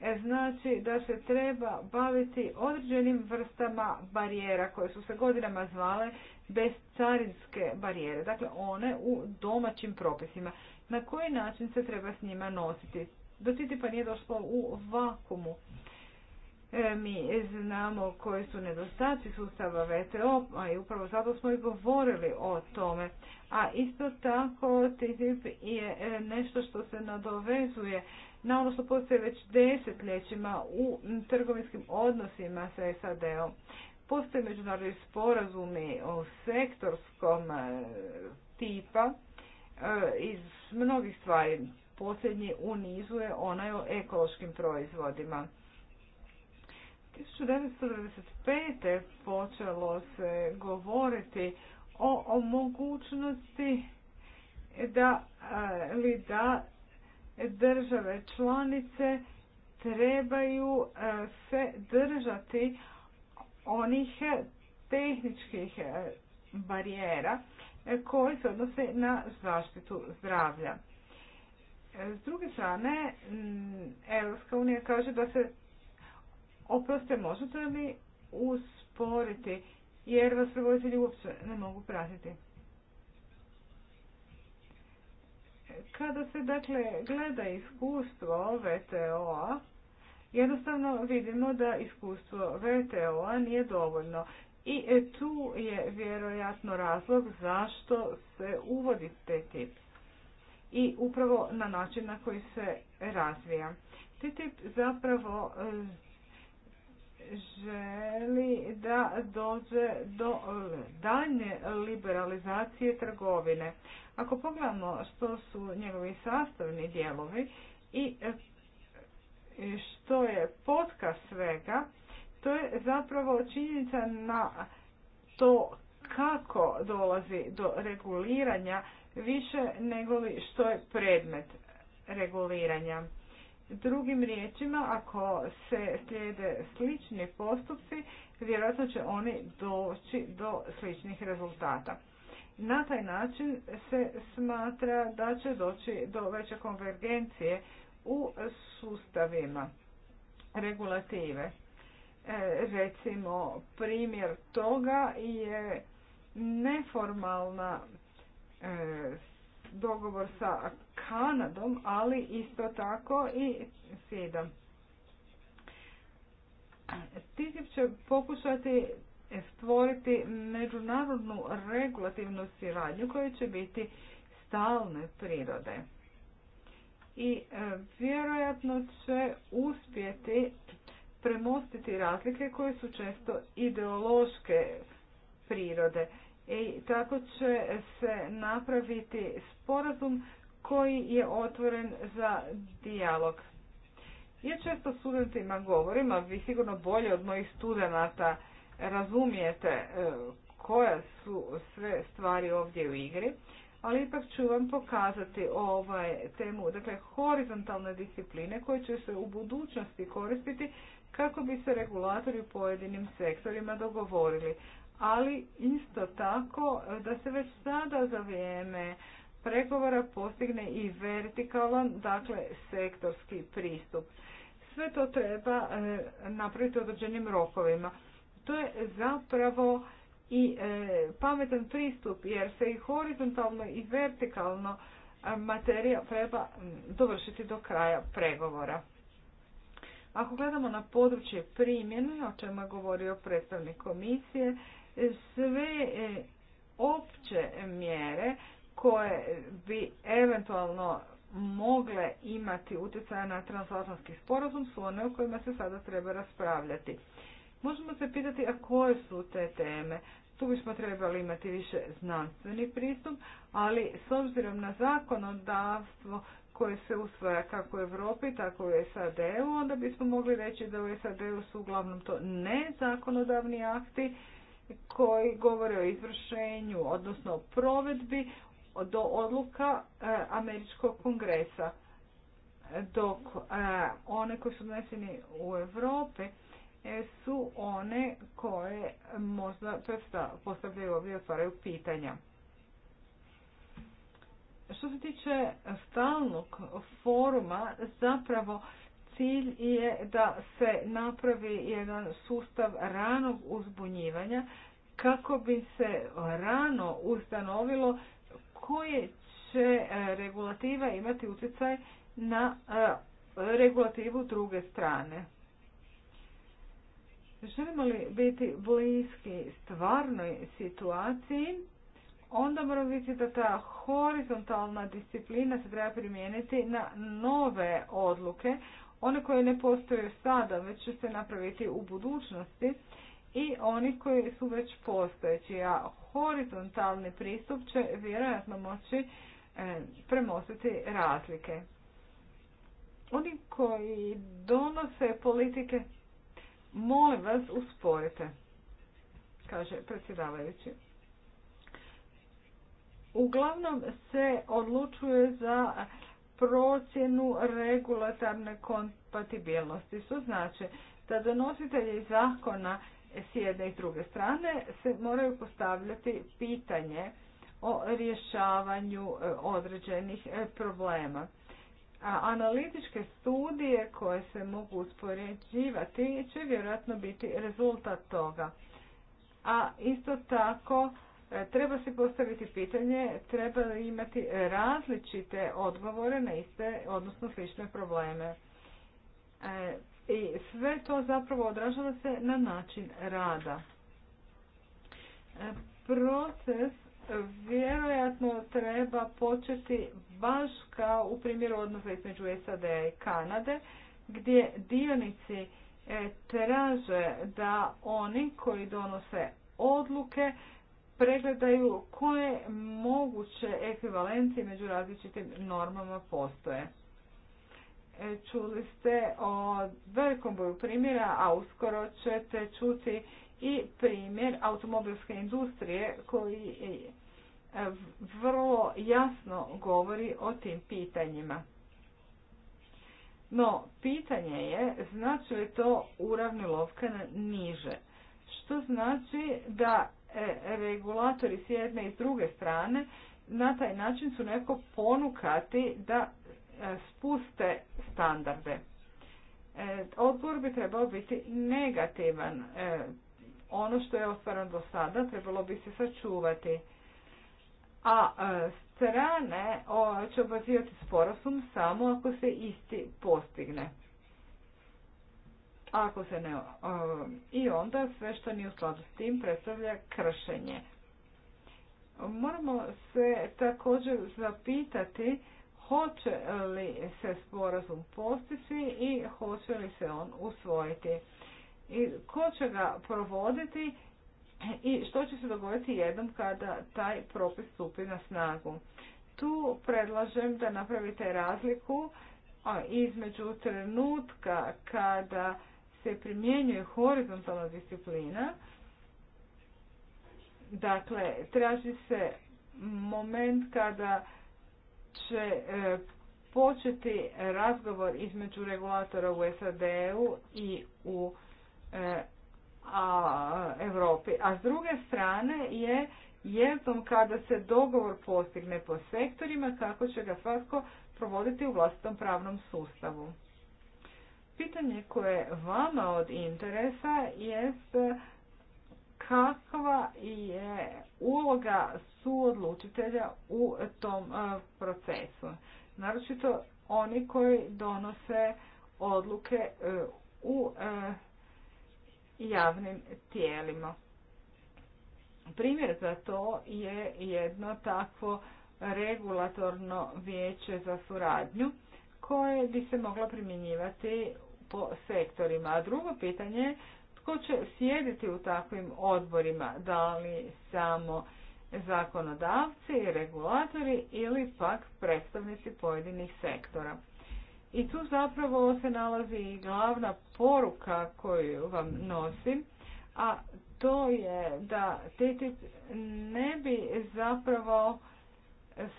e, znači da se treba baviti određenim vrstama barijera koje su se godinama zvale bezcarinske barijere, dakle one u domaćim propisima. Na koji način se treba s njima nositi? Do pa nije došlo u vakumu. E, mi znamo koji su nedostaci sustava VTO, a i upravo zato smo i govorili o tome. A isto tako TTIP je e, nešto što se nadovezuje na ono što postoje već desetljećima u trgovinskim odnosima sa SAD-om. Postoje međunarodni sporazumi o sektorskom e, tipa iz mnogih stvari. Posljednji u nizu je onaj o ekološkim proizvodima. 1995. počelo se govoriti o, mogućnosti da, li da države članice trebaju se držati onih tehničkih barijera koji se odnose na zaštitu zdravlja. S druge strane, Europska unija kaže da se Oproste, možete li usporiti, jer vas prevozili uopće ne mogu pratiti. Kada se dakle gleda iskustvo VTO-a, jednostavno vidimo da iskustvo VTO-a nije dovoljno. I e, tu je vjerojatno razlog zašto se uvodi TTIP i upravo na način na koji se razvija. TTIP zapravo želi da dođe do e, dalje liberalizacije trgovine. Ako pogledamo što su njegovi sastavni dijelovi e, i što je potka svega, to je zapravo činjenica na to kako dolazi do reguliranja više nego što je predmet reguliranja. Drugim riječima, ako se slijede slični postupci, vjerojatno će oni doći do sličnih rezultata. Na taj način se smatra da će doći do veće konvergencije u sustavima regulative. E, recimo, primjer toga je neformalna e, dogovor sa Kanadom, ali isto tako i SIDA. TTIP će pokušati stvoriti međunarodnu regulativnu siradnju koja će biti stalne prirode. I e, vjerojatno će uspjeti premostiti razlike koje su često ideološke prirode i tako će se napraviti sporazum koji je otvoren za dijalog. Ja često studentima govorim, a vi sigurno bolje od mojih studenata razumijete e, koja su sve stvari ovdje u igri, ali ipak ću vam pokazati ovaj temu, dakle horizontalne discipline koje će se u budućnosti koristiti kako bi se regulatori u pojedinim sektorima dogovorili ali isto tako e, da se već sada za vrijeme pregovora postigne i vertikalan, dakle sektorski pristup. Sve to treba e, napraviti određenim rokovima. To je zapravo i e, pametan pristup jer se i horizontalno i vertikalno materija treba dovršiti do kraja pregovora. Ako gledamo na područje primjene, o čemu je govorio predstavnik komisije, sve e, opće mjere koje bi eventualno mogle imati utjecaja na transatlantski sporazum su one o kojima se sada treba raspravljati. Možemo se pitati a koje su te teme. Tu bismo trebali imati više znanstveni pristup, ali s obzirom na zakonodavstvo koje se usvaja kako u Europi, tako u SAD-u, onda bismo mogli reći da u SAD-u su uglavnom to nezakonodavni akti, koji govore o izvršenju, odnosno o provedbi do odluka e, Američkog kongresa. Dok e, one koji su doneseni u Europi e, su one koje možda postavljaju ovdje otvaraju pitanja. Što se tiče stalnog foruma, zapravo Cilj je da se napravi jedan sustav ranog uzbunjivanja kako bi se rano ustanovilo koje će e, regulativa imati utjecaj na e, regulativu druge strane. Želimo li biti bliski stvarnoj situaciji, onda moramo vidjeti da ta horizontalna disciplina se treba primijeniti na nove odluke, one koje ne postoje sada, već će se napraviti u budućnosti i oni koji su već postojeći, a horizontalni pristup će vjerojatno moći e, premostiti razlike. Oni koji donose politike, molim vas usporite, kaže predsjedavajući. Uglavnom se odlučuje za procjenu regulatorne kompatibilnosti. To znači da donositelji zakona s jedne i druge strane se moraju postavljati pitanje o rješavanju e, određenih e, problema. A analitičke studije koje se mogu uspoređivati će vjerojatno biti rezultat toga. A isto tako E, treba se postaviti pitanje, treba imati različite odgovore na iste, odnosno slične probleme. E, I sve to zapravo odražava se na način rada. E, proces vjerojatno treba početi baš kao u primjeru odnosa između SAD i Kanade, gdje dionici traže da oni koji donose odluke pregledaju koje moguće ekvivalencije među različitim normama postoje. E, čuli ste o velikom boju primjera, a uskoro ćete čuti i primjer automobilske industrije koji e, vrlo jasno govori o tim pitanjima. No, pitanje je znači li to uravnilovka na niže, što znači da E, regulatori s jedne i s druge strane na taj način su neko ponukati da e, spuste standarde. E, Odgovor bi trebao biti negativan. Ono što je ostvarano do sada trebalo bi se sačuvati. A strane će obazivati sporazum samo ako se isti postigne. Ako se ne, I onda sve što nije u skladu s tim predstavlja kršenje. Moramo se također zapitati hoće li se sporazum postići i hoće li se on usvojiti. I ko će ga provoditi i što će se dogoditi jednom kada taj propis stupi na snagu. Tu predlažem da napravite razliku između trenutka kada se primjenjuje horizontalna disciplina, dakle, traži se moment kada će e, početi razgovor između regulatora u SAD-u i u e, a, Evropi. A s druge strane je jednom kada se dogovor postigne po sektorima kako će ga svatko provoditi u vlastitom pravnom sustavu. Pitanje koje je vama od interesa jest e, kakva je uloga suodlučitelja u tom e, procesu. Naročito oni koji donose odluke e, u javnim tijelima. Primjer za to je jedno takvo regulatorno vijeće za suradnju koje bi se mogla primjenjivati po sektorima. A drugo pitanje je tko će sjediti u takvim odborima, da li samo zakonodavci, regulatori ili pak predstavnici pojedinih sektora. I tu zapravo se nalazi i glavna poruka koju vam nosim, a to je da TTIP ne bi zapravo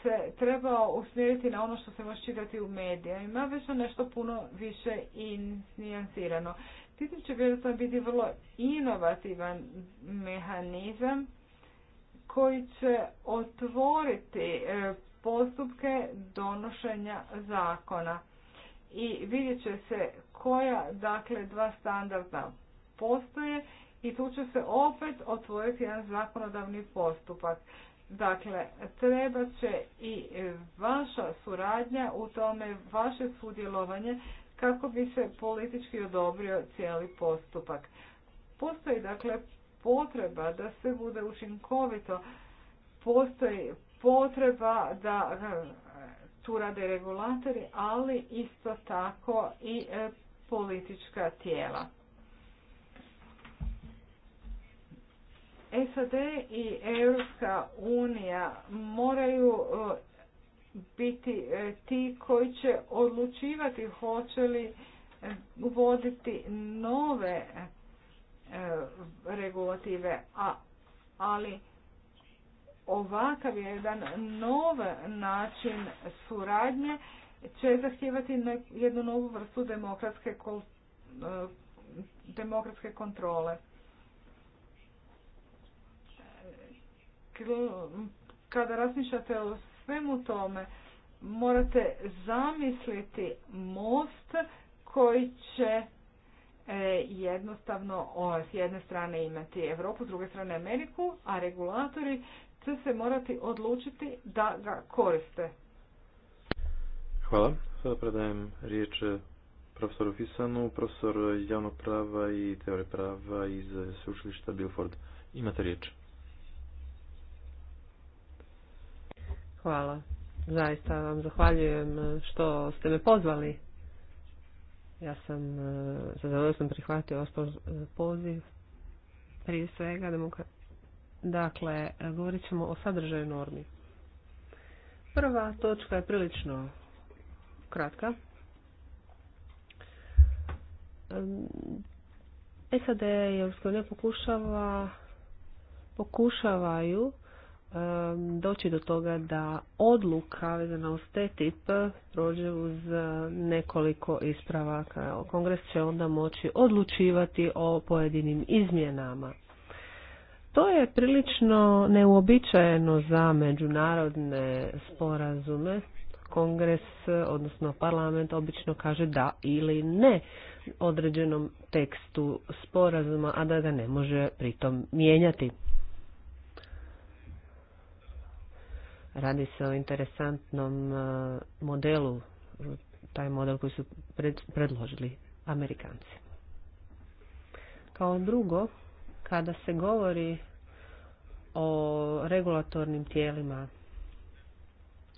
se trebao usmjeriti na ono što se može čitati u medijima, već na nešto puno više nijansirano. Titul će vjerojatno biti vrlo inovativan mehanizam koji će otvoriti e, postupke donošenja zakona i vidjet će se koja dakle dva standarda postoje i tu će se opet otvoriti jedan zakonodavni postupak. Dakle, treba će i vaša suradnja u tome, vaše sudjelovanje kako bi se politički odobrio cijeli postupak. Postoji dakle potreba da sve bude učinkovito, postoji potreba da e, tu rade regulatori, ali isto tako i e, politička tijela. SAD i Europska unija moraju e, biti e, ti koji će odlučivati hoće li e, uvoditi nove regulative, a, ali ovakav jedan nov način suradnje će zahtijevati jednu novu vrstu demokratske, demokratske kontrole. Dakle, kada razmišljate o svemu tome, morate zamisliti most koji će e, jednostavno s jedne strane imati Europu, s druge strane Ameriku, a regulatori će se morati odlučiti da ga koriste. Hvala. Sada predajem riječ profesoru Fisanu, profesor javnog prava i teore prava iz sveučilišta Bilford. Imate riječ. Hvala. Zaista vam zahvaljujem što ste me pozvali. Ja sam e, sa zadovoljstvom prihvatio poziv. Prije svega, dakle, govorit ćemo o sadržaju normi. Prva točka je prilično kratka. E, SAD i Europska pokušava pokušavaju doći do toga da odluka vezana uz tip prođe uz nekoliko ispravaka. Kongres će onda moći odlučivati o pojedinim izmjenama. To je prilično neuobičajeno za međunarodne sporazume. Kongres, odnosno parlament, obično kaže da ili ne određenom tekstu sporazuma, a da ga ne može pritom mijenjati. Radi se o interesantnom e, modelu, taj model koji su predložili Amerikanci. Kao drugo, kada se govori o regulatornim tijelima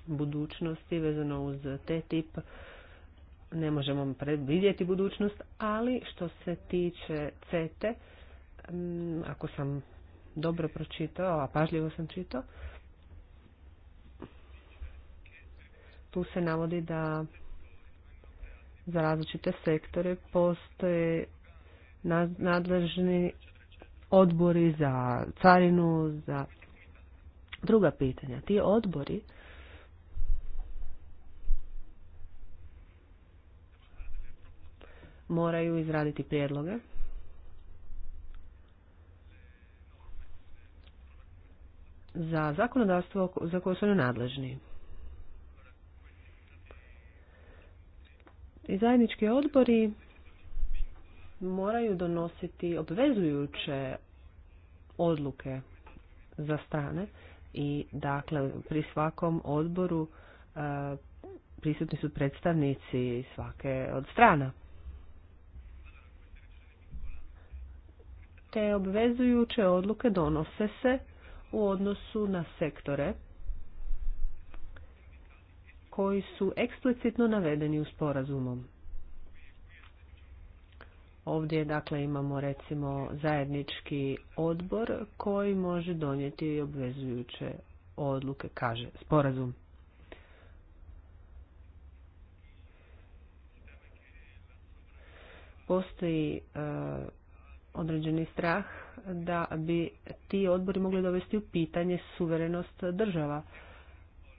budućnosti vezano uz te tip, ne možemo predvidjeti budućnost, ali što se tiče CETE, ako sam dobro pročitao, a pažljivo sam čitao, tu se navodi da za različite sektore postoje nadležni odbori za carinu, za druga pitanja. Ti odbori moraju izraditi prijedloge. za zakonodavstvo za koje su oni nadležni. I zajednički odbori moraju donositi obvezujuće odluke za strane i dakle pri svakom odboru e, prisutni su predstavnici svake od strana. Te obvezujuće odluke donose se u odnosu na sektore koji su eksplicitno navedeni u sporazumom. Ovdje dakle imamo recimo zajednički odbor koji može donijeti obvezujuće odluke, kaže sporazum. Postoji e, određeni strah da bi ti odbori mogli dovesti u pitanje suverenost država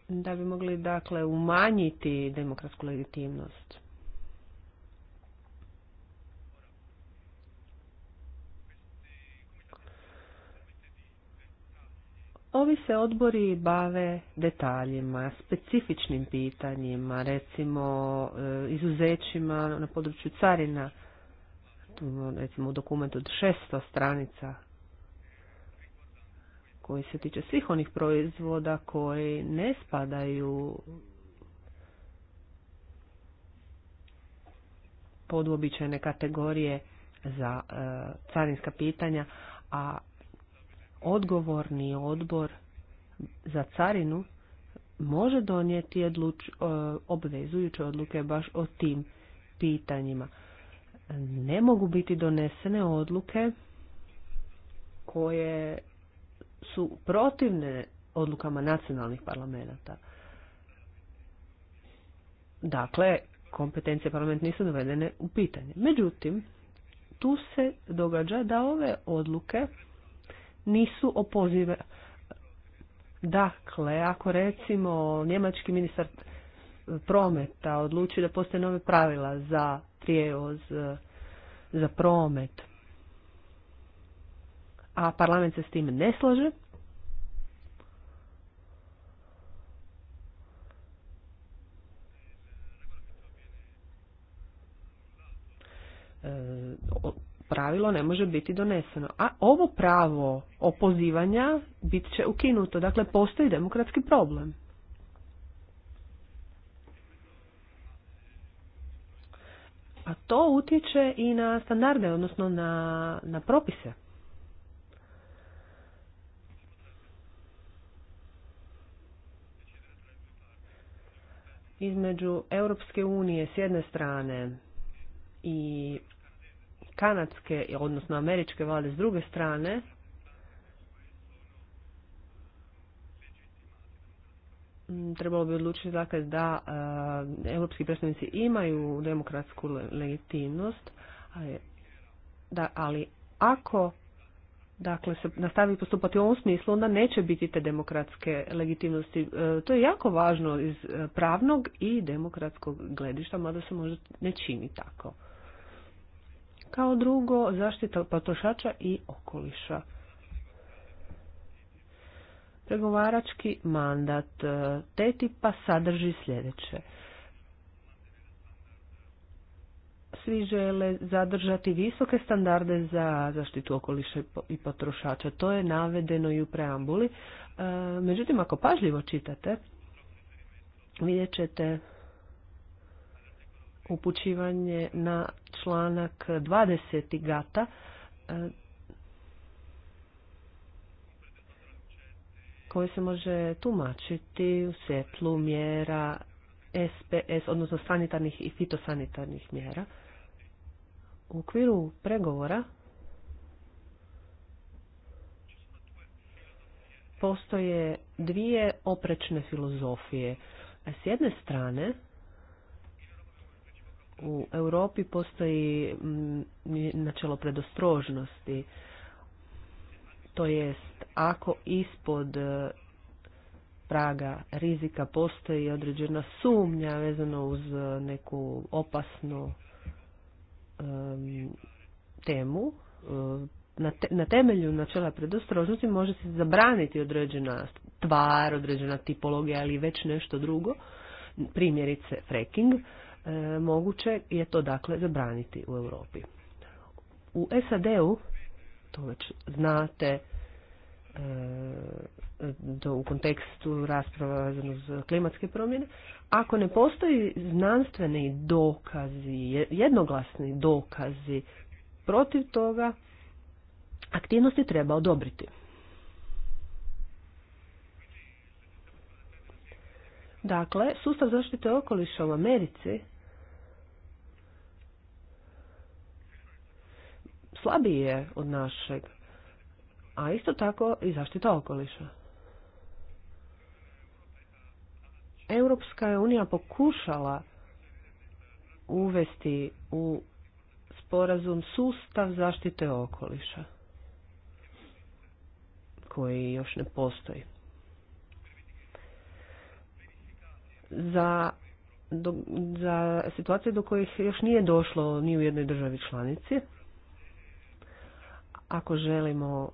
da bi mogli dakle umanjiti demokratsku legitimnost. Ovi se odbori bave detaljima, specifičnim pitanjima, recimo e, izuzećima na području carina, recimo u dokumentu od 600 stranica koji se tiče svih onih proizvoda koji ne spadaju pod uobičajene kategorije za e, carinska pitanja, a odgovorni odbor za carinu može donijeti e, obvezujuće odluke baš o tim pitanjima. Ne mogu biti donesene odluke koje su protivne odlukama nacionalnih parlamenta. Dakle, kompetencije parlamenta nisu dovedene u pitanje. Međutim, tu se događa da ove odluke nisu opozive. Dakle, ako recimo njemački ministar prometa odluči da postoje nove pravila za prijevoz, za promet, a parlament se s tim ne slaže. E, pravilo ne može biti doneseno. A ovo pravo opozivanja bit će ukinuto. Dakle, postoji demokratski problem. A pa to utječe i na standarde, odnosno na, na propise. između Europske unije s jedne strane i kanadske, odnosno američke vlade s druge strane, trebalo bi odlučiti dakle da e, europski predstavnici imaju demokratsku legitimnost, ali, da, ali ako dakle se nastavi postupati u ovom smislu, onda neće biti te demokratske legitimnosti. E, to je jako važno iz e, pravnog i demokratskog gledišta, mada se možda ne čini tako. Kao drugo, zaštita potrošača i okoliša. Pregovarački mandat e, ttip sadrži sljedeće. svi žele zadržati visoke standarde za zaštitu okoliša i potrošača. To je navedeno i u preambuli. E, međutim, ako pažljivo čitate, vidjet ćete upućivanje na članak 20. gata e, koji se može tumačiti u svjetlu mjera SPS, odnosno sanitarnih i fitosanitarnih mjera u okviru pregovora postoje dvije oprečne filozofije. S jedne strane, u Europi postoji mm, načelo predostrožnosti, to jest ako ispod e, praga rizika postoji određena sumnja vezano uz e, neku opasnu Um, temu, um, na temelju načela predostrožnosti može se zabraniti određena tvar, određena tipologija ili već nešto drugo, primjerice fracking, um, moguće je to dakle zabraniti u Europi. U SAD-u, to već znate, do, u kontekstu rasprava vezano za klimatske promjene, ako ne postoji znanstveni dokazi, jednoglasni dokazi protiv toga, aktivnosti treba odobriti. Dakle, sustav zaštite okoliša u Americi slabiji je od našeg a isto tako i zaštita okoliša. Europska je unija pokušala uvesti u sporazum sustav zaštite okoliša koji još ne postoji. Za, do, za situacije do kojih još nije došlo ni u jednoj državi članici, ako želimo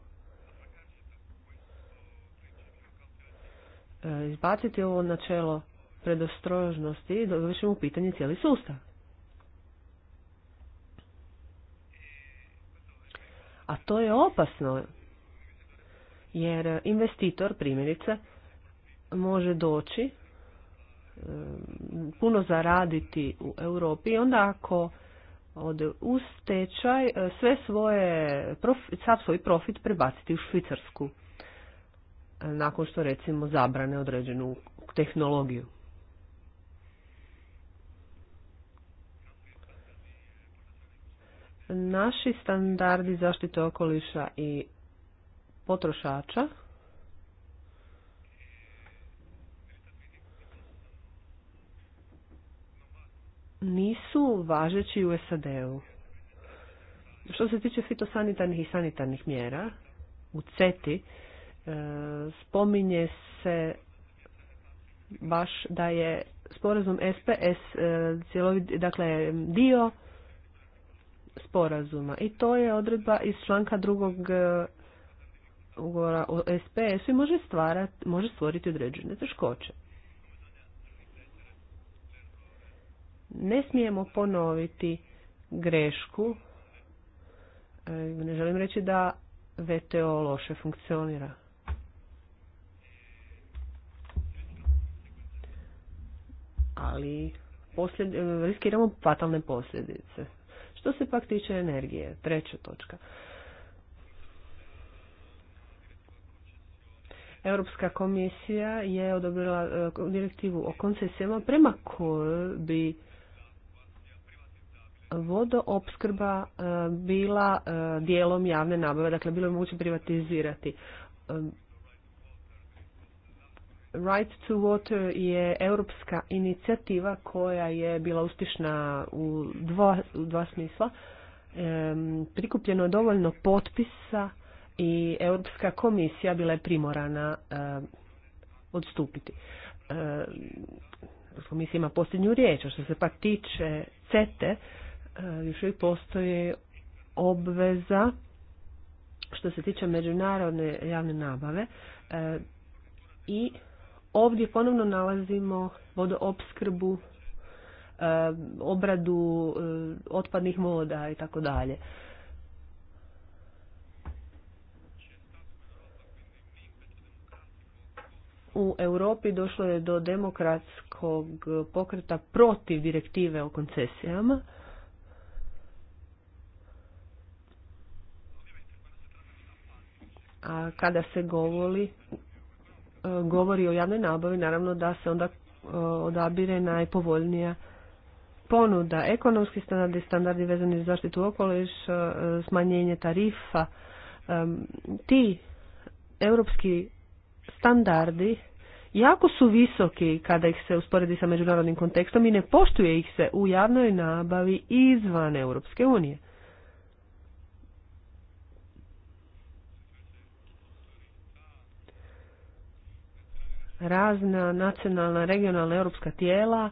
E, izbaciti ovo načelo predostrožnosti i dovršimo u pitanje cijeli sustav. A to je opasno, jer investitor, primjerice, može doći, e, puno zaraditi u Europi i onda ako od ustečaj e, sve svoje, sav svoj profit prebaciti u Švicarsku nakon što recimo zabrane određenu tehnologiju. Naši standardi zaštite okoliša i potrošača nisu važeći u SAD-u. Što se tiče fitosanitarnih i sanitarnih mjera, u CETI E, spominje se baš da je sporazum SPS e, cjeloviti dakle dio sporazuma i to je odredba iz članka drugog e, ugovora o sps i može, stvarati, može stvoriti određene teškoće. Ne smijemo ponoviti grešku, ne želim reći da VTO loše funkcionira. ali posljed, e, riskiramo fatalne posljedice. Što se pak tiče energije, treća točka. Europska komisija je odobrila e, direktivu o koncesijama prema kojoj bi vodoopskrba e, bila dijelom javne nabave, dakle bilo je moguće privatizirati. Right to Water je europska inicijativa koja je bila uspješna u dva, dva smisla. prikupljeno je dovoljno potpisa i Europska komisija bila je primorana odstupiti. E, komisija ima posljednju riječ, a što se pak tiče CETE, još uvijek postoji obveza što se tiče međunarodne javne nabave i ovdje ponovno nalazimo vodoopskrbu, e, obradu e, otpadnih voda i tako dalje. U Europi došlo je do demokratskog pokreta protiv direktive o koncesijama. A kada se govori, E, govori o javnoj nabavi, naravno da se onda e, odabire najpovoljnija ponuda. Ekonomski standardi, standardi vezani za zaštitu okoliš, e, smanjenje tarifa, ti europski standardi jako su visoki kada ih se usporedi sa međunarodnim kontekstom i ne poštuje ih se u javnoj nabavi izvan Europske unije. razna nacionalna, regionalna, europska tijela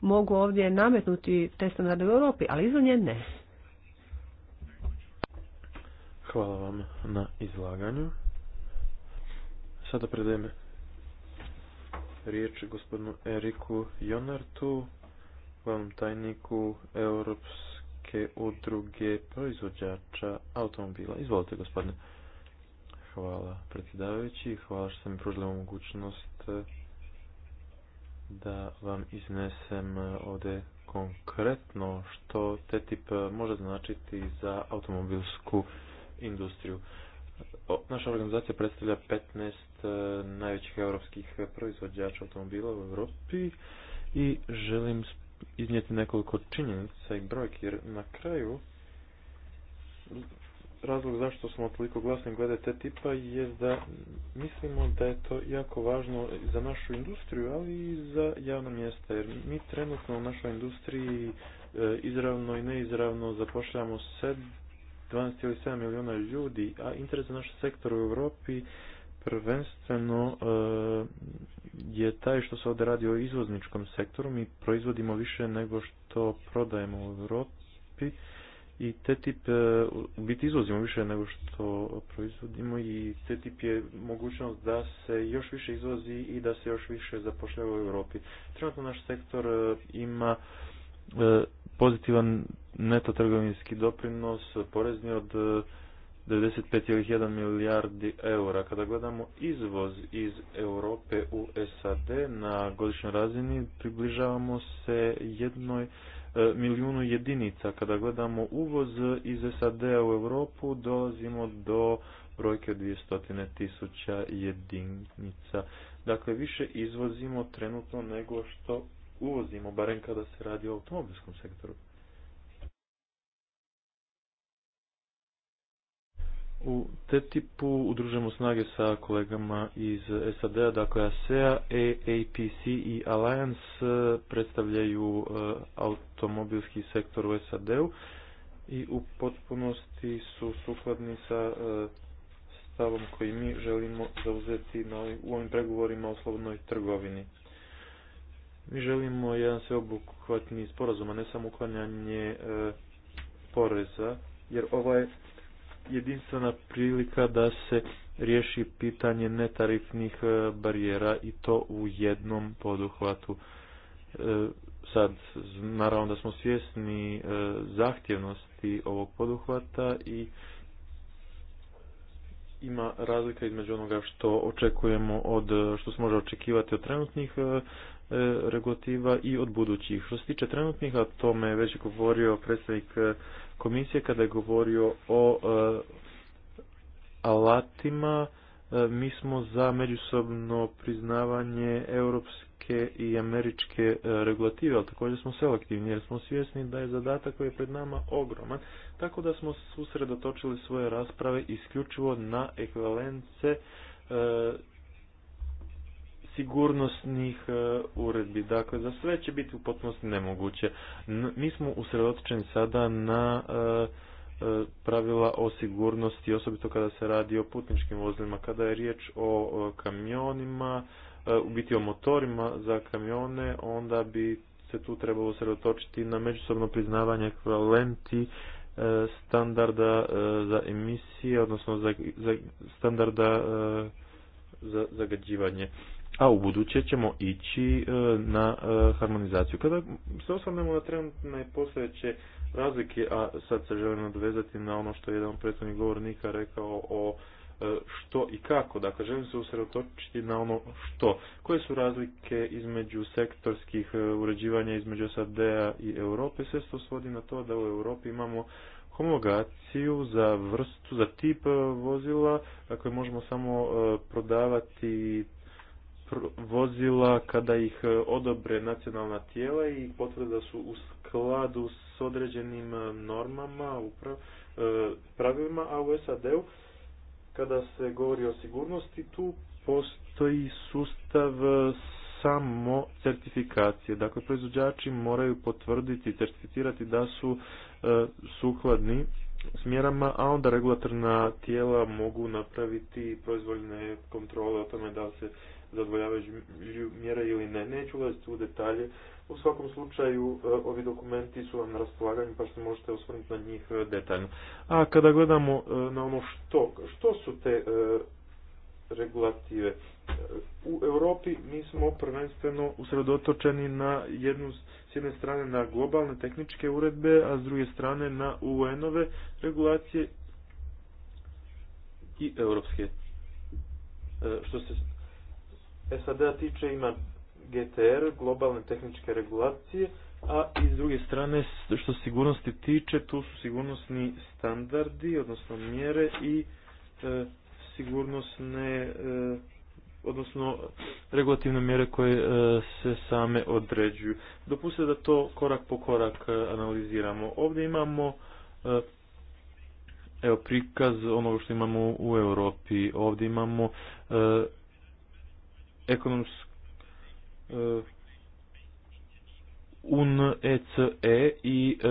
mogu ovdje nametnuti te standarde u Europi, ali izvan nje ne. Hvala vam na izlaganju. Sada predajem riječ gospodinu Eriku Jonartu, glavnom tajniku Europske udruge proizvođača automobila. Izvolite gospodine. Hvala predsjedavajući, hvala što sam mi mogućnost eh, da vam iznesem eh, ovdje konkretno što TTIP eh, može značiti za automobilsku industriju. Naša organizacija predstavlja 15 najvećih europskih proizvođača automobila u Europi i želim iznijeti nekoliko činjenica i brojki jer na kraju razlog zašto smo toliko glasni glede te tipa je da mislimo da je to jako važno za našu industriju, ali i za javna mjesta. Jer mi trenutno u našoj industriji e, izravno i neizravno zapošljamo 7 milijuna ljudi, a interes za naš sektor u Europi prvenstveno e, je taj što se ovdje radi o izvozničkom sektoru. Mi proizvodimo više nego što prodajemo u Europi i TTIP e, u biti izvozimo više nego što proizvodimo i TTIP je mogućnost da se još više izvozi i da se još više zapošljava u Europi. Trenutno naš sektor e, ima e, pozitivan neto trgovinski doprinos porezni od 95,1 milijardi eura. Kada gledamo izvoz iz Europe u SAD na godišnjoj razini približavamo se jednoj E, milijunu jedinica. Kada gledamo uvoz iz SAD-a u Europu, dolazimo do brojke 200.000 tisuća jedinica. Dakle, više izvozimo trenutno nego što uvozimo, barem kada se radi o automobilskom sektoru. U TTIP-u udružujemo snage sa kolegama iz SAD-a, dakle ASEA, AAPC i Alliance e, predstavljaju e, automobilski sektor u SAD-u i u potpunosti su sukladni sa e, stavom koji mi želimo zauzeti u ovim pregovorima o slobodnoj trgovini. Mi želimo jedan sveobuhvatni sporazum, a ne samo uklanjanje poreza, jer ovaj jedinstvena prilika da se riješi pitanje netarifnih e, barijera i to u jednom poduhvatu. E, sad, naravno da smo svjesni e, zahtjevnosti ovog poduhvata i ima razlika između onoga što očekujemo od, što se može očekivati od trenutnih regulativa i od budućih. Što se tiče trenutnih, a tome je već govorio predstavnik komisije kada je govorio o e, alatima. E, mi smo za međusobno priznavanje europske i američke e, regulative, ali također smo selektivni jer smo svjesni da je zadatak koji je pred nama ogroman, tako da smo susredotočili svoje rasprave isključivo na ekvivalence sigurnosnih e, uredbi. Dakle, za sve će biti u potpunosti nemoguće. Mi smo usredotočeni sada na e, e, pravila o sigurnosti, osobito kada se radi o putničkim vozilima, kada je riječ o kamionima, u biti o motorima za kamione, onda bi se tu trebalo usredotočiti na međusobno priznavanje ekvivalenti standarda za emisije, odnosno za standarda za zagađivanje a u buduće ćemo ići e, na e, harmonizaciju. Kada se osvrnemo na trenutne postojeće razlike, a sad se želim nadvezati na ono što je jedan predstavni govornika rekao o e, što i kako. Dakle, želim se usredotočiti na ono što. Koje su razlike između sektorskih uređivanja između SAD-a i Europe? Sve se to svodi na to da u Europi imamo homologaciju za vrstu, za tip vozila, dakle možemo samo prodavati vozila kada ih e, odobre nacionalna tijela i potvrde da su u skladu s određenim e, normama, uprav, e, pravilima, a u SAD-u kada se govori o sigurnosti tu postoji sustav samo certifikacije. Dakle, proizvođači moraju potvrditi i certificirati da su sukladni s mjerama, a onda regulatorna tijela mogu napraviti proizvoljne kontrole o tome da se zadovoljavajući mjere ili ne. Neću ulaziti u detalje. U svakom slučaju e, ovi dokumenti su vam na raspolaganju pa se možete osvrnuti na njih e, detaljno. A kada gledamo e, na ono što, što su te regulative. U Europi mi smo prvenstveno usredotočeni na jednu, s jedne strane na globalne tehničke uredbe, a s druge strane na UN-ove regulacije i europske. što se sad tiče ima GTR, globalne tehničke regulacije, a iz druge strane što sigurnosti tiče, tu su sigurnosni standardi, odnosno mjere i e, sigurnosne, e, odnosno regulativne mjere koje e, se same određuju. Dopustite da to korak po korak analiziramo. Ovdje imamo evo prikaz onoga što imamo u Europi. Ovdje imamo ekonomsku e, UNECE i e,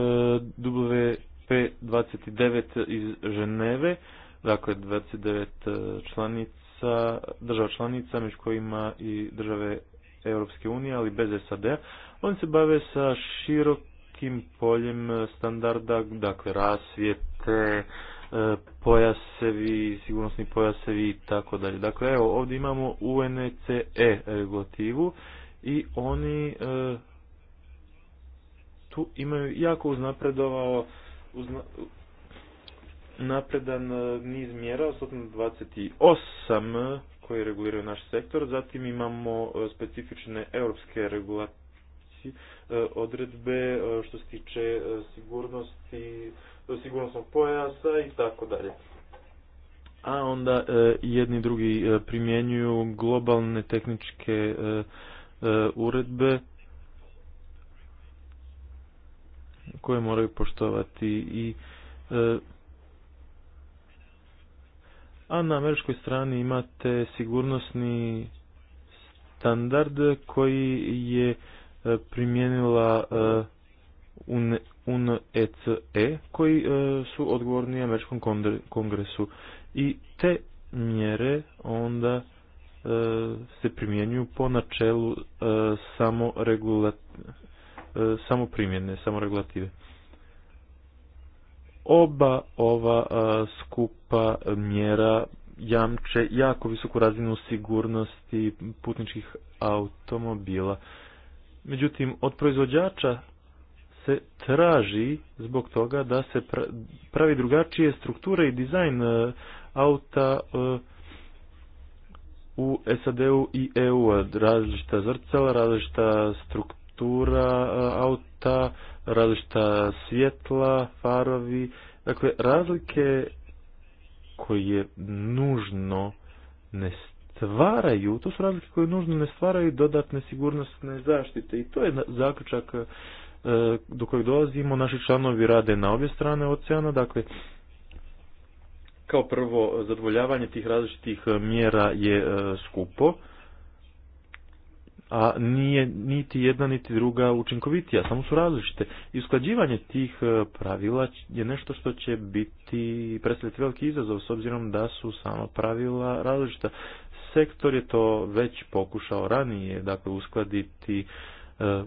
WP29 iz Ženeve, dakle 29 e, članica, država članica među kojima i države Europske unije, ali bez SAD-a. Oni se bave sa širokim poljem standarda, dakle rasvijete, E, pojasevi, sigurnosni pojasevi i tako dalje. Dakle, evo, ovdje imamo UNCE regulativu i oni e, tu imaju jako uznapredovao uzna, napredan e, niz mjera, 28 koji reguliraju naš sektor, zatim imamo specifične europske regulative E, odredbe e, što se tiče e, sigurnosti, sigurnosnog pojasa i tako dalje. A onda jedni drugi primjenjuju globalne tehničke uredbe koje moraju poštovati i a na američkoj strani imate sigurnosni standard koji je primijenila e, UNECE koji e, su odgovorni Američkom kongresu. I te mjere onda e, se primjenjuju po načelu samoprimjene, samoregulative. Oba ova skupa mjera jamče jako visoku razinu sigurnosti putničkih automobila međutim od proizvođača se traži zbog toga da se pravi drugačije strukture i dizajn e, auta e, u SAD-u i EU, različita zrcala, različita struktura e, auta, različita svjetla, farovi, dakle razlike koje nužno ne stvaraju, to su razlike koje nužno ne stvaraju dodatne sigurnosne zaštite i to je zaključak e, do kojeg dolazimo, naši članovi rade na obje strane oceana, dakle kao prvo zadovoljavanje tih različitih e, mjera je e, skupo, a nije niti jedna niti druga učinkovitija, samo su različite. I usklađivanje tih pravila je nešto što će biti predstavljati veliki izazov s obzirom da su samo pravila različita sektor je to već pokušao ranije, dakle uskladiti e,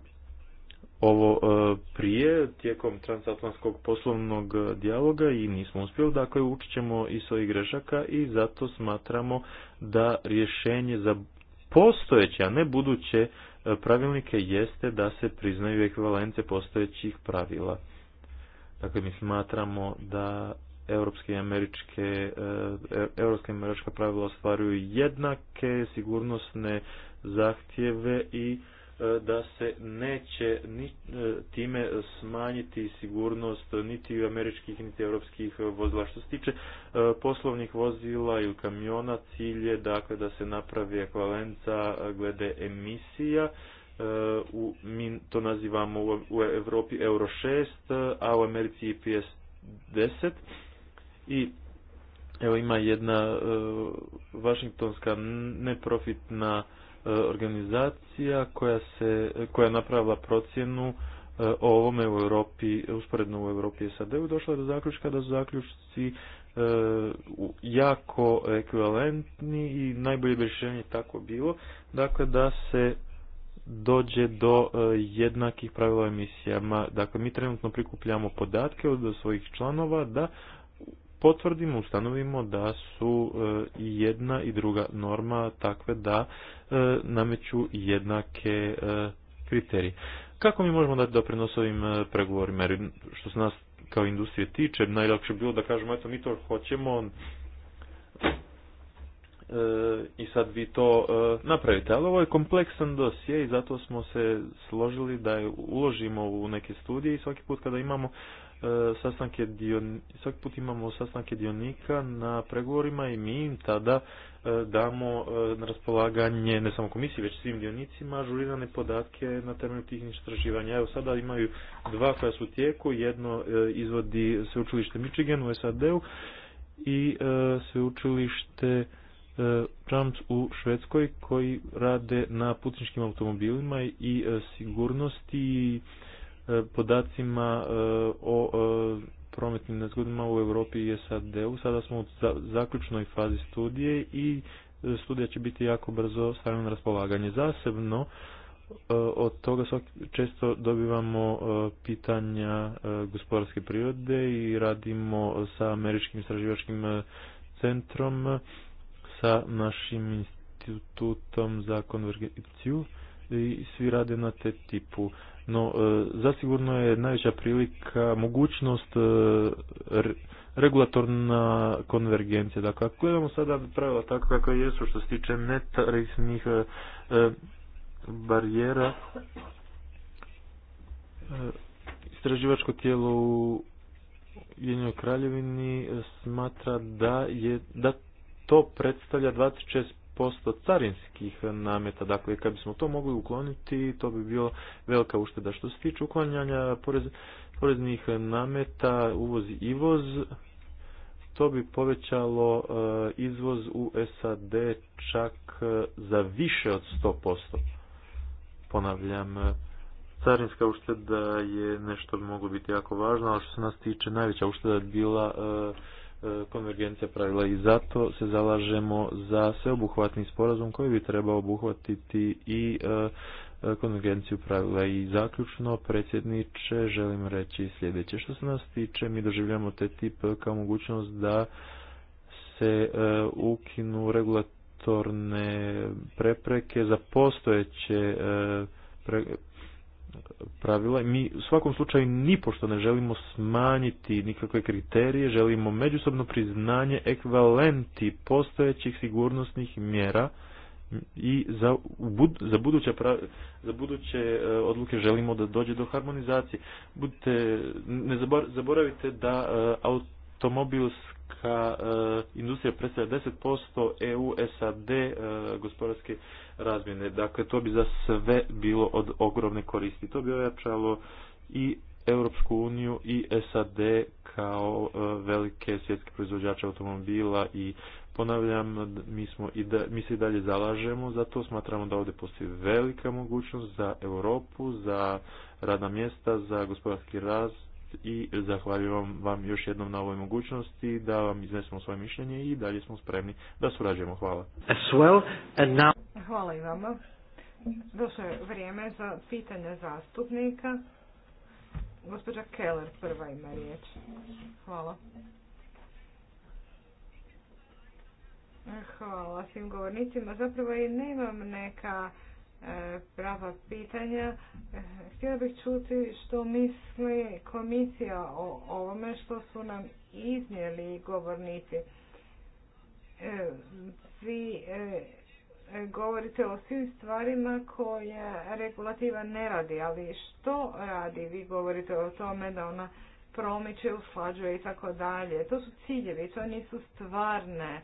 ovo e, prije tijekom transatlantskog poslovnog dijaloga i nismo uspjeli, dakle učit ćemo i svojih grešaka i zato smatramo da rješenje za postojeće, a ne buduće e, pravilnike jeste da se priznaju ekvivalence postojećih pravila. Dakle, mi smatramo da europske i američke, e, e, europske i američka pravila ostvaruju jednake sigurnosne zahtjeve i e, da se neće ni, time smanjiti sigurnost niti američkih niti europskih vozila. Što se tiče poslovnih vozila ili kamiona, cilj je dakle, da se napravi ekvalenca glede emisija. U, mi to nazivamo u Europi Euro 6, a u Americi IPS 10 i evo ima jedna Washingtonska e, neprofitna e, organizacija koja, se, koja je napravila procjenu e, o ovome u Europi, usporedno u Europi i SAD-u, došla je do zaključka da su zaključci jako ekvivalentni i najbolje rješenje tako bilo, dakle da se dođe do jednakih pravila emisijama. Dakle, mi trenutno prikupljamo podatke od svojih članova da potvrdimo, ustanovimo da su e, i jedna i druga norma takve da e, nameću jednake e, kriterije. Kako mi možemo dati doprinos ovim pregovorima? Jer što se nas kao industrije tiče, najlakše bi bilo da kažemo, eto mi to hoćemo i sad vi to napravite. Ali ovo je kompleksan dosje i zato smo se složili da je uložimo u neke studije i svaki put kada imamo E, sastanke dion, svaki put imamo sastanke dionika na pregovorima i mi im tada e, damo e, na raspolaganje ne samo komisiji već svim dionicima žurirane podatke na temelju tih istraživanja. Evo sada imaju dva koja su u tijeku, jedno izvodi sveučilište Michigan u SAD-u i sveučilište Trumps u Švedskoj koji rade na putničkim automobilima i sigurnosti E, podacima e, o e, prometnim nezgodima u Europi i SAD-u. Sada smo u zaključnoj fazi studije i studija će biti jako brzo stavljena na raspolaganje. Zasebno od toga često dobivamo pitanja gospodarske prirode i radimo sa američkim istraživačkim centrom, sa našim institutom za konvergenciju i svi rade na te tipu no e, zasigurno je najveća prilika mogućnost e, regulatorna konvergencija. Dakle, ako gledamo sada pravila tako kako jesu što se tiče e, barijera, istraživačko tijelo u Jednoj kraljevini smatra da je da to predstavlja 26 posto carinskih nameta. Dakle, kad bismo to mogli ukloniti, to bi bilo velika ušteda. Što se tiče uklanjanja poreznih nameta, uvoz i to bi povećalo e, izvoz u SAD čak e, za više od 100%. Ponavljam, e, carinska ušteda je nešto bi moglo biti jako važno, ali što se nas tiče najveća ušteda bila E, konvergencija pravila i zato se zalažemo za sveobuhvatni sporazum koji bi trebao obuhvatiti i e, e, konvergenciju pravila i zaključno predsjedniče želim reći sljedeće što se nas tiče mi doživljamo te tip kao mogućnost da se ukinu regulatorne prepreke za postojeće pravila. Mi u svakom slučaju nipošto ne želimo smanjiti nikakve kriterije, želimo međusobno priznanje ekvalenti postojećih sigurnosnih mjera i za, za buduće, za buduće odluke želimo da dođe do harmonizacije. Budite, ne zaboravite da e, automobilska e, industrija predstavlja 10% EU, SAD gospodarske razmjene. Dakle, to bi za sve bilo od ogromne koristi. To bi ojačalo i Europsku uniju i SAD kao e, velike svjetske proizvođače automobila i ponavljam, mi, smo i da, mi se i dalje zalažemo, zato smatramo da ovdje postoji velika mogućnost za Europu, za radna mjesta, za gospodarski rast, i zahvaljujem vam još jednom na ovoj mogućnosti da vam iznesemo svoje mišljenje i dalje smo spremni da surađujemo. Hvala. Hvala i vama. Došlo je vrijeme za pitanje zastupnika. Gospođa Keller prva ima riječ. Hvala. Hvala svim govornicima. Zapravo i nemam neka E, prava pitanja. E, htjela bih čuti što misli komisija o ovome što su nam iznijeli govornici. E, vi govorite o svim stvarima koje regulativa ne radi, ali što radi? Vi govorite o tome da ona promiče, uslađuje i tako dalje. To su ciljevi, to nisu stvarne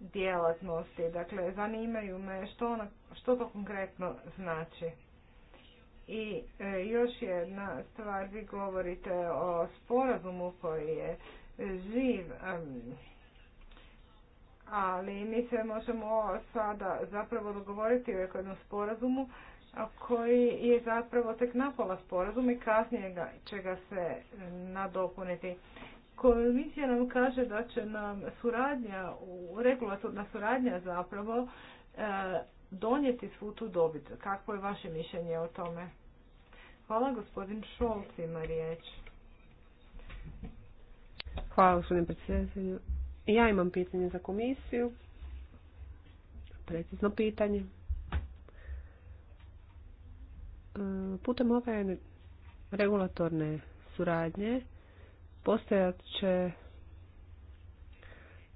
djelatnosti. Dakle, zanimaju me što, ona, što to konkretno znači. I e, još jedna stvar, vi govorite o sporazumu koji je živ, ali mi se možemo sada zapravo dogovoriti o jednom sporazumu koji je zapravo tek napola sporazum i kasnije će ga se nadopuniti. Komisija nam kaže da će nam suradnja, regulatorna suradnja zapravo e, donijeti svu tu dobit. Kako je vaše mišljenje o tome? Hvala gospodin Šolc ima riječ. Hvala gospodine predsjedatelju. Ja imam pitanje za komisiju. Precizno pitanje. E, putem ove regulatorne suradnje Postojat će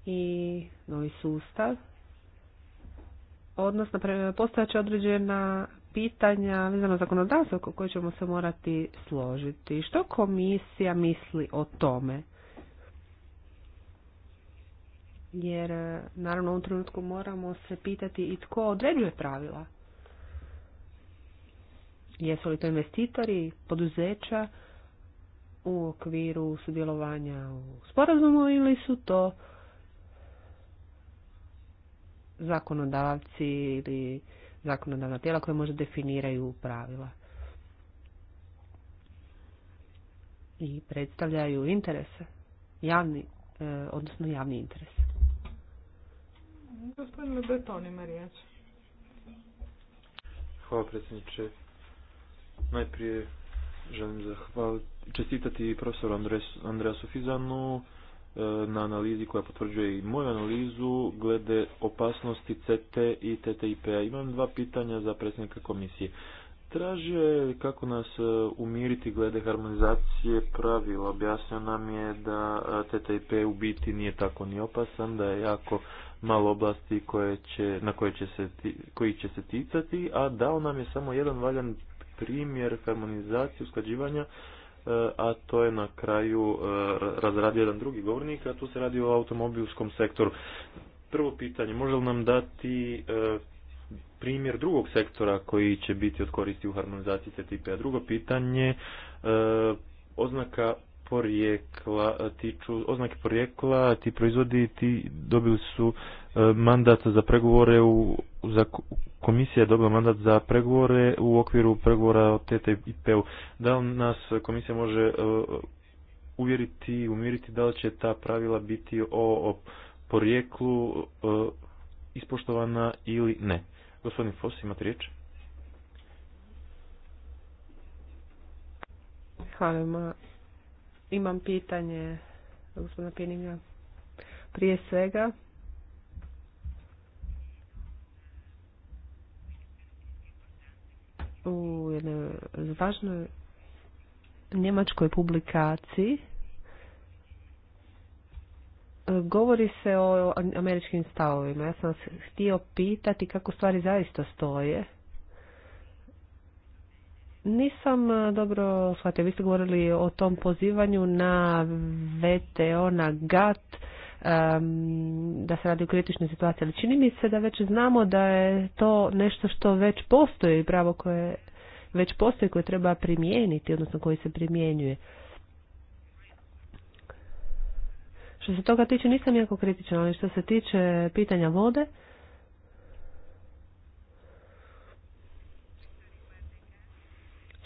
i novi sustav, odnosno postojat će određena pitanja vezano zakonodavstvo oko koje ćemo se morati složiti. Što komisija misli o tome? Jer, e, naravno, u ovom trenutku moramo se pitati i tko određuje pravila. Jesu li to investitori, poduzeća, u okviru sudjelovanja u sporazumu ili su to zakonodavci ili zakonodavna tijela koje možda definiraju pravila i predstavljaju interese, javni, e, odnosno javni interes. Gospodin ima Hvala predsjedniče. Najprije Želim zahvaliti, čestitati profesoru Andreasu Fizanu e, na analizi koja potvrđuje i moju analizu glede opasnosti CT i TTIP-a. Imam dva pitanja za predsjednika komisije. Traže kako nas e, umiriti glede harmonizacije pravila. Objasnio nam je da e, TTIP u biti nije tako ni opasan, da je jako malo oblasti na koje koji će se ticati, a dao nam je samo jedan valjan primjer harmonizacije usklađivanja, e, a to je na kraju e, razradio jedan drugi govornik, a tu se radi o automobilskom sektoru. Prvo pitanje, može li nam dati e, primjer drugog sektora koji će biti od koristi u harmonizaciji CTP-a? Drugo pitanje, oznaka porijekla, tiču, oznake porijekla, ti proizvodi ti dobili su E, mandat za pregovore u, za komisija je dobila mandat za pregovore u okviru pregovora o TTIP-u. Da li nas komisija može e, uvjeriti i umiriti da li će ta pravila biti o, o porijeklu e, ispoštovana ili ne. Gospodin Fos, imate riječ? Hvala. Imam pitanje gospodina Pininga. Prije svega, u jednoj važnoj njemačkoj publikaciji e, govori se o američkim stavovima. Ja sam vas htio pitati kako stvari zaista stoje. Nisam e, dobro shvatio. Vi ste govorili o tom pozivanju na VTO, na GATT da se radi o kritičnoj situaciji, ali čini mi se da već znamo da je to nešto što već postoji, pravo koje već postoji koje treba primijeniti, odnosno koji se primjenjuje. Što se toga tiče nisam jako kritičan, ali što se tiče pitanja vode,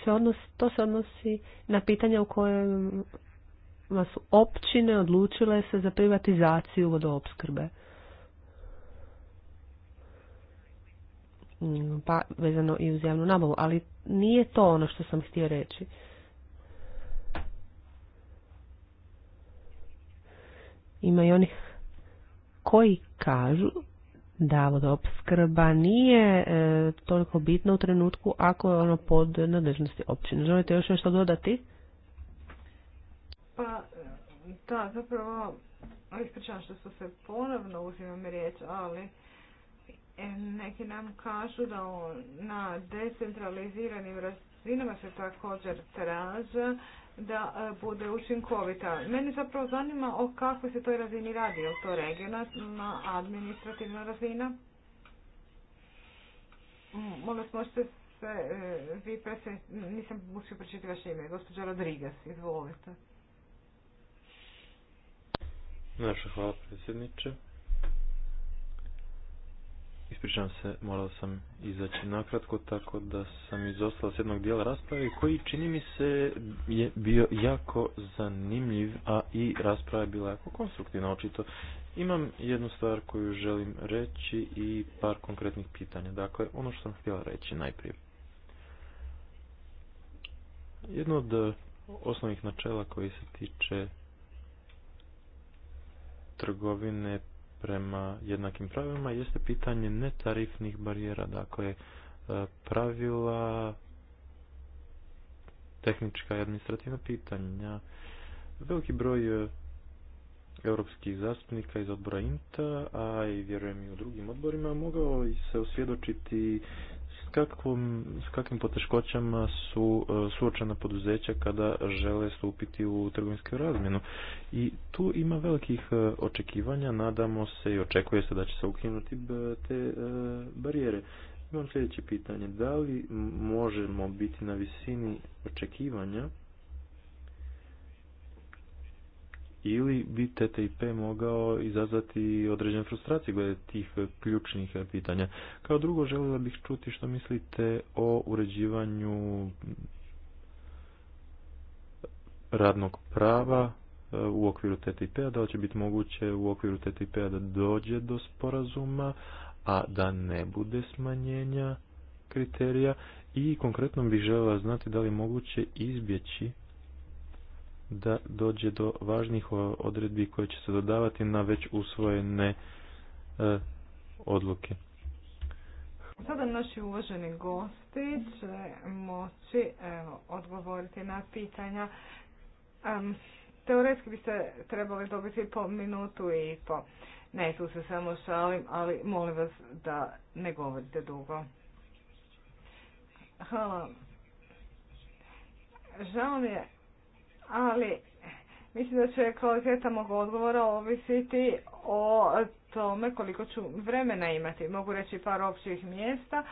se odnos, to se odnosi na pitanja u kojem su općine odlučile se za privatizaciju vodoopskrbe. Mm, pa vezano i uz javnu nabavu, ali nije to ono što sam htio reći. Ima i onih koji kažu da vodoopskrba nije e, toliko bitna u trenutku ako je ono pod nadležnosti općine. Želite još nešto dodati? Pa, da, zapravo, ispričavam što su se ponovno uzimam riječ, ali e, neki nam kažu da na decentraliziranim razinama se također traža da e, bude učinkovita. Meni zapravo zanima o kakvoj se toj razini radi, je to regionalna, administrativna razina? Molim možete se, e, vi nisam uspio pročitati vaše ime, gospođa Rodriguez, izvolite. Naša hvala predsjedniče. Ispričavam se, morao sam izaći nakratko, tako da sam izostao s jednog dijela rasprave koji čini mi se je bio jako zanimljiv, a i rasprava je bila jako konstruktivna očito. Imam jednu stvar koju želim reći i par konkretnih pitanja. Dakle, ono što sam htjela reći najprije. Jedno od osnovnih načela koji se tiče trgovine prema jednakim pravilima jeste pitanje netarifnih barijera, dakle e, pravila, tehnička i administrativna pitanja. Veliki broj e, europskih zastupnika iz odbora INTA, a i vjerujem i u drugim odborima, mogao se osvjedočiti s kakvim poteškoćama su e, suočena poduzeća kada žele stupiti u trgovinsku razmjenu. I tu ima velikih e, očekivanja, nadamo se i očekuje se da će se ukinuti te e, barijere. Imam sljedeće pitanje, da li možemo biti na visini očekivanja ili bi TTIP mogao izazvati određene frustracije glede tih ključnih pitanja. Kao drugo, želila bih čuti što mislite o uređivanju radnog prava e, u okviru TTIP-a, da li će biti moguće u okviru TTIP-a da dođe do sporazuma, a da ne bude smanjenja kriterija i konkretno bih želila znati da li je moguće izbjeći da dođe do važnih odredbi koje će se dodavati na već usvojene e, odluke. Sada naši uvaženi gosti će moći evo, odgovoriti na pitanja. teoretski biste trebali dobiti po minutu i po. Ne, tu se samo šalim, ali molim vas da ne govorite dugo. Hvala. Žao mi je ali mislim da će kvaliteta mog odgovora ovisiti o tome koliko ću vremena imati. Mogu reći par općih mjesta,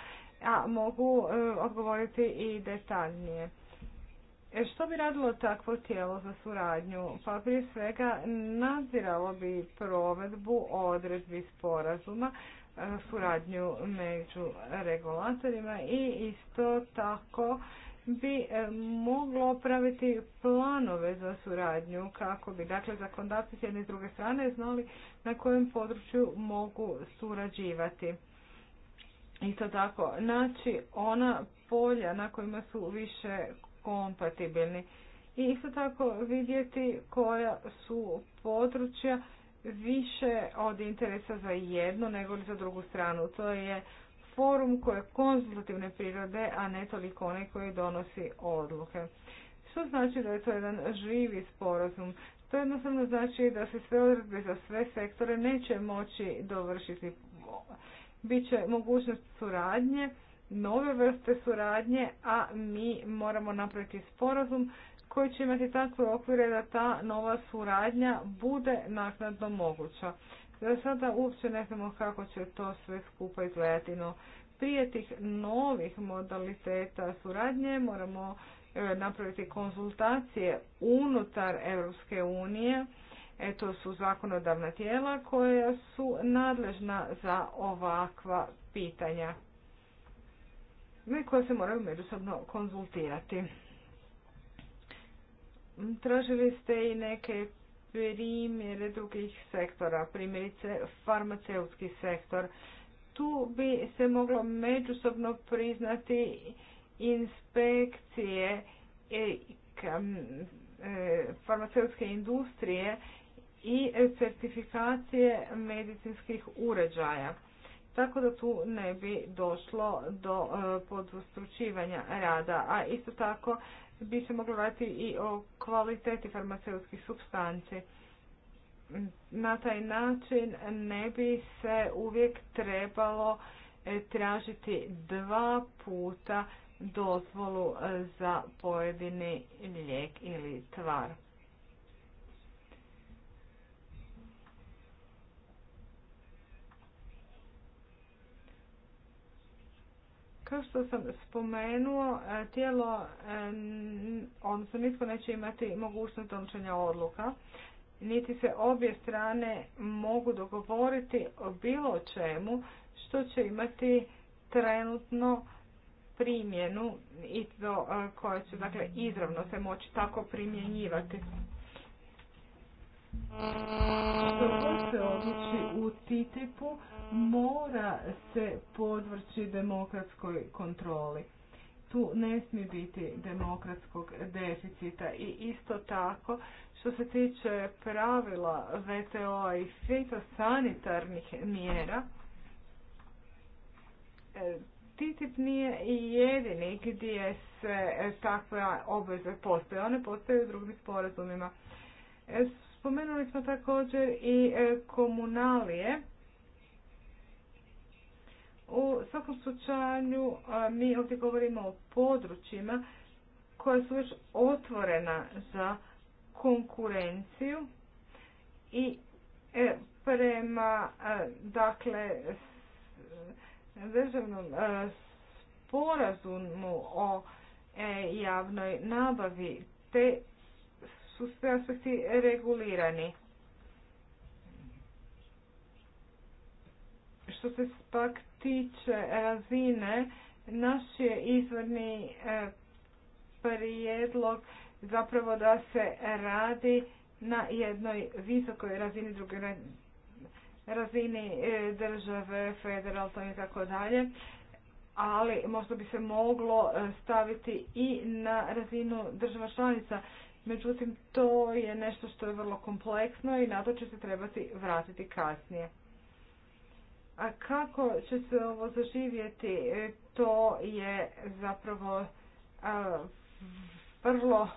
a mogu e, odgovoriti i detaljnije. E, što bi radilo takvo tijelo za suradnju? Pa prije svega nadziralo bi provedbu odredbi sporazuma, e, suradnju među regulatorima i isto tako bi e, moglo praviti planove za suradnju kako bi dakle zakonodavci s jedne i druge strane znali na kojem području mogu surađivati. Isto tako, naći ona polja na kojima su više kompatibilni. I isto tako vidjeti koja su područja više od interesa za jedno nego za drugu stranu. To je forum koji je konzultativne prirode, a ne toliko onaj koji donosi odluke. Što znači da je to jedan živi sporazum? To jednostavno znači da se sve odredbe za sve sektore neće moći dovršiti. Biće mogućnost suradnje, nove vrste suradnje, a mi moramo napraviti sporazum koji će imati takve okvire da ta nova suradnja bude naknadno moguća. Sada uopće ne znamo kako će to sve skupa izgledati, no prije tih novih modaliteta suradnje moramo e, napraviti konzultacije unutar Europske unije. E, to su zakonodavna tijela koja su nadležna za ovakva pitanja Mi koje se moraju međusobno konzultirati. Tražili ste i neke primjere drugih sektora, primjerice farmaceutski sektor. Tu bi se moglo međusobno priznati inspekcije e, farmaceutske industrije i certifikacije medicinskih uređaja. Tako da tu ne bi došlo do e, podvostručivanja rada, a isto tako bi se moglo raditi i o kvaliteti farmaceutskih substanci. Na taj način ne bi se uvijek trebalo e, tražiti dva puta dozvolu e, za pojedini lijek ili tvar. Kao što sam spomenuo, e, tijelo, e, odnosno nitko neće imati mogućnost donošenja odluka, niti se obje strane mogu dogovoriti o bilo čemu što će imati trenutno primjenu i to e, koja će dakle izravno se moći tako primjenjivati. Što se odluči u TTIP-u mora se podvrći demokratskoj kontroli. Tu ne smije biti demokratskog deficita i isto tako što se tiče pravila VTO-a i fitosanitarnih mjera, e, TTIP nije jedini gdje se takve obveze postoje. One postoje u drugim sporazumima. E, Spomenuli smo također i e, komunalije. U svakom slučaju mi ovdje govorimo o područjima koja su već otvorena za konkurenciju i e, prema dakle državnom sporazumu o e, javnoj nabavi te su sve aspekti regulirani. Što se pak tiče razine, naš je izvorni e, prijedlog zapravo da se radi na jednoj visokoj razini druge razini e, države, to i tako dalje, ali možda bi se moglo e, staviti i na razinu država članica Međutim, to je nešto što je vrlo kompleksno i na to će se trebati vratiti kasnije. A kako će se ovo zaživjeti, e, to je zapravo vrlo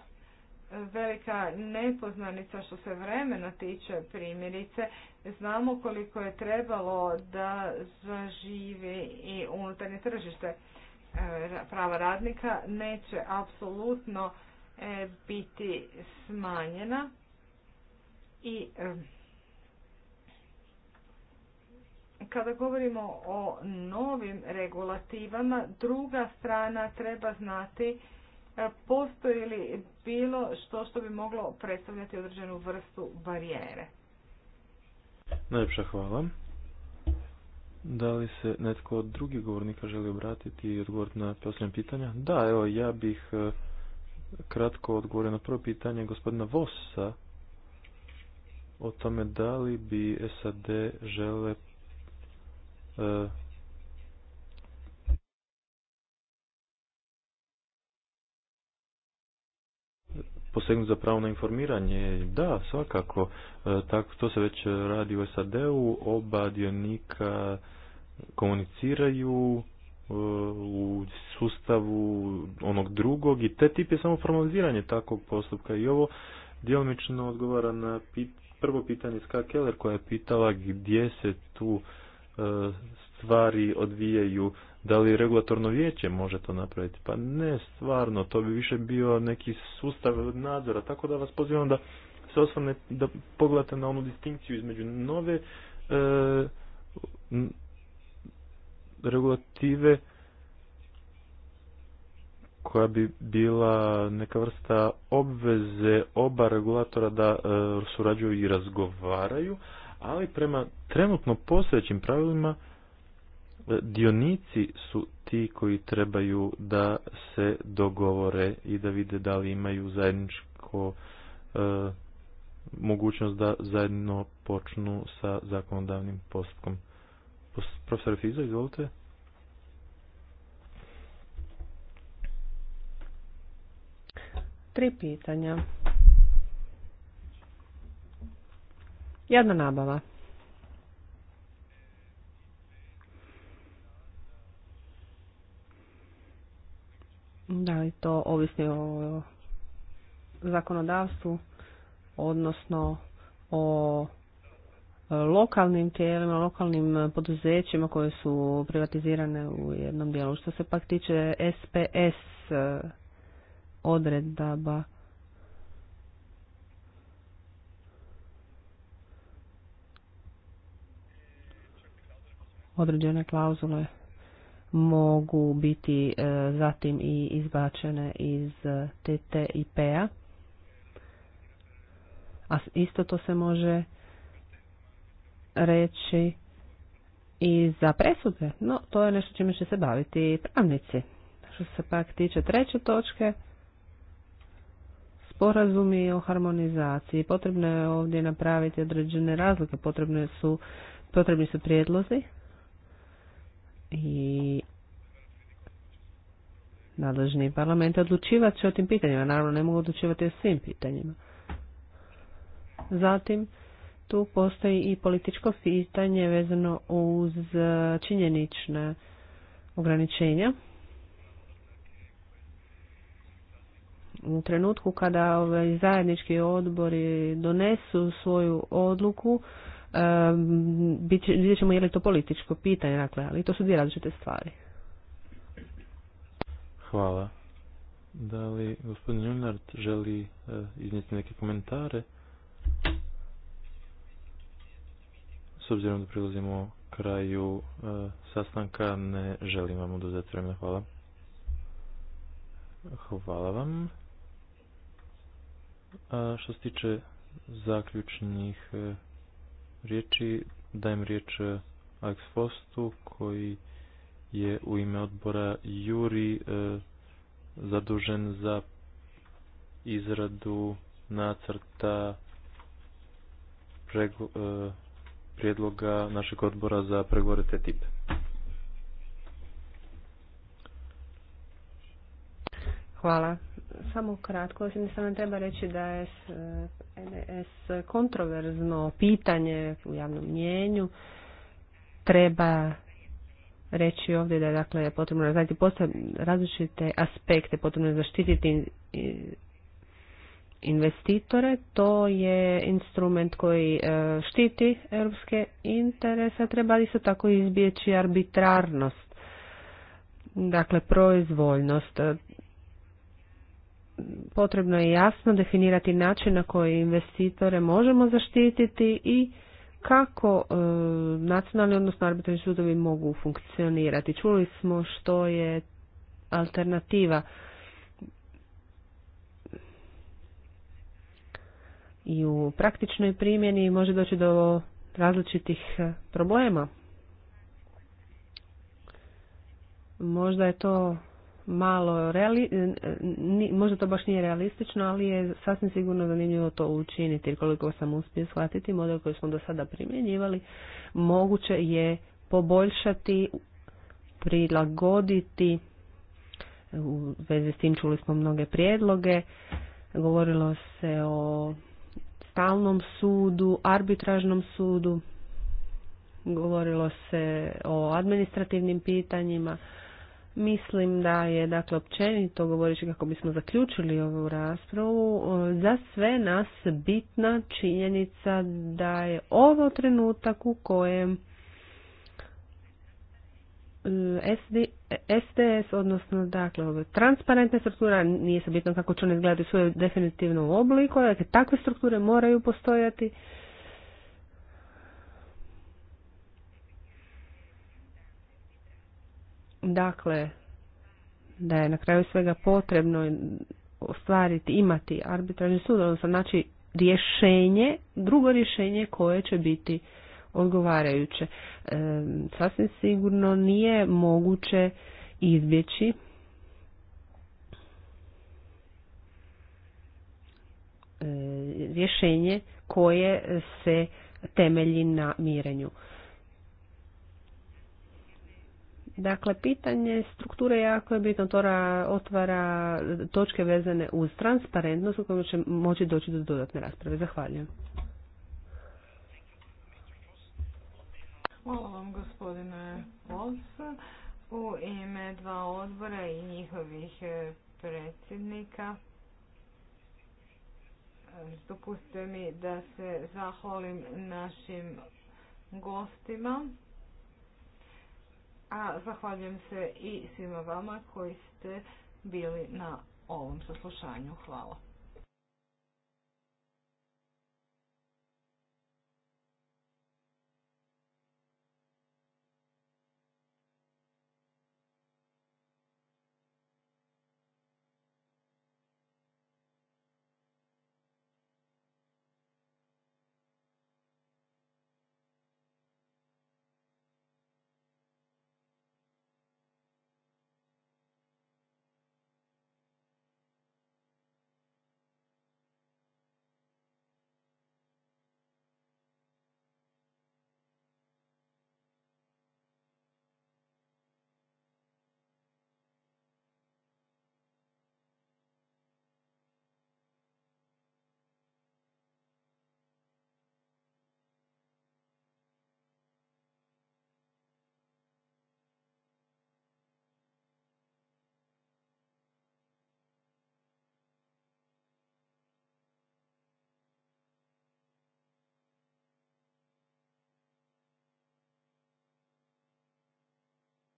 velika nepoznanica što se vremena tiče primjerice. Znamo koliko je trebalo da zaživi i unutarnje tržište e, prava radnika neće apsolutno E, biti smanjena i e, kada govorimo o novim regulativama, druga strana treba znati e, postoji li bilo što što bi moglo predstavljati određenu vrstu barijere. Najljepša hvala. Da li se netko od drugih govornika želi obratiti i odgovoriti na posljednje pitanja? Da, evo, ja bih kratko odgovore na prvo pitanje gospodina Vossa o tome da li bi SAD žele e, posegnuti za pravo na informiranje. Da, svakako. E, to se već radi u SAD-u. Oba dionika komuniciraju u sustavu onog drugog i te tip je samo formaliziranje takvog postupka i ovo djelomično odgovara na prvo pitanje Ska Keller koja je pitala gdje se tu e, stvari odvijaju da li regulatorno vijeće može to napraviti pa ne stvarno to bi više bio neki sustav nadzora tako da vas pozivam da se osvane da pogledate na onu distinkciju između nove e, regulative koja bi bila neka vrsta obveze oba regulatora da e, surađuju i razgovaraju, ali prema trenutno postojećim pravilima e, dionici su ti koji trebaju da se dogovore i da vide da li imaju zajedničko e, mogućnost da zajedno počnu sa zakonodavnim postupkom. Profesor Fiza, izvolite. Tri pitanja. Jedna nabava. Da li to ovisni o zakonodavstvu, odnosno o lokalnim tijelima, lokalnim poduzećima koje su privatizirane u jednom dijelu. Što se pak tiče SPS e, odredaba, određene klauzule mogu biti e, zatim i izbačene iz e, TTIP-a. A isto to se može reći i za presude, no to je nešto čime će se baviti pravnici. Što se pak tiče treće točke, sporazumi o harmonizaciji. Potrebno je ovdje napraviti određene razlike, potrebne su, potrebni su prijedlozi i nadležni parlament odlučivat će o tim pitanjima. Naravno, ne mogu odlučivati o svim pitanjima. Zatim, tu postoji i političko pitanje vezano uz e, činjenične ograničenja. U trenutku kada ovaj zajednički odbori donesu svoju odluku, e, vidjet ćemo je li to političko pitanje, dakle, ali to su dvije različite stvari. Hvala. Da li gospodin Junard želi e, iznijeti neke komentare? S obzirom da prilazimo kraju e, sastanka, ne želim vam oduzeti vremena. Hvala. Hvala vam. A što se tiče zaključnih e, riječi, dajem riječ e, Alex Fostu koji je u ime odbora Juri zadužen za izradu nacrta prego, prijedloga našeg odbora za pregovore TTIP. Hvala. Samo kratko, osim sam treba reći da je NS kontroverzno pitanje u javnom mjenju. Treba reći ovdje da dakle, je potrebno različite aspekte, potrebno je zaštititi investitore, to je instrument koji e, štiti europske interese, treba isto tako izbjeći arbitrarnost, dakle proizvoljnost. E, potrebno je jasno definirati način na koji investitore možemo zaštititi i kako e, nacionalni, odnosno arbitražni sudovi mogu funkcionirati. Čuli smo što je alternativa i u praktičnoj primjeni može doći do različitih e, problema. Možda je to malo reali, e, možda to baš nije realistično, ali je sasvim sigurno zanimljivo to učiniti. koliko sam uspio shvatiti, model koji smo do sada primjenjivali, moguće je poboljšati, prilagoditi, e, u vezi s tim čuli smo mnoge prijedloge, govorilo se o stalnom sudu, arbitražnom sudu. Govorilo se o administrativnim pitanjima. Mislim da je, dakle, općenito govoreći kako bismo zaključili ovu raspravu, e, za sve nas bitna činjenica da je ovo trenutak u kojem SD, SDS, odnosno dakle, transparentna struktura, nije se bitno kako će one izgledati u svojoj u obliku, dakle, takve strukture moraju postojati. Dakle, da je na kraju svega potrebno ostvariti, imati arbitražni sud, odnosno znači rješenje, drugo rješenje koje će biti odgovarajuće. E, sasvim sigurno nije moguće izbjeći e, rješenje koje se temelji na mirenju. Dakle, pitanje strukture jako je bitno, to otvara točke vezane uz transparentnost u kojoj će moći doći do dodatne rasprave. Zahvaljujem. Hvala vam gospodine Pols. U ime dva odbora i njihovih e, predsjednika e, dopustite mi da se zahvalim našim gostima. A zahvaljujem se i svima vama koji ste bili na ovom saslušanju. Hvala.